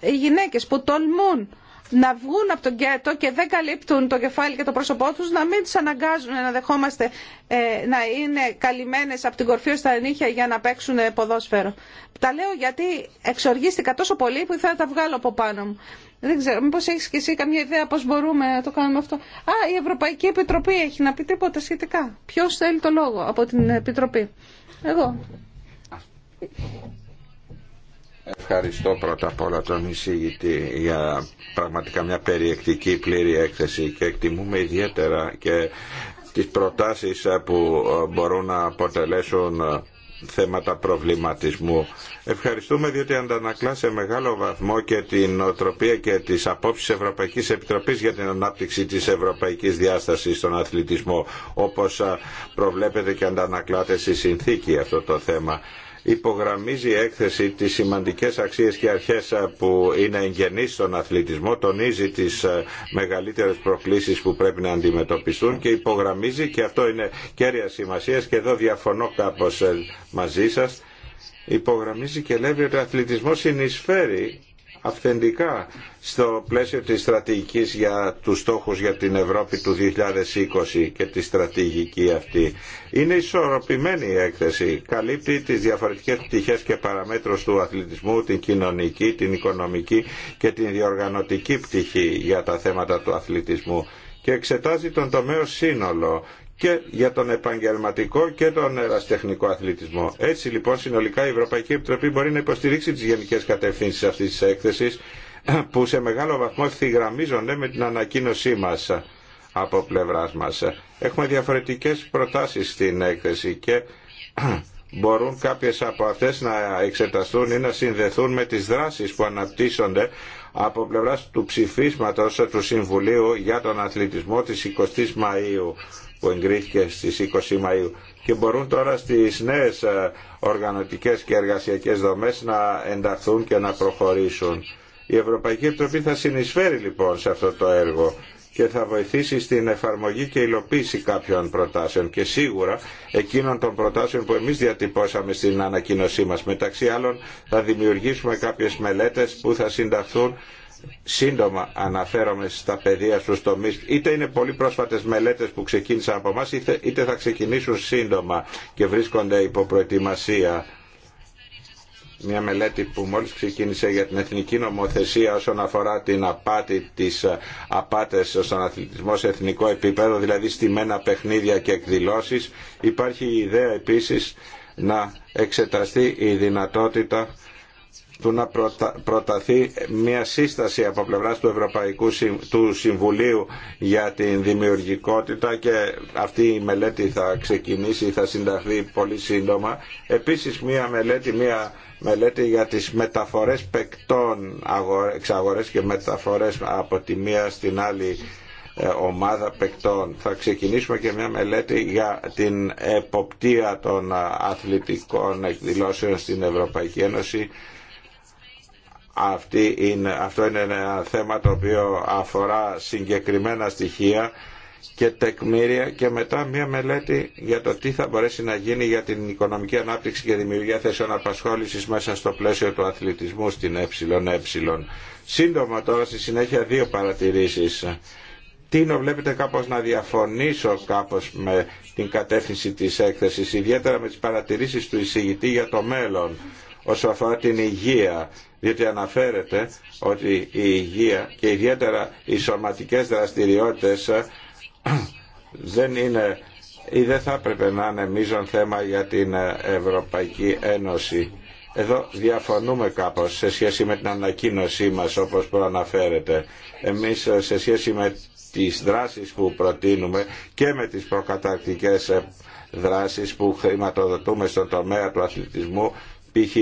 οι γυναίκε που τολμούν να βγουν από τον κέτο και δεν καλύπτουν το κεφάλι και το πρόσωπό τους, να μην τους αναγκάζουν να δεχόμαστε ε, να είναι καλυμμένες από την κορφή ως τα νύχια για να παίξουν ποδόσφαιρο. Τα λέω γιατί εξοργίστηκα τόσο πολύ που ήθελα να τα βγάλω από πάνω μου. Δεν ξέρω, μήπως έχεις και εσύ καμία ιδέα πώς μπορούμε να το κάνουμε αυτό. Α, η Ευρωπαϊκή Επιτροπή έχει να πει τίποτα σχετικά. Ποιο θέλει το λόγο από την Επιτροπή. Εγώ. Ευχαριστώ πρώτα απ' όλα τον εισηγητή για πραγματικά μια περιεκτική πλήρη έκθεση και εκτιμούμε ιδιαίτερα και τις προτάσεις που ε, μπορούν να αποτελέσουν ε, θέματα προβληματισμού. Ευχαριστούμε διότι αντανακλά σε μεγάλο βαθμό και την οτροπία και τις απόψεις Ευρωπαϊκής Επιτροπής για την ανάπτυξη της ευρωπαϊκής διάστασης στον αθλητισμό όπως ε, προβλέπετε και αντανακλάτε στη συνθήκη αυτό το θέμα υπογραμμίζει η έκθεση τις σημαντικές αξίες και αρχές ε, που είναι εγγενείς στον αθλητισμό, τονίζει τις ε, μεγαλύτερες προκλήσεις που πρέπει να αντιμετωπιστούν και υπογραμμίζει και αυτό είναι κέρια σημασία και εδώ διαφωνώ κάπως ε, μαζί σας υπογραμμίζει και λέει ότι ο αθλητισμός συνεισφέρει αυθεντικά στο πλαίσιο της στρατηγικής για τους στόχους για την Ευρώπη του 2020 και τη στρατηγική αυτή. Είναι ισορροπημένη η έκθεση. Καλύπτει τις διαφορετικές πτυχές και παραμέτρους του αθλητισμού, την κοινωνική, την οικονομική και την διοργανωτική πτυχή για τα θέματα του αθλητισμού και εξετάζει τον τομέα σύνολο και για τον επαγγελματικό και τον εραστεχνικό αθλητισμό. Έτσι λοιπόν συνολικά η Ευρωπαϊκή Επιτροπή μπορεί να υποστηρίξει τις γενικές κατευθύνσεις αυτής της έκθεσης που σε μεγάλο βαθμό ευθυγραμμίζονται με την ανακοίνωσή μας από πλευράς μας. Έχουμε διαφορετικές προτάσεις στην έκθεση και μπορούν κάποιες από αυτές να εξεταστούν ή να συνδεθούν με τις δράσεις που αναπτύσσονται από πλευράς του ψηφίσματος του Συμβουλίου για τον Αθλητισμό της 20ης Μαΐου που εγκρίθηκε στις 20 Μαΐου και μπορούν τώρα στις νέες ε, οργανωτικές και εργασιακές δομές να ενταχθούν και να προχωρήσουν. Η Ευρωπαϊκή Επιτροπή θα συνεισφέρει λοιπόν σε αυτό το έργο και θα βοηθήσει στην εφαρμογή και υλοποίηση κάποιων προτάσεων και σίγουρα εκείνων των προτάσεων που εμείς διατυπώσαμε στην ανακοίνωσή μας. Μεταξύ άλλων θα δημιουργήσουμε κάποιες μελέτες που θα συνταχθούν σύντομα αναφέρομαι στα παιδεία στους τομείς είτε είναι πολύ πρόσφατες μελέτες που ξεκίνησαν από εμάς είτε θα ξεκινήσουν σύντομα και βρίσκονται υπό προετοιμασία μια μελέτη που μόλις ξεκίνησε για την εθνική νομοθεσία όσον αφορά την απάτη της ε, απάτης στον αθλητισμό σε εθνικό επίπεδο, δηλαδή στημένα παιχνίδια και εκδηλώσεις. Υπάρχει η ιδέα επίσης να εξεταστεί η δυνατότητα του να προταθεί μια σύσταση από πλευράς του Ευρωπαϊκού του Συμβουλίου για την δημιουργικότητα και αυτή η μελέτη θα ξεκινήσει, θα συνταχθεί πολύ σύντομα. Επίσης μια μελέτη, μια μελέτη για τις μεταφορές παικτών, εξαγορές και μεταφορές από τη μία στην άλλη ε, ομάδα παικτών. Θα ξεκινήσουμε και μια μελέτη για την εποπτεία των ε, αθλητικών εκδηλώσεων στην Ευρωπαϊκή Ένωση αυτό είναι ένα θέμα το οποίο αφορά συγκεκριμένα στοιχεία και τεκμήρια και μετά μια μελέτη για το τι θα μπορέσει να γίνει για την οικονομική ανάπτυξη και δημιουργία θέσεων απασχόλησης μέσα στο πλαίσιο του αθλητισμού στην ΕΕ. Σύντομα τώρα στη συνέχεια δύο παρατηρήσεις. Τίνο βλέπετε κάπως να διαφωνήσω κάπως με την κατεύθυνση της έκθεσης, ιδιαίτερα με τις παρατηρήσεις του εισηγητή για το μέλλον όσο αφορά την υγεία διότι αναφέρεται ότι η υγεία και ιδιαίτερα οι σωματικές δραστηριότητες ε, δεν είναι ή δεν θα έπρεπε να είναι μείζον θέμα για την ε, Ευρωπαϊκή Ένωση. Εδώ διαφωνούμε κάπως σε σχέση με την ανακοίνωσή μας όπως προαναφέρεται. Εμείς ε, σε σχέση με τις δράσεις που προτείνουμε και με τις προκαταρκτικές δράσεις που χρηματοδοτούμε στον τομέα του αθλητισμού π.χ.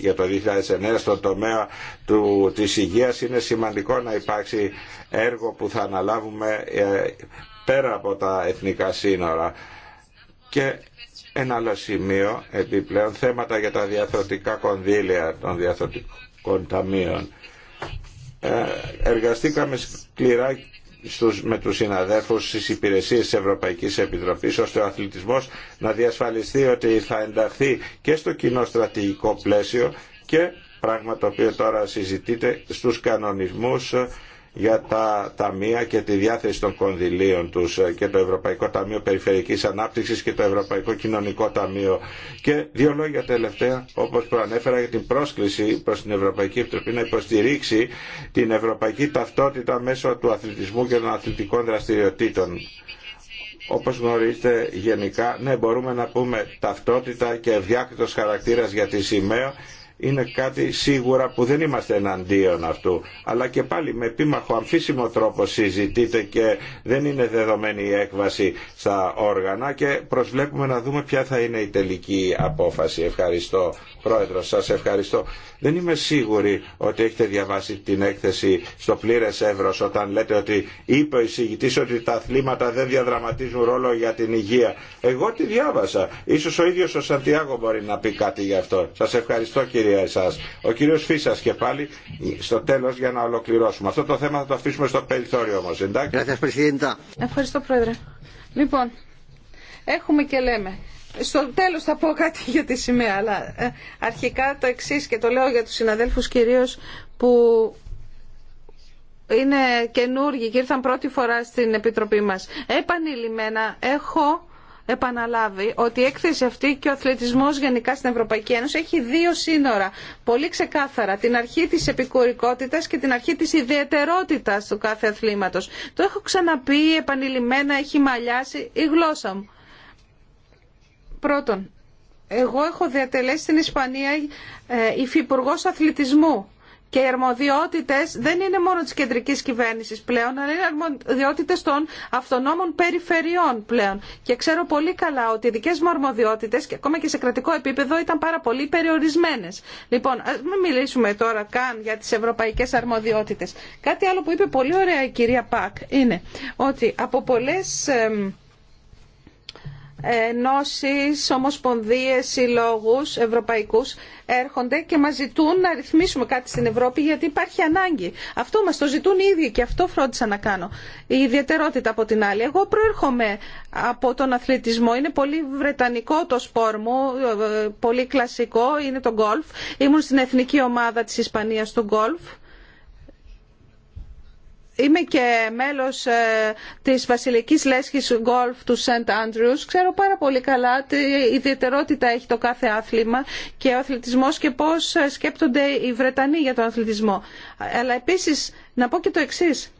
για το 2009 στον τομέα του, της υγείας είναι σημαντικό να υπάρξει έργο που θα αναλάβουμε ε, πέρα από τα εθνικά σύνορα. Και ένα άλλο σημείο επιπλέον θέματα για τα διαθροτικά κονδύλια των διαθροτικών ταμείων. Ε, εργαστήκαμε σκληρά με τους συναδέλφους στις υπηρεσίες της Ευρωπαϊκής Επιτροπής ώστε ο αθλητισμός να διασφαλιστεί ότι θα ενταχθεί και στο κοινό στρατηγικό πλαίσιο και πράγμα το οποίο τώρα συζητείται στους κανονισμούς για τα ταμεία και τη διάθεση των κονδυλίων τους και το Ευρωπαϊκό Ταμείο Περιφερειακής Ανάπτυξης και το Ευρωπαϊκό Κοινωνικό Ταμείο. Και δύο λόγια τελευταία, όπως προανέφερα, για την πρόσκληση προς την Ευρωπαϊκή Επιτροπή να υποστηρίξει την ευρωπαϊκή ταυτότητα μέσω του αθλητισμού και των αθλητικών δραστηριοτήτων. Όπως γνωρίζετε γενικά, ναι μπορούμε να πούμε ταυτότητα και ευδιάκριτος χαρακτήρας για τη σημαία είναι κάτι σίγουρα που δεν είμαστε εναντίον αυτού. Αλλά και πάλι με επίμαχο αμφίσιμο τρόπο συζητείται και δεν είναι δεδομένη η έκβαση στα όργανα και προσβλέπουμε να δούμε ποια θα είναι η τελική απόφαση. Ευχαριστώ Πρόεδρο, σας ευχαριστώ. Δεν είμαι σίγουρη ότι έχετε διαβάσει την έκθεση στο πλήρες εύρος όταν λέτε ότι είπε ο εισηγητής ότι τα αθλήματα δεν διαδραματίζουν ρόλο για την υγεία. Εγώ τη διάβασα. Ίσως ο ίδιο ο Σαντιάγο μπορεί να πει κάτι γι' αυτό. Σας ευχαριστώ κύριε για Ο κύριος Φίσα και πάλι στο τέλος για να ολοκληρώσουμε. Αυτό το θέμα θα το αφήσουμε στο περιθώριο όμω, εντάξει. Ευχαριστώ, Πρόεδρε. Λοιπόν, έχουμε και λέμε. Στο τέλος θα πω κάτι για τη σημαία, αλλά ε, αρχικά το εξής και το λέω για τους συναδέλφους κυρίως που είναι καινούργοι και ήρθαν πρώτη φορά στην Επιτροπή μας. Επανειλημμένα έχω επαναλάβει ότι η έκθεση αυτή και ο αθλητισμός γενικά στην Ευρωπαϊκή Ένωση έχει δύο σύνορα πολύ ξεκάθαρα. Την αρχή της επικουρικότητα και την αρχή της ιδιαίτερότητα του κάθε αθλήματος. Το έχω ξαναπεί επανειλημμένα, έχει μαλλιάσει η γλώσσα μου. Πρώτον, εγώ έχω διατελέσει στην Ισπανία ε, υφυπουργός αθλητισμού και οι αρμοδιότητε δεν είναι μόνο τη κεντρική κυβέρνηση πλέον, αλλά είναι αρμοδιότητε των αυτονόμων περιφερειών πλέον. Και ξέρω πολύ καλά ότι οι δικές μου αρμοδιότητε, και ακόμα και σε κρατικό επίπεδο, ήταν πάρα πολύ περιορισμένες. Λοιπόν, α μην μιλήσουμε τώρα καν για τις ευρωπαϊκές αρμοδιότητε. Κάτι άλλο που είπε πολύ ωραία η κυρία Πακ είναι ότι από πολλές ενώσεις, ομοσπονδίες, συλλόγου ευρωπαϊκούς έρχονται και μας ζητούν να ρυθμίσουμε κάτι στην Ευρώπη γιατί υπάρχει ανάγκη. Αυτό μας το ζητούν οι ίδιοι και αυτό φρόντισα να κάνω. Η ιδιαιτερότητα από την άλλη. Εγώ προέρχομαι από τον αθλητισμό. Είναι πολύ βρετανικό το σπόρ μου, ε, ε, πολύ κλασικό, είναι το γκολφ. Ήμουν στην εθνική ομάδα της Ισπανίας του γκολφ Είμαι και μέλος ε, της Βασιλικής Λέσχης Γκολφ του Σεντ Άντριους. Ξέρω πάρα πολύ καλά τι ιδιαιτερότητα έχει το κάθε άθλημα και ο αθλητισμός και πώς ε, σκέπτονται οι Βρετανοί για τον αθλητισμό. Αλλά επίσης να πω και το εξής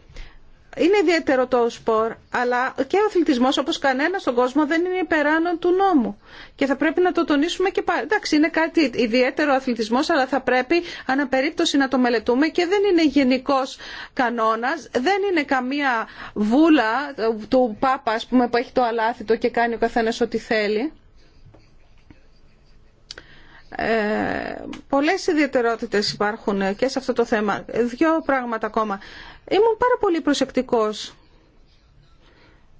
είναι ιδιαίτερο το σπορ, αλλά και ο αθλητισμό όπως κανένα στον κόσμο δεν είναι υπεράνω του νόμου. Και θα πρέπει να το τονίσουμε και πάλι. Εντάξει, είναι κάτι ιδιαίτερο ο αθλητισμός, αλλά θα πρέπει αναπερίπτωση να το μελετούμε και δεν είναι γενικός κανόνας, δεν είναι καμία βούλα του Πάπα α πούμε, που έχει το αλάθητο και κάνει ο καθένα ό,τι θέλει. Ε, πολλές ιδιαιτερότητες υπάρχουν και σε αυτό το θέμα. Δύο πράγματα ακόμα. Ήμουν πάρα πολύ προσεκτικός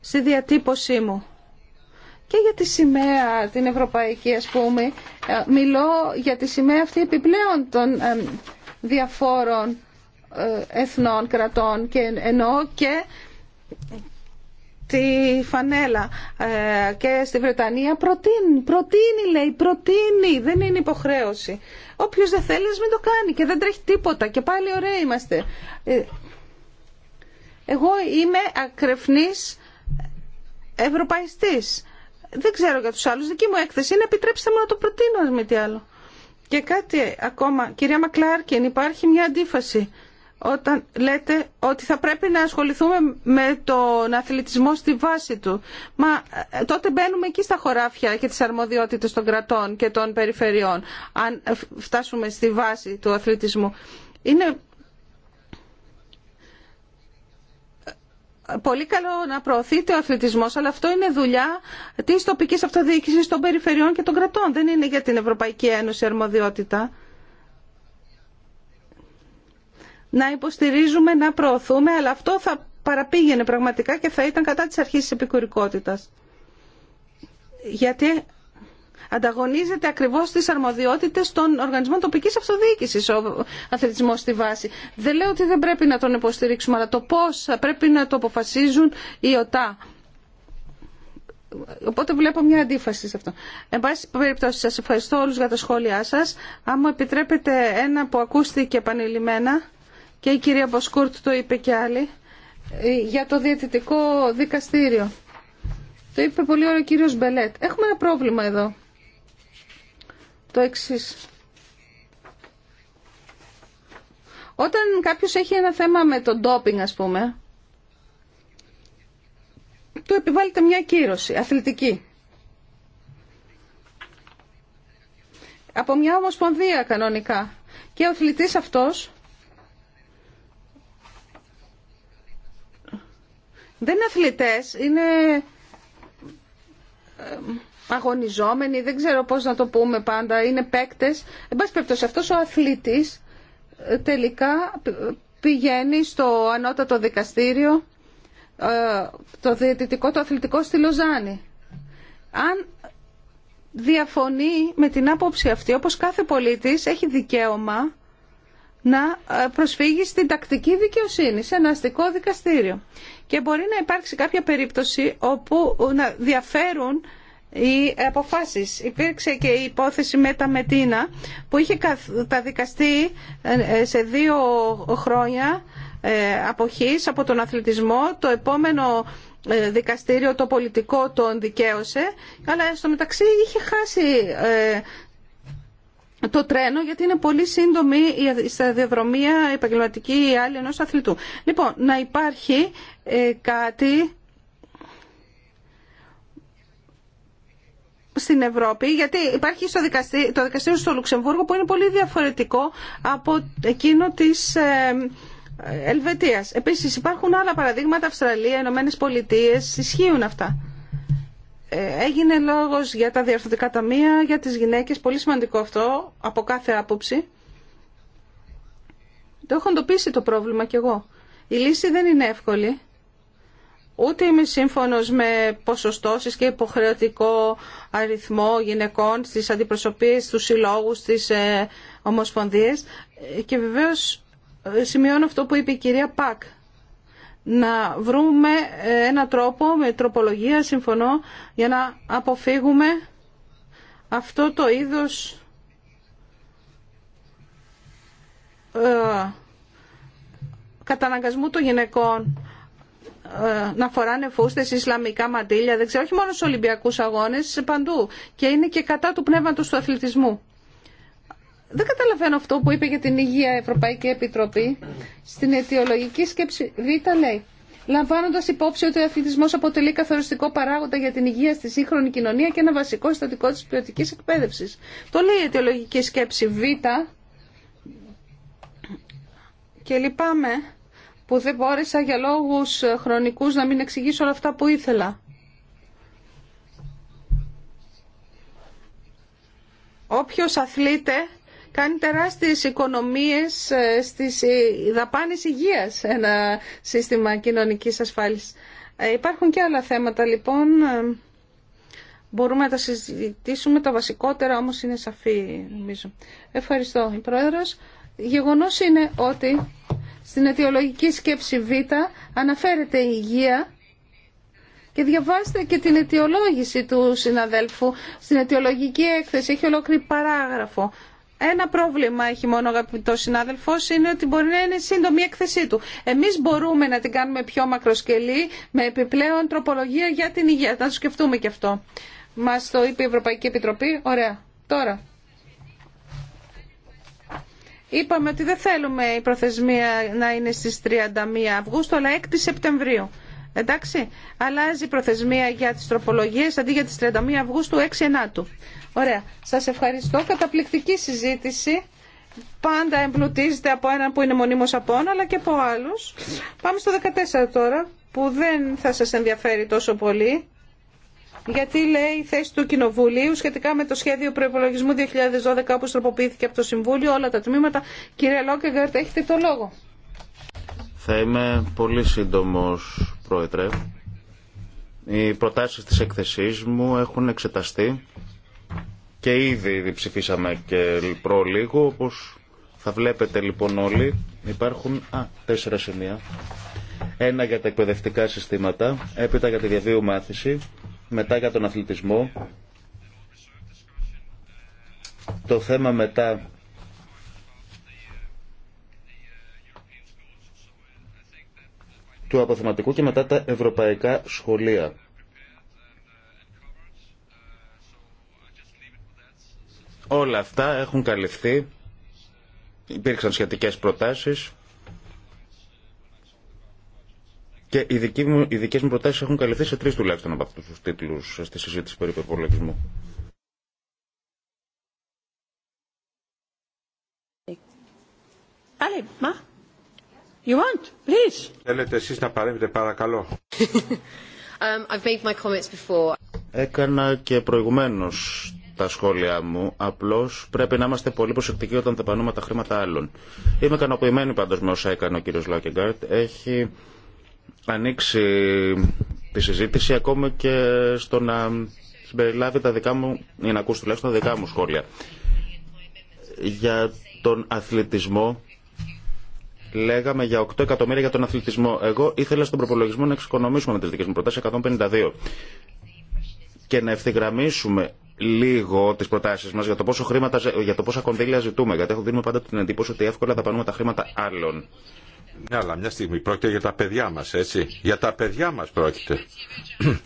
στη διατύπωσή μου. Και για τη σημαία την ευρωπαϊκή ας πούμε, ε, μιλώ για τη σημαία αυτή επιπλέον των ε, διαφόρων ε, εθνών, κρατών και εννοώ και τη φανέλα και στη Βρετανία προτείνει, προτείνει λέει, προτείνει, δεν είναι υποχρέωση. Όποιος δεν θέλει μην το κάνει και δεν τρέχει τίποτα και πάλι ωραία είμαστε. Εγώ είμαι ακρεφνής ευρωπαϊστής. Δεν ξέρω για τους άλλους. Δική μου έκθεση είναι επιτρέψτε μου να το προτείνω, με τι άλλο. Και κάτι ακόμα, κυρία Μακλάρκιν, υπάρχει μια αντίφαση όταν λέτε ότι θα πρέπει να ασχοληθούμε με τον αθλητισμό στη βάση του. Μα ε, τότε μπαίνουμε εκεί στα χωράφια και τις αρμοδιότητες των κρατών και των περιφερειών, αν φτάσουμε στη βάση του αθλητισμού. Είναι πολύ καλό να προωθείται ο αθλητισμό, αλλά αυτό είναι δουλειά της τοπικής αυτοδιοίκησης των περιφερειών και των κρατών. Δεν είναι για την Ευρωπαϊκή Ένωση αρμοδιότητα. Να υποστηρίζουμε, να προωθούμε, αλλά αυτό θα παραπήγαινε πραγματικά και θα ήταν κατά τη αρχή τη επικουρικότητας. Γιατί ανταγωνίζεται ακριβώ τι αρμοδιότητες των οργανισμών τοπική αυτοδιοίκηση ο αθλητισμό στη βάση. Δεν λέω ότι δεν πρέπει να τον υποστηρίξουμε, αλλά το πώ πρέπει να το αποφασίζουν οι ΟΤΑ. Οπότε βλέπω μια αντίφαση σε αυτό. Εν πάση περιπτώσει, σα ευχαριστώ όλου για τα σχόλιά σα. Αν μου επιτρέπετε ένα που ακούστηκε επανειλημμένα και η κυρία Μποσκούρτ το είπε και άλλη, ε, για το διαιτητικό δικαστήριο. Το είπε πολύ ωραίο ο κύριος Μπελέτ. Έχουμε ένα πρόβλημα εδώ το εξής. Όταν κάποιος έχει ένα θέμα με το ντόπινγκ, ας πούμε, του επιβάλλεται μια κύρωση αθλητική. Από μια ομοσπονδία κανονικά. Και ο αθλητής αυτός δεν είναι αθλητές, είναι ε, αγωνιζόμενοι, δεν ξέρω πώς να το πούμε πάντα, είναι παίκτες. Εν πάση αυτός ο αθλήτης ε, τελικά πηγαίνει στο ανώτατο δικαστήριο ε, το διαιτητικό, το αθλητικό στη Λοζάνη. Αν διαφωνεί με την άποψη αυτή, όπως κάθε πολίτης έχει δικαίωμα να ε, προσφύγει στην τακτική δικαιοσύνη, σε ένα αστικό δικαστήριο. Και μπορεί να υπάρξει κάποια περίπτωση όπου να διαφέρουν οι αποφάσεις. Υπήρξε και η υπόθεση με τα Μετίνα που είχε καταδικαστεί ε, ε, σε δύο χρόνια ε, αποχής από τον αθλητισμό. Το επόμενο δικαστήριο, το πολιτικό, τον δικαίωσε. Αλλά στο μεταξύ είχε χάσει το τρένο γιατί είναι πολύ σύντομη η σταδιοδρομία επαγγελματική ή άλλη ενός αθλητού. Λοιπόν, να υπάρχει κάτι στην Ευρώπη, γιατί υπάρχει στο το δικαστήριο στο Λουξεμβούργο που είναι πολύ διαφορετικό από εκείνο της ε, Ελβετίας. Επίσης υπάρχουν άλλα παραδείγματα, Αυστραλία, Ηνωμένε Πολιτείε, ισχύουν αυτά. Ε, έγινε λόγος για τα διαρθρωτικά ταμεία, για τις γυναίκες, πολύ σημαντικό αυτό, από κάθε άποψη. Το έχω εντοπίσει το πρόβλημα κι εγώ. Η λύση δεν είναι εύκολη Ούτε είμαι σύμφωνος με ποσοστώσεις και υποχρεωτικό αριθμό γυναικών στις αντιπροσωπείες, στους συλλόγους, στις ε, ομοσπονδίες. Και βεβαίως ε, σημειώνω αυτό που είπε η κυρία Πακ. Να βρούμε ε, ένα τρόπο με τροπολογία, συμφωνώ, για να αποφύγουμε αυτό το είδος καταναγκασμού των γυναικών ε, να φοράνε φούστες, ισλαμικά μαντήλια, δεν ξέρω, όχι μόνο στους ολυμπιακού Αγώνες, παντού. Και είναι και κατά του πνεύματο του αθλητισμού. Δεν καταλαβαίνω αυτό που είπε για την Υγεία Ευρωπαϊκή Επιτροπή. Στην αιτιολογική σκέψη Β λέει λαμβάνοντα υπόψη ότι ο αθλητισμό αποτελεί καθοριστικό παράγοντα για την υγεία στη σύγχρονη κοινωνία και ένα βασικό συστατικό τη ποιοτική εκπαίδευση. Το λέει η αιτιολογική σκέψη Β. Και λυπάμαι που δεν μπόρεσα για λόγους χρονικούς να μην εξηγήσω όλα αυτά που ήθελα. Όποιος αθλείται κάνει τεράστιες οικονομίες ε, στις ε, δαπάνες υγείας ένα σύστημα κοινωνικής ασφάλισης. Ε, υπάρχουν και άλλα θέματα λοιπόν. Μπορούμε να τα συζητήσουμε. Τα βασικότερα όμως είναι σαφή νομίζω. Ευχαριστώ η Πρόεδρος. Γεγονός είναι ότι στην αιτιολογική σκέψη Β αναφέρεται η υγεία και διαβάστε και την αιτιολόγηση του συναδέλφου. Στην αιτιολογική έκθεση έχει ολόκληρη παράγραφο. Ένα πρόβλημα έχει μόνο ο αγαπητό συνάδελφο είναι ότι μπορεί να είναι σύντομη η έκθεσή του. Εμεί μπορούμε να την κάνουμε πιο μακροσκελή με επιπλέον τροπολογία για την υγεία. Να σκεφτούμε και αυτό. Μα το είπε η Ευρωπαϊκή Επιτροπή. Ωραία. Τώρα, Είπαμε ότι δεν θέλουμε η προθεσμία να είναι στις 31 Αυγούστου, αλλά 6 Σεπτεμβρίου. Εντάξει, αλλάζει η προθεσμία για τις τροπολογίες, αντί για τις 31 Αυγούστου, 6 Ενάτου. Ωραία, σας ευχαριστώ. Καταπληκτική συζήτηση. Πάντα εμπλουτίζεται από έναν που είναι μονίμως από αλλά και από άλλους. Πάμε στο 14 τώρα, που δεν θα σας ενδιαφέρει τόσο πολύ γιατί λέει η θέση του Κοινοβουλίου σχετικά με το σχέδιο προπολογισμού 2012 όπως τροποποιήθηκε από το Συμβούλιο, όλα τα τμήματα. Κύριε Λόκεγκαρτ, έχετε το λόγο. Θα είμαι πολύ σύντομος, Πρόεδρε. Οι προτάσεις της εκθεσής μου έχουν εξεταστεί και ήδη ψηφίσαμε και προ λίγο, όπως θα βλέπετε λοιπόν όλοι. Υπάρχουν α, τέσσερα σημεία. Ένα για τα εκπαιδευτικά συστήματα, έπειτα για τη διαβίου μάθηση, μετά για τον αθλητισμό. Το θέμα μετά του αποθεματικού και μετά τα ευρωπαϊκά σχολεία. Όλα αυτά έχουν καλυφθεί. Υπήρξαν σχετικές προτάσεις. Και οι, μου, οι δικές μου προτάσεις έχουν καλυφθεί σε τρεις τουλάχιστον από αυτούς τους τίτλους στη συζήτηση περί υπερπολογισμού. Άλλη, μα. You want, please. Θέλετε εσείς να παρέμβετε παρακαλώ. Um, I've made my comments before. Έκανα και προηγουμένως τα σχόλιά μου. Απλώ πρέπει να είμαστε πολύ προσεκτικοί όταν δεπανούμε τα χρήματα άλλων. Είμαι ικανοποιημένη πάντω με όσα έκανε ο κύριο Λάκεγκαρτ. Έχει ανοίξει τη συζήτηση ακόμα και στο να συμπεριλάβει τα δικά μου, ή να ακούσει τουλάχιστον τα δικά μου σχόλια. Για τον αθλητισμό, λέγαμε για 8 εκατομμύρια για τον αθλητισμό. Εγώ ήθελα στον προπολογισμό να εξοικονομήσουμε με τι δικές μου προτάσεις 152 και να ευθυγραμμίσουμε λίγο τι προτάσει μα για, το πόσο χρήματα, για το πόσα κονδύλια ζητούμε. Γιατί έχω δίνουμε πάντα την εντύπωση ότι εύκολα θα πάρουμε τα χρήματα άλλων. Ναι, αλλά μια στιγμή πρόκειται για τα παιδιά μα, έτσι. Για τα παιδιά μα πρόκειται.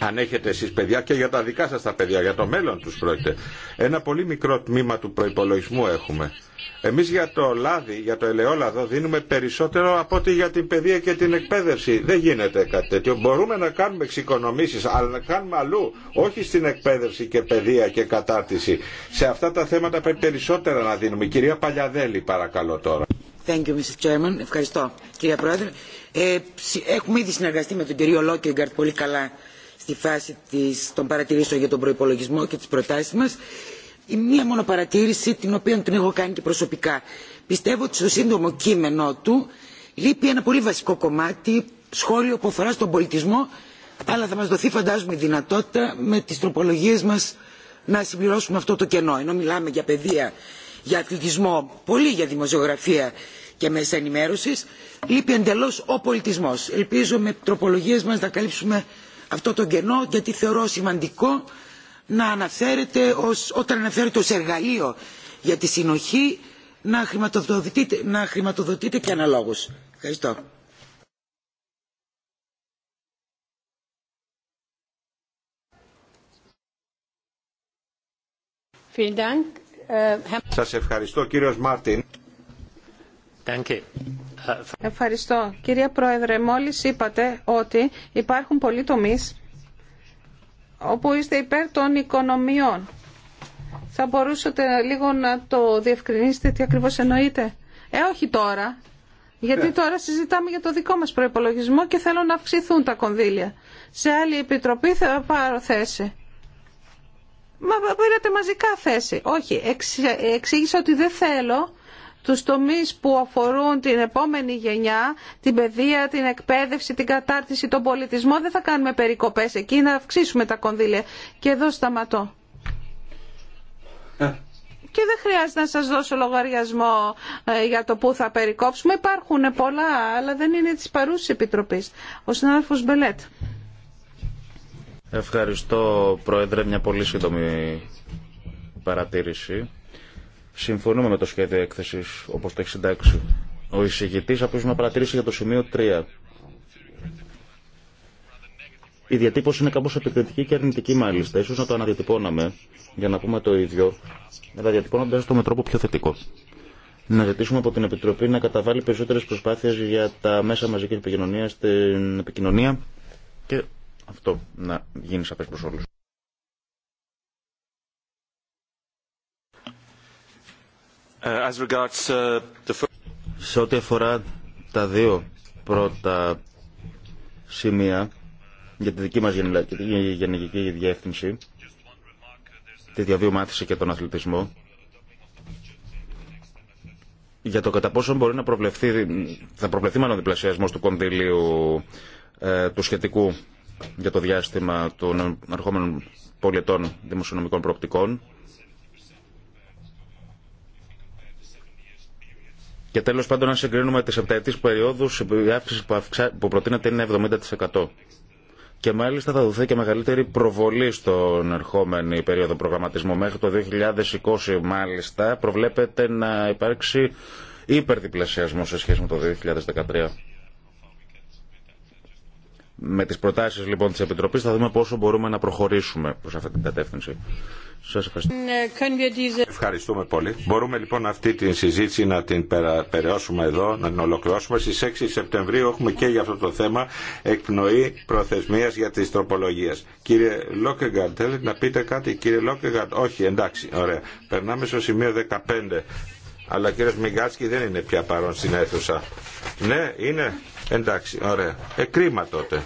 Αν έχετε εσεί παιδιά και για τα δικά σα τα παιδιά, για το μέλλον του πρόκειται. Ένα πολύ μικρό τμήμα του προπολογισμού έχουμε. Εμεί για το λάδι, για το ελαιόλαδο δίνουμε περισσότερο από ό,τι για την παιδεία και την εκπαίδευση. Δεν γίνεται κάτι τέτοιο. Μπορούμε να κάνουμε εξοικονομήσει, αλλά να κάνουμε αλλού, όχι στην εκπαίδευση και παιδεία και κατάρτιση. Σε αυτά τα θέματα πρέπει περισσότερα να δίνουμε. κυρία Παλιαδέλη παρακαλώ τώρα. Ευχαριστώ, κύριε Πρόεδρε. Ε, έχουμε ήδη συνεργαστεί με τον κύριο Λόκεγκαρτ πολύ καλά στη φάση της, των παρατηρήσεων για τον προπολογισμό και τις προτάσεις μας. Η μία μόνο παρατήρηση την οποία την έχω κάνει και προσωπικά. Πιστεύω ότι στο σύντομο κείμενό του λείπει ένα πολύ βασικό κομμάτι, σχόλιο που αφορά στον πολιτισμό, αλλά θα μας δοθεί φαντάζομαι η δυνατότητα με τις τροπολογίες μας να συμπληρώσουμε αυτό το κενό. Ενώ μιλάμε για παιδεία για αθλητισμό πολύ για δημοσιογραφία και μέσα ενημέρωση. λείπει εντελώ ο πολιτισμό. ελπίζω με τροπολογίε μας να καλύψουμε αυτό το κενό γιατί θεωρώ σημαντικό να αναφέρεται ως, όταν αναφέρεται ως εργαλείο για τη συνοχή να χρηματοδοτείται, να και αναλόγως. Ευχαριστώ. Vielen Dank. Σας ευχαριστώ κύριος Μάρτιν. Ευχαριστώ. Κυρία Πρόεδρε, μόλις είπατε ότι υπάρχουν πολλοί τομείς όπου είστε υπέρ των οικονομιών. Θα μπορούσατε λίγο να το διευκρινίσετε τι ακριβώς εννοείτε. Ε, όχι τώρα. Γιατί ε. τώρα συζητάμε για το δικό μας προϋπολογισμό και θέλω να αυξηθούν τα κονδύλια. Σε άλλη επιτροπή θα πάρω θέση. Μα πήρατε μαζικά θέση. Όχι, εξήγησα ότι δεν θέλω τους τομείς που αφορούν την επόμενη γενιά, την παιδεία, την εκπαίδευση, την κατάρτιση, τον πολιτισμό. Δεν θα κάνουμε περικοπές εκεί, να αυξήσουμε τα κονδύλια. Και εδώ σταματώ. Ε. Και δεν χρειάζεται να σας δώσω λογαριασμό ε, για το πού θα περικόψουμε. Υπάρχουν πολλά, αλλά δεν είναι της παρούσης επιτροπής. Ο συνάδελφος Μπελέτ. Ευχαριστώ, Πρόεδρε. Μια πολύ σύντομη παρατήρηση. Συμφωνούμε με το σχέδιο έκθεση όπω το έχει συντάξει ο εισηγητή. Απλώ μια παρατήρηση για το σημείο 3. Η διατύπωση είναι κάπω επικριτική και αρνητική μάλιστα. σω να το αναδιατυπώναμε για να πούμε το ίδιο, μεταδιατυπώνοντα το με τρόπο πιο θετικό. Να ζητήσουμε από την Επιτροπή να καταβάλει περισσότερε προσπάθειε για τα μέσα μαζικής επικοινωνία στην επικοινωνία και αυτό να γίνει σαφές προ όλου. Ε, ε, Σε ό,τι αφορά τα δύο πρώτα σημεία για τη δική μας γενική διεύθυνση, τη διαβίωμάθηση και τον αθλητισμό, για το κατά πόσο μπορεί να προβλεφθεί, θα προβλεφθεί μάλλον διπλασιασμός του κονδυλίου ε, του σχετικού για το διάστημα των ερχόμενων πολιτών δημοσιονομικών προοπτικών. Και τέλος πάντων, αν συγκρίνουμε τις επταετής περιόδους, η αύξηση που προτείνεται είναι 70%. Και μάλιστα θα δοθεί και μεγαλύτερη προβολή στον ερχόμενη περίοδο προγραμματισμού. Μέχρι το 2020 μάλιστα προβλέπεται να υπάρξει υπερδιπλασιασμό σε σχέση με το 2013. Με τις προτάσεις λοιπόν της Επιτροπής θα δούμε πόσο μπορούμε να προχωρήσουμε προς αυτή την κατεύθυνση. Σας ευχαριστώ. Ευχαριστούμε πολύ. Μπορούμε λοιπόν αυτή τη συζήτηση να την περαιώσουμε εδώ, να την ολοκληρώσουμε. Στις 6 Σεπτεμβρίου έχουμε και για αυτό το θέμα εκπνοή προθεσμίας για τις τροπολογίες. Κύριε Λόκεγκαρτ, θέλετε να πείτε κάτι. Κύριε Λόκεγκαρτ, όχι, εντάξει, ωραία. Περνάμε στο σημείο 15. Αλλά κύριος Μιγκάτσκι δεν είναι πια παρόν στην αίθουσα. Ναι, είναι. Εντάξει, ωραία. Εκρίμα τότε.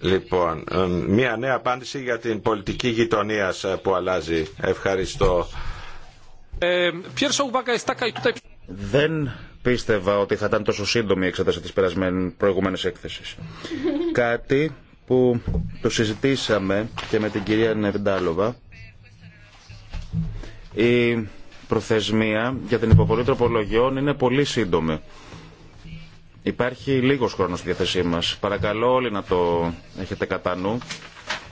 Λοιπόν, μια νέα απάντηση για την πολιτική γειτονία ε, που αλλάζει. Ευχαριστώ. Ε, Δεν πίστευα ότι θα ήταν τόσο σύντομη η εξέταση της προηγούμενης έκθεσης. Κάτι που το συζητήσαμε και με την κυρία Νευντάλοβα. Η προθεσμία για την υποβολή τροπολογιών είναι πολύ σύντομη. Υπάρχει λίγος χρόνος στη διαθεσή μας. Παρακαλώ όλοι να το έχετε κατά νου.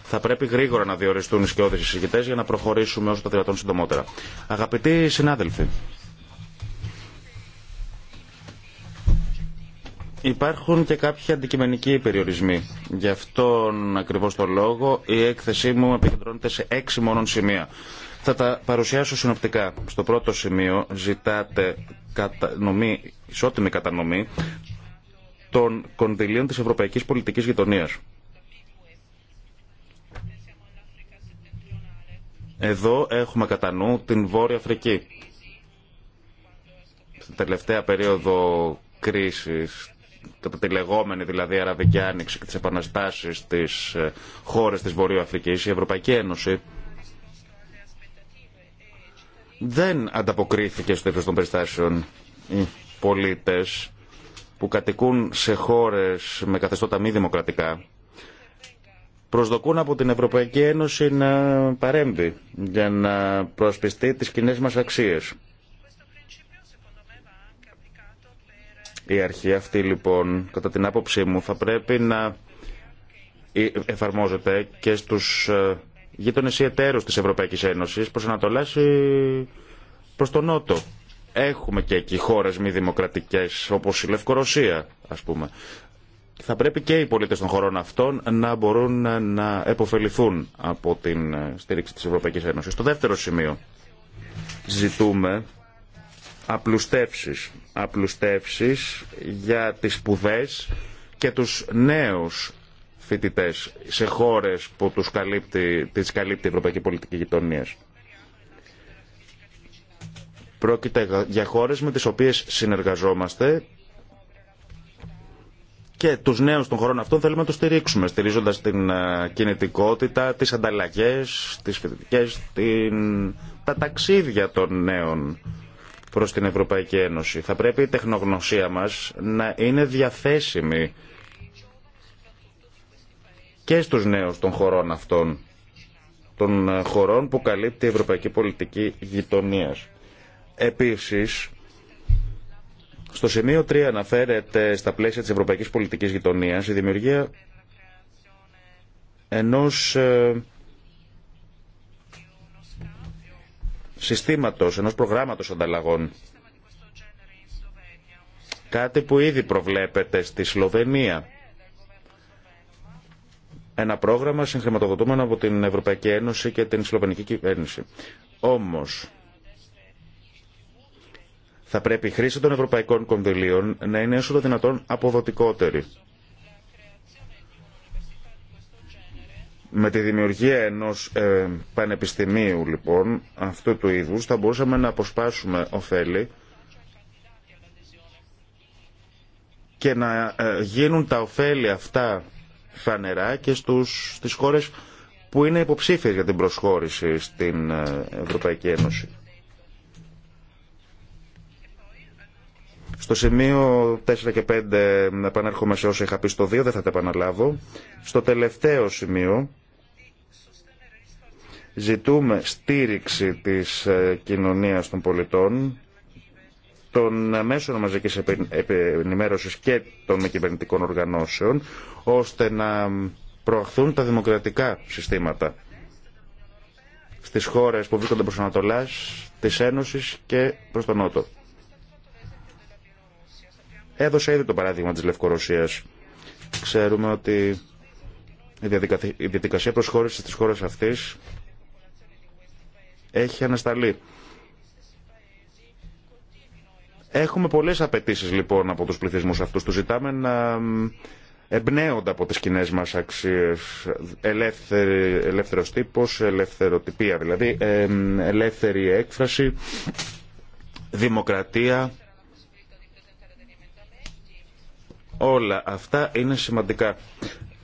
Θα πρέπει γρήγορα να διοριστούν οι σκιώδεις συζητητές για να προχωρήσουμε όσο το δυνατόν συντομότερα. Αγαπητοί συνάδελφοι, Υπάρχουν και κάποιοι αντικειμενικοί περιορισμοί. Γι' αυτόν ακριβώ το λόγο η έκθεσή μου επικεντρώνεται σε έξι μόνον σημεία. Θα τα παρουσιάσω συνοπτικά. Στο πρώτο σημείο ζητάτε κατανομή, ισότιμη κατανομή των κονδυλίων της Ευρωπαϊκής Πολιτικής Γειτονίας. Εδώ έχουμε κατά νου την Βόρεια Αφρική. Στην τελευταία περίοδο κρίσης, κατά τη λεγόμενη δηλαδή Αραβική Άνοιξη και τις επαναστάσεις της ε, χώρες της Βορείου η Ευρωπαϊκή Ένωση δεν ανταποκρίθηκε στο ύψος των περιστάσεων οι πολίτες που κατοικούν σε χώρες με καθεστώτα μη δημοκρατικά προσδοκούν από την Ευρωπαϊκή Ένωση να παρέμβει για να προασπιστεί τις κοινέ μας αξίες. Η αρχή αυτή λοιπόν, κατά την άποψή μου, θα πρέπει να εφαρμόζεται και στους ε, γείτονε ή εταίρου τη Ευρωπαϊκή Ένωση προ Ανατολά ή προ τον Νότο. Έχουμε και εκεί χώρε μη δημοκρατικέ, όπω η Λευκορωσία, α πούμε. Θα πρέπει και οι πολίτε των χωρών αυτών να μπορούν να επωφεληθούν από την στήριξη τη Ευρωπαϊκή Ένωση. Το δεύτερο σημείο. Ζητούμε απλουστεύσεις, απλουστεύσεις για τις σπουδέ και τους νέους φοιτητέ σε χώρε που τι καλύπτει, τις καλύπτει η Ευρωπαϊκή Πολιτική Γειτονία. Πρόκειται για χώρε με τι οποίε συνεργαζόμαστε και του νέου των χωρών αυτών θέλουμε να του στηρίξουμε, στηρίζοντα την ε, κινητικότητα, τι ανταλλαγέ, τι φοιτητικέ, την... τα ταξίδια των νέων προς την Ευρωπαϊκή Ένωση. Θα πρέπει η τεχνογνωσία μας να είναι διαθέσιμη και στους νέους των χωρών αυτών, των ε, χωρών που καλύπτει η ευρωπαϊκή πολιτική γειτονίας. Επίσης, στο σημείο 3 αναφέρεται στα πλαίσια της ευρωπαϊκής πολιτικής γειτονίας η δημιουργία ενός ε, συστήματος, ενός προγράμματος ανταλλαγών. Κάτι που ήδη προβλέπεται στη Σλοβενία ένα πρόγραμμα συγχρηματοδοτούμενο από την Ευρωπαϊκή Ένωση και την Σλοβενική Κυβέρνηση. Όμως, θα πρέπει η χρήση των ευρωπαϊκών κονδυλίων να είναι όσο το δυνατόν αποδοτικότερη. Με τη δημιουργία ενός ε, πανεπιστημίου, λοιπόν, αυτού του είδους, θα μπορούσαμε να αποσπάσουμε ωφέλη και να ε, γίνουν τα ωφέλη αυτά φανερά και στους, στις χώρες που είναι υποψήφιες για την προσχώρηση στην ε, Ευρωπαϊκή Ένωση. Στο σημείο 4 και 5 ε, επανέρχομαι σε όσα είχα πει στο 2, δεν θα τα επαναλάβω. Στο τελευταίο σημείο ζητούμε στήριξη της ε, κοινωνίας των πολιτών των μέσων μαζικής ενημέρωσης και των κυβερνητικών οργανώσεων, ώστε να προαχθούν τα δημοκρατικά συστήματα στις χώρες που βρίσκονται προς Ανατολάς, της Ένωσης και προς τον Νότο. Έδωσε ήδη το παράδειγμα της Λευκορωσίας. Ξέρουμε ότι η διαδικασία προσχώρησης της χώρας αυτής έχει ανασταλεί Έχουμε πολλές απαιτήσει λοιπόν από τους πληθυσμούς αυτούς. Τους ζητάμε να εμπνέονται από τις κοινέ μας αξίες ελεύθερο ελεύθερος τύπος, ελευθεροτυπία δηλαδή, ελεύθερη έκφραση, δημοκρατία. Όλα αυτά είναι σημαντικά.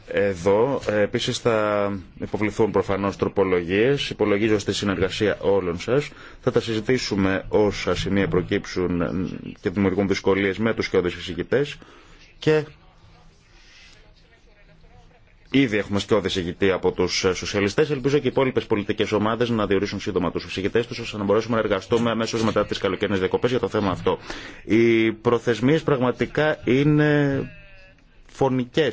Εδώ ε, Επίση θα υποβληθούν προφανώ τροπολογίε, υπολογίζω στη συνεργασία όλων σα. Θα τα συζητήσουμε όσα σημεία προκύψουν και δημιουργούν δυσκολίε με του και εισηγητέ. και Ήδη έχουμε σκιώδη εισηγητή από του σοσιαλιστέ. Ελπίζω και οι υπόλοιπε πολιτικέ ομάδε να διορίσουν σύντομα του εισηγητέ του, ώστε να μπορέσουμε να εργαστούμε αμέσω μετά τι καλοκαιρινέ διακοπέ για το θέμα αυτό. Οι προθεσμίε πραγματικά είναι φωνικέ.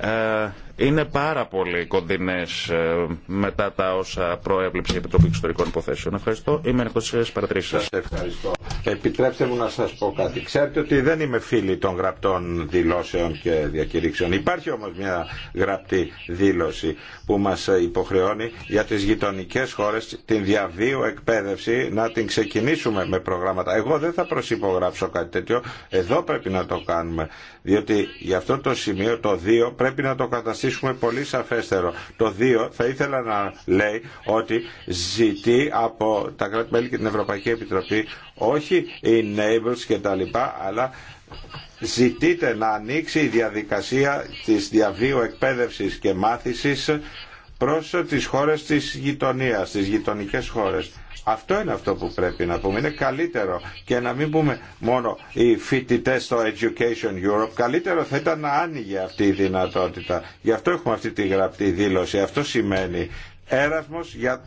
Uh, είναι πάρα πολύ κοντινέ ε, μετά τα όσα προέβλεψε η Επιτροπή ιστορικών Υποθέσεων. Ευχαριστώ. Είμαι ανοιχτό στι παρατηρήσει σα. Ευχαριστώ. επιτρέψτε μου να σα πω κάτι. Ξέρετε ότι δεν είμαι φίλη των γραπτών δηλώσεων και διακηρύξεων. Υπάρχει όμω μια γραπτή δήλωση που μα υποχρεώνει για τι γειτονικέ χώρε την διαβίω εκπαίδευση να την ξεκινήσουμε με προγράμματα. Εγώ δεν θα προσυπογράψω κάτι τέτοιο. Εδώ πρέπει να το κάνουμε. Διότι για αυτό το σημείο το 2 πρέπει να το καταστήσουμε πολύ σαφέστερο. Το 2 θα ήθελα να λέει ότι ζητεί από τα κράτη-μέλη και την Ευρωπαϊκή Επιτροπή όχι enables και τα λοιπά, αλλά ζητείτε να ανοίξει η διαδικασία της διαβίου εκπαίδευσης και μάθησης προς τις χώρες της γειτονίας, τις γειτονικές χώρες αυτό είναι αυτό που πρέπει να πούμε. Είναι καλύτερο και να μην πούμε μόνο οι φοιτητέ στο Education Europe. Καλύτερο θα ήταν να άνοιγε αυτή η δυνατότητα. Γι' αυτό έχουμε αυτή τη γραπτή δήλωση. Αυτό σημαίνει έρασμος για,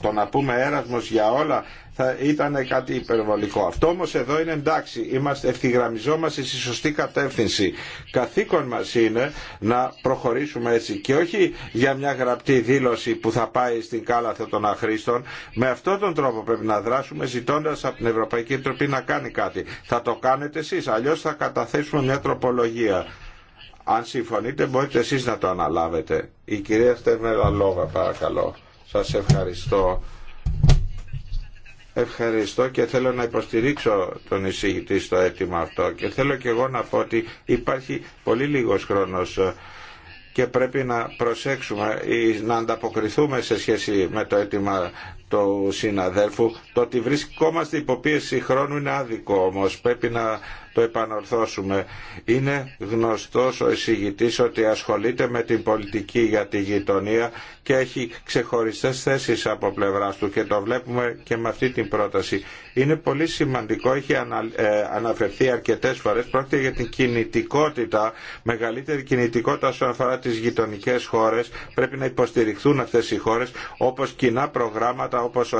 το να πούμε έρασμος για όλα θα ήταν κάτι υπερβολικό. Αυτό όμως εδώ είναι εντάξει, είμαστε ευθυγραμμιζόμαστε στη σωστή κατεύθυνση. Καθήκον μας είναι να προχωρήσουμε έτσι και όχι για μια γραπτή δήλωση που θα πάει στην κάλαθο των αχρήστων. Με αυτόν τον τρόπο πρέπει να δράσουμε ζητώντας από την Ευρωπαϊκή Επιτροπή να κάνει κάτι. Θα το κάνετε εσείς, αλλιώς θα καταθέσουμε μια τροπολογία αν συμφωνείτε μπορείτε εσείς να το αναλάβετε. Η κυρία Στέρμερα Λόγα παρακαλώ. Σας ευχαριστώ. Ευχαριστώ και θέλω να υποστηρίξω τον εισηγητή στο αίτημα αυτό και θέλω και εγώ να πω ότι υπάρχει πολύ λίγος χρόνος και πρέπει να προσέξουμε ή να ανταποκριθούμε σε σχέση με το αίτημα του συναδέλφου. Το ότι βρισκόμαστε υποπίεση χρόνου είναι άδικο όμως. Πρέπει να το επανορθώσουμε. Είναι γνωστός ο εισηγητής ότι ασχολείται με την πολιτική για τη γειτονία και έχει ξεχωριστές θέσεις από πλευράς του και το βλέπουμε και με αυτή την πρόταση. Είναι πολύ σημαντικό, έχει ε, αναφερθεί αρκετές φορές, πρόκειται για την κινητικότητα, μεγαλύτερη κινητικότητα όσον αφορά τις γειτονικές χώρες. Πρέπει να υποστηριχθούν αυτές οι χώρες, όπως κοινά προγράμματα, όπως ο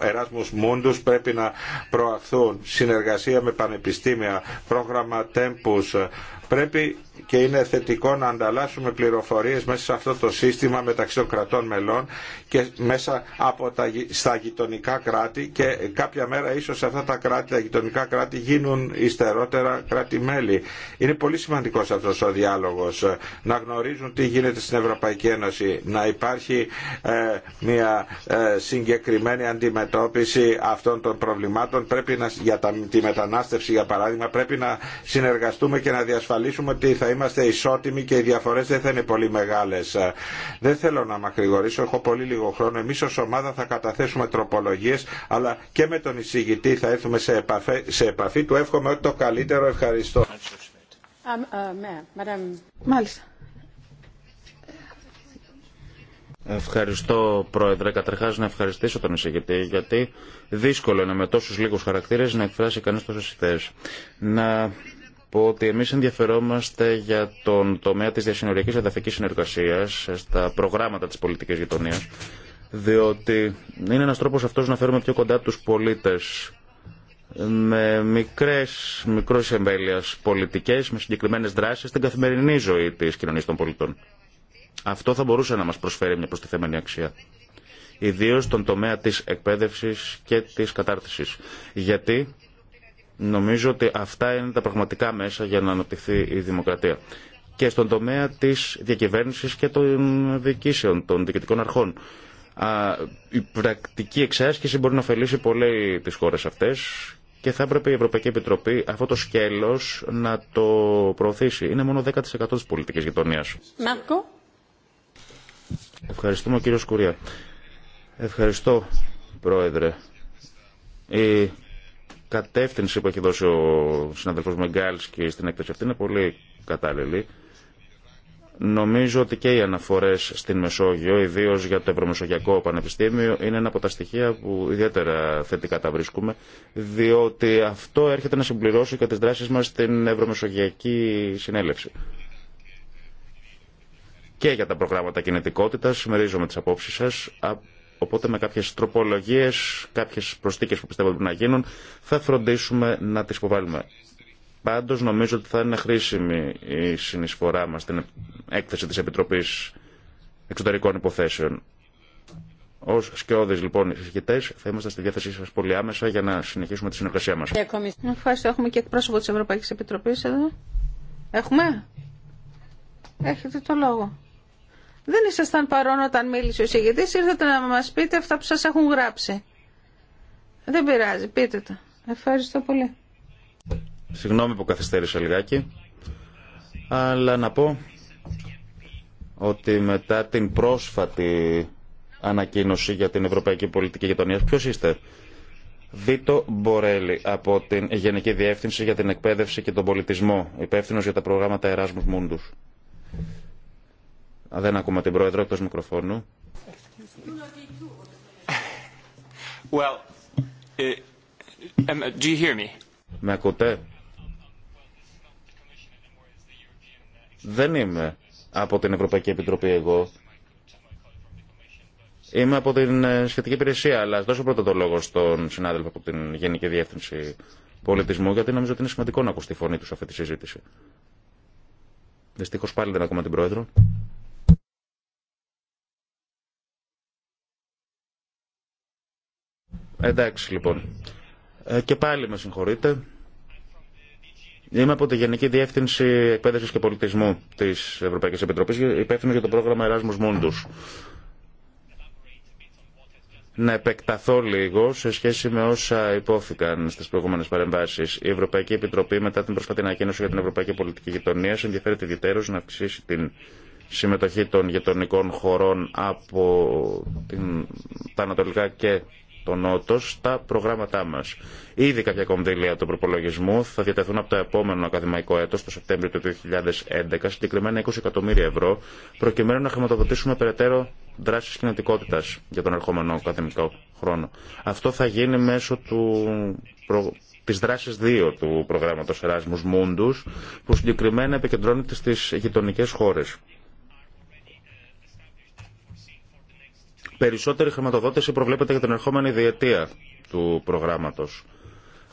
Erasmus Mundus πρέπει να προαχθούν, συνεργασία με πανεπιστήμια πανεπιστήμια, πρόγραμμα Tempus. Πρέπει και είναι θετικό να ανταλλάσσουμε πληροφορίες μέσα σε αυτό το σύστημα μεταξύ των κρατών μελών και μέσα από τα, στα γειτονικά κράτη και κάποια μέρα ίσως αυτά τα κράτη, τα γειτονικά κράτη γίνουν υστερότερα κράτη-μέλη. Είναι πολύ σημαντικός αυτός ο διάλογος να γνωρίζουν τι γίνεται στην Ευρωπαϊκή Ένωση, να υπάρχει ε, μια ε, συγκεκριμένη αντιμετώπιση αυτών των προβλημάτων. Πρέπει να, για τη μετανάστευση για παράδειγμα πρέπει να συνεργαστούμε και να διασφαλίσουμε ότι θα είμαστε ισότιμοι και οι διαφορέ δεν θα είναι πολύ μεγάλε. Δεν θέλω να μακρηγορήσω, έχω πολύ λίγο χρόνο. Εμεί ω ομάδα θα καταθέσουμε τροπολογίε, αλλά και με τον εισηγητή θα έρθουμε σε επαφή. Σε επαφή. Του εύχομαι ότι το καλύτερο. Ευχαριστώ. Um, uh, Μάλιστα. Ευχαριστώ, Πρόεδρε. Καταρχά, να ευχαριστήσω τον εισηγητή, γιατί δύσκολο είναι με τόσου λίγου χαρακτήρε να εκφράσει κανεί τόσε ιδέε. Να πω ότι εμεί ενδιαφερόμαστε για τον τομέα τη διασυνοριακή εδαφική συνεργασία στα προγράμματα τη πολιτική γειτονία, διότι είναι ένα τρόπο αυτό να φέρουμε πιο κοντά του πολίτε με μικρές, μικρές εμβέλειας πολιτικές, με συγκεκριμένες δράσεις στην καθημερινή ζωή της κοινωνίας των πολιτών. Αυτό θα μπορούσε να μας προσφέρει μια προστιθέμενη αξία ιδίως στον τομέα της εκπαίδευσης και της κατάρτισης. Γιατί Νομίζω ότι αυτά είναι τα πραγματικά μέσα για να αναπτυχθεί η δημοκρατία. Και στον τομέα της διακυβέρνησης και των διοικήσεων, των διοικητικών αρχών. Η πρακτική εξάσκηση μπορεί να ωφελήσει πολύ τις χώρες αυτές και θα έπρεπε η Ευρωπαϊκή Επιτροπή αυτό το σκέλος να το προωθήσει. Είναι μόνο 10% της πολιτικής γειτονίας. Μάρκο. Ευχαριστούμε κύριο Σκουρία. Ευχαριστώ πρόεδρε κατεύθυνση που έχει δώσει ο συναδελφός και στην έκθεση αυτή είναι πολύ κατάλληλη. Νομίζω ότι και οι αναφορές στην Μεσόγειο, ιδίω για το Ευρωμεσογειακό Πανεπιστήμιο, είναι ένα από τα στοιχεία που ιδιαίτερα θετικά τα βρίσκουμε, διότι αυτό έρχεται να συμπληρώσει και τι δράσει μα στην Ευρωμεσογειακή Συνέλευση. Και για τα προγράμματα κινητικότητας, συμμερίζομαι τις απόψει σα. Οπότε με κάποιες τροπολογίες, κάποιες προσθήκες που πιστεύω πρέπει να γίνουν, θα φροντίσουμε να τις υποβάλουμε. Πάντως νομίζω ότι θα είναι χρήσιμη η συνεισφορά μας στην έκθεση της Επιτροπής Εξωτερικών Υποθέσεων. Ω σκιώδη λοιπόν εισηγητέ, θα είμαστε στη διάθεσή σα πολύ άμεσα για να συνεχίσουμε τη συνεργασία μα. Ευχαριστώ. Έχουμε και εκπρόσωπο τη Ευρωπαϊκή Επιτροπή εδώ. Έχουμε. Έχετε το λόγο. Δεν ήσασταν παρόν όταν μίλησε ο εισηγητή. ήρθατε να μας πείτε αυτά που σας έχουν γράψει. Δεν πειράζει, πείτε τα. Ευχαριστώ πολύ. Συγγνώμη που καθυστέρησα λιγάκι, αλλά να πω ότι μετά την πρόσφατη ανακοίνωση για την Ευρωπαϊκή Πολιτική Γειτονία, Ποιο είστε, Βίτο Μπορέλη από την Γενική Διεύθυνση για την Εκπαίδευση και τον Πολιτισμό, υπεύθυνο για τα προγράμματα Erasmus Mundus δεν ακούμε την πρόεδρο εκτός μικροφώνου. Well, ε, ε, ε, do you hear me? Με ακούτε? Δεν είμαι από την Ευρωπαϊκή Επιτροπή εγώ. Είμαι από την σχετική υπηρεσία, αλλά ας δώσω πρώτα το λόγο στον συνάδελφο από την Γενική Διεύθυνση Πολιτισμού, γιατί νομίζω ότι είναι σημαντικό να ακούσει τη φωνή του σε αυτή τη συζήτηση. Δυστυχώ πάλι δεν ακούμε την Πρόεδρο. Εντάξει λοιπόν. Ε, και πάλι με συγχωρείτε. Είμαι από τη Γενική Διεύθυνση Εκπαίδευση και Πολιτισμού τη Ευρωπαϊκή Επιτροπή, υπεύθυνο για το πρόγραμμα Εράσμου Mundus. Να επεκταθώ λίγο σε σχέση με όσα υπόθηκαν στι προηγούμενε παρεμβάσει. Η Ευρωπαϊκή Επιτροπή, μετά την προσπαθή ανακοίνωση για την Ευρωπαϊκή Πολιτική Γειτονία, ενδιαφέρεται ιδιαίτερω να αυξήσει την συμμετοχή των γειτονικών χωρών από την, τα ανατολικά και το Νότο στα προγράμματά μα. Ήδη κάποια κονδύλια του προπολογισμού θα διατεθούν από το επόμενο ακαδημαϊκό έτο, το Σεπτέμβριο του 2011, συγκεκριμένα 20 εκατομμύρια ευρώ, προκειμένου να χρηματοδοτήσουμε περαιτέρω δράσει κινητικότητα για τον ερχόμενο ακαδημικό χρόνο. Αυτό θα γίνει μέσω του προ 2 του προγράμματο Erasmus Mundus, που συγκεκριμένα επικεντρώνεται στι γειτονικέ χώρε. Περισσότερη χρηματοδότηση προβλέπεται για την ερχόμενη διετία του προγράμματος,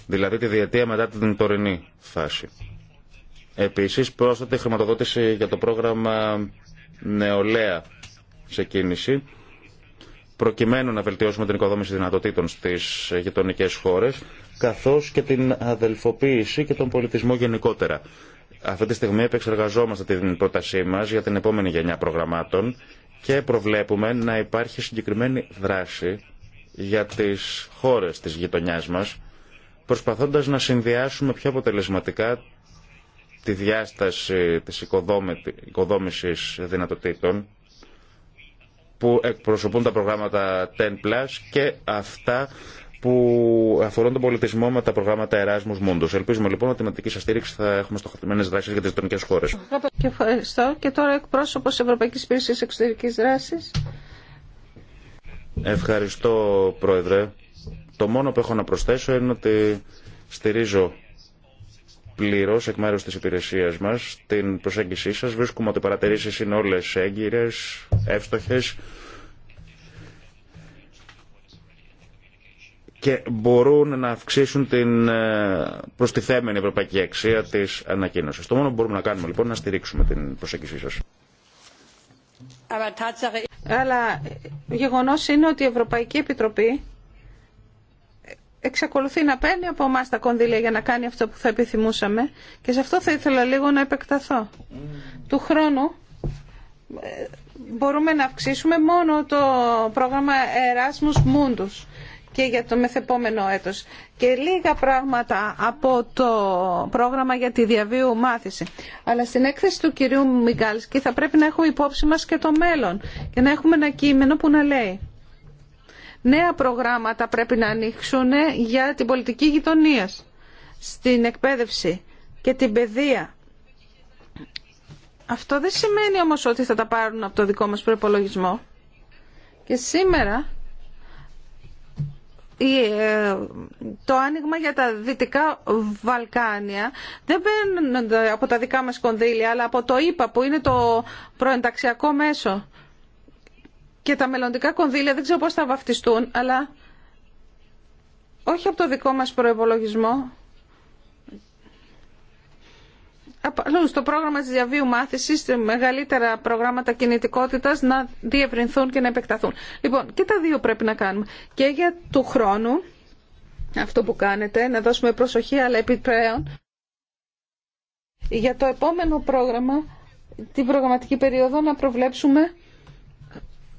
δηλαδή τη διετία μετά την τωρινή φάση. Επίσης, πρόσθετη χρηματοδότηση για το πρόγραμμα νεολαία σε κίνηση, προκειμένου να βελτιώσουμε την οικοδόμηση δυνατοτήτων στις γειτονικέ χώρες, καθώς και την αδελφοποίηση και τον πολιτισμό γενικότερα. Αυτή τη στιγμή επεξεργαζόμαστε την πρότασή μας για την επόμενη γενιά προγραμμάτων και προβλέπουμε να υπάρχει συγκεκριμένη δράση για τις χώρες της γειτονιάς μας, προσπαθώντας να συνδυάσουμε πιο αποτελεσματικά τη διάσταση της οικοδόμησης δυνατοτήτων που εκπροσωπούν τα προγράμματα 10 και αυτά που αφορούν τον πολιτισμό με τα προγράμματα Εράσμου Μούντο. Ελπίζουμε λοιπόν ότι με τη δική σα στήριξη θα έχουμε στοχευμένε δράσει για τι γειτονικέ χώρε. Ευχαριστώ. Και τώρα εκπρόσωπο Ευρωπαϊκή Υπηρεσία Εξωτερική Δράση. Ευχαριστώ, Πρόεδρε. Το μόνο που έχω να προσθέσω είναι ότι στηρίζω πλήρω εκ μέρου τη υπηρεσία μα την προσέγγιση σα. Βρίσκουμε ότι οι παρατηρήσει είναι όλε έγκυρε, εύστοχε και μπορούν να αυξήσουν την ε, προστιθέμενη ευρωπαϊκή αξία της ανακοίνωση. Τό μόνο μπορούμε να κάνουμε λοιπόν να στηρίξουμε την προσεκύσή σα. Αλλά Το μόνο που μπορούμε να κάνουμε λοιπόν είναι να στηρίξουμε την προσέγγιση σα Αλλά γεγονο είναι ότι η Ευρωπαϊκή Επιτροπή εξακολουθεί να παίρνει από εμά τα κονδύλια για να κάνει αυτό που θα επιθυμούσαμε και σε αυτό θα ήθελα λίγο να επεκταθώ. Του χρόνου ε, μπορούμε να αυξήσουμε μόνο το πρόγραμμα Erasmus Mundus και για το μεθεπόμενο έτος. Και λίγα πράγματα από το πρόγραμμα για τη διαβίου μάθηση. Αλλά στην έκθεση του κυρίου Μιγκάλσκι θα πρέπει να έχουμε υπόψη μας και το μέλλον και να έχουμε ένα κείμενο που να λέει νέα προγράμματα πρέπει να ανοίξουν για την πολιτική γειτονία στην εκπαίδευση και την παιδεία. Αυτό δεν σημαίνει όμως ότι θα τα πάρουν από το δικό μας προπολογισμό. Και σήμερα ε, το άνοιγμα για τα Δυτικά Βαλκάνια δεν μπαίνουν από τα δικά μας κονδύλια αλλά από το ΙΠΑ που είναι το προενταξιακό μέσο και τα μελλοντικά κονδύλια δεν ξέρω πώς θα βαφτιστούν αλλά όχι από το δικό μας προϋπολογισμό στο πρόγραμμα της διαβίου μάθησης μεγαλύτερα προγράμματα κινητικότητας να διευρυνθούν και να επεκταθούν. Λοιπόν, και τα δύο πρέπει να κάνουμε. Και για του χρόνου, αυτό που κάνετε, να δώσουμε προσοχή, αλλά επιπλέον, για το επόμενο πρόγραμμα, την προγραμματική περίοδο, να προβλέψουμε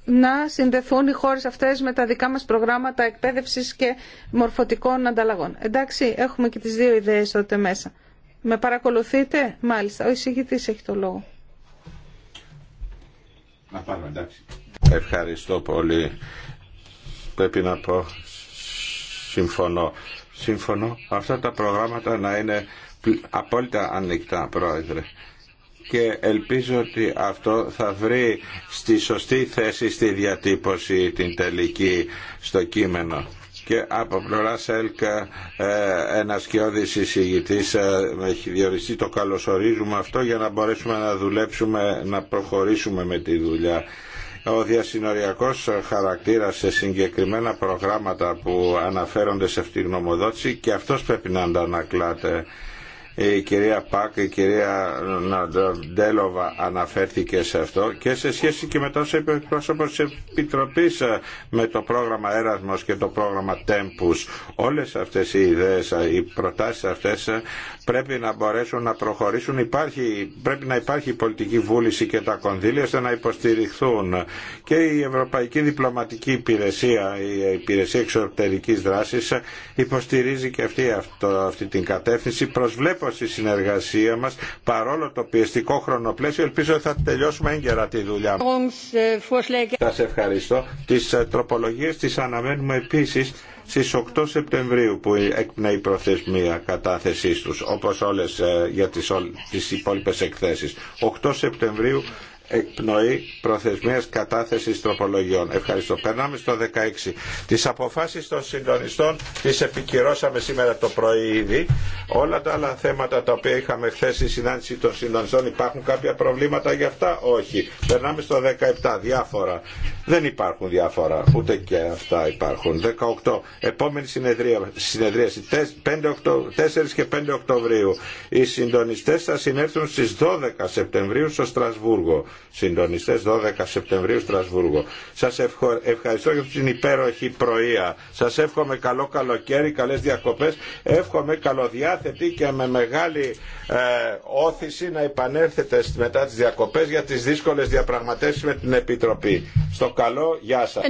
να συνδεθούν οι χώρες αυτές με τα δικά μας προγράμματα εκπαίδευσης και μορφωτικών ανταλλαγών. Εντάξει, έχουμε και τις δύο ιδέες τότε μέσα. Με παρακολουθείτε. Μάλιστα, ο εισηγητή έχει το λόγο. Ευχαριστώ πολύ. Πρέπει να πω, συμφωνώ. Συμφωνώ αυτά τα προγράμματα να είναι απόλυτα ανοιχτά, Πρόεδρε και ελπίζω ότι αυτό θα βρει στη σωστή θέση στη διατύπωση την τελική στο κείμενο και από πλευρά ΕΛΚ ε, ένα σκιώδη εισηγητή ε, έχει διοριστεί. Το καλωσορίζουμε αυτό για να μπορέσουμε να δουλέψουμε, να προχωρήσουμε με τη δουλειά. Ο διασυνοριακός χαρακτήρας σε συγκεκριμένα προγράμματα που αναφέρονται σε αυτή τη γνωμοδότηση και αυτός πρέπει να αντανακλάται η κυρία Πακ, η κυρία Ναντέλοβα αναφέρθηκε σε αυτό και σε σχέση και με τόσο πρόσωπο της Επιτροπής ε, με το πρόγραμμα Έρασμος και το πρόγραμμα Τέμπους. Όλες αυτές οι ιδέες, ε, οι προτάσεις αυτές ε, πρέπει να μπορέσουν να προχωρήσουν. Υπάρχει, πρέπει να υπάρχει πολιτική βούληση και τα κονδύλια ώστε να υποστηριχθούν. Και η Ευρωπαϊκή Διπλωματική Υπηρεσία, η Υπηρεσία Εξωτερικής Δράσης υποστηρίζει και αυτή, αυτή την κατεύθυνση. Προσβλέπω στη συνεργασία μας παρόλο το πιεστικό χρονοπλαίσιο. Ελπίζω ότι θα τελειώσουμε έγκαιρα τη δουλειά μα. Ε, Σα ευχαριστώ. Τι ε, τροπολογίε τις αναμένουμε επίση στις 8 Σεπτεμβρίου που εκπνέει η προθεσμία κατάθεσής τους όπως όλες ε, για τις, τις υπόλοιπες εκθέσεις. 8 Σεπτεμβρίου εκπνοή προθεσμίας κατάθεσης τροπολογιών. Ευχαριστώ. Περνάμε στο 16. Τις αποφάσεις των συντονιστών τις επικυρώσαμε σήμερα το πρωί ήδη. Όλα τα άλλα θέματα τα οποία είχαμε χθε στη συνάντηση των συντονιστών υπάρχουν κάποια προβλήματα για αυτά. Όχι. Περνάμε στο 17. Διάφορα. Δεν υπάρχουν διάφορα. Ούτε και αυτά υπάρχουν. 18. Επόμενη συνεδρία, συνεδρίαση 4 και 5 Οκτωβρίου. Οι συντονιστές θα συνέλθουν στις 12 Σεπτεμβρίου στο Στρασβούργο Συντονιστέ, 12 Σεπτεμβρίου Στρασβούργο. Σας ευχαριστώ για την υπέροχη πρωία. Σας εύχομαι καλό καλοκαίρι, καλές διακοπές. Εύχομαι καλοδιάθετη και με μεγάλη ε, όθηση να επανέλθετε μετά τις διακοπές για τις δύσκολες διαπραγματεύσεις με την Επιτροπή. Στο καλό, γεια σα.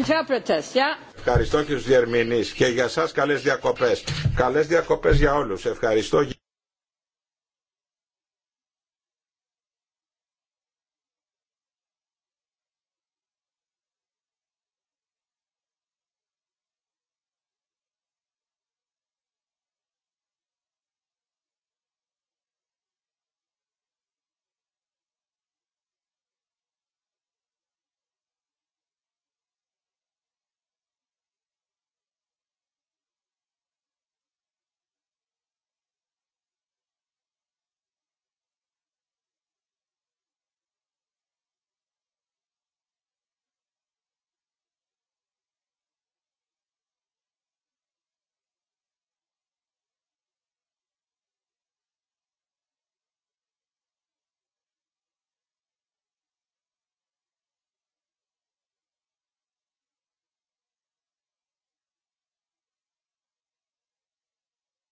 Ευχαριστώ και του Διερμηνεί και για εσά καλέ διακοπέ. Καλέ διακοπέ για όλου. Ευχαριστώ.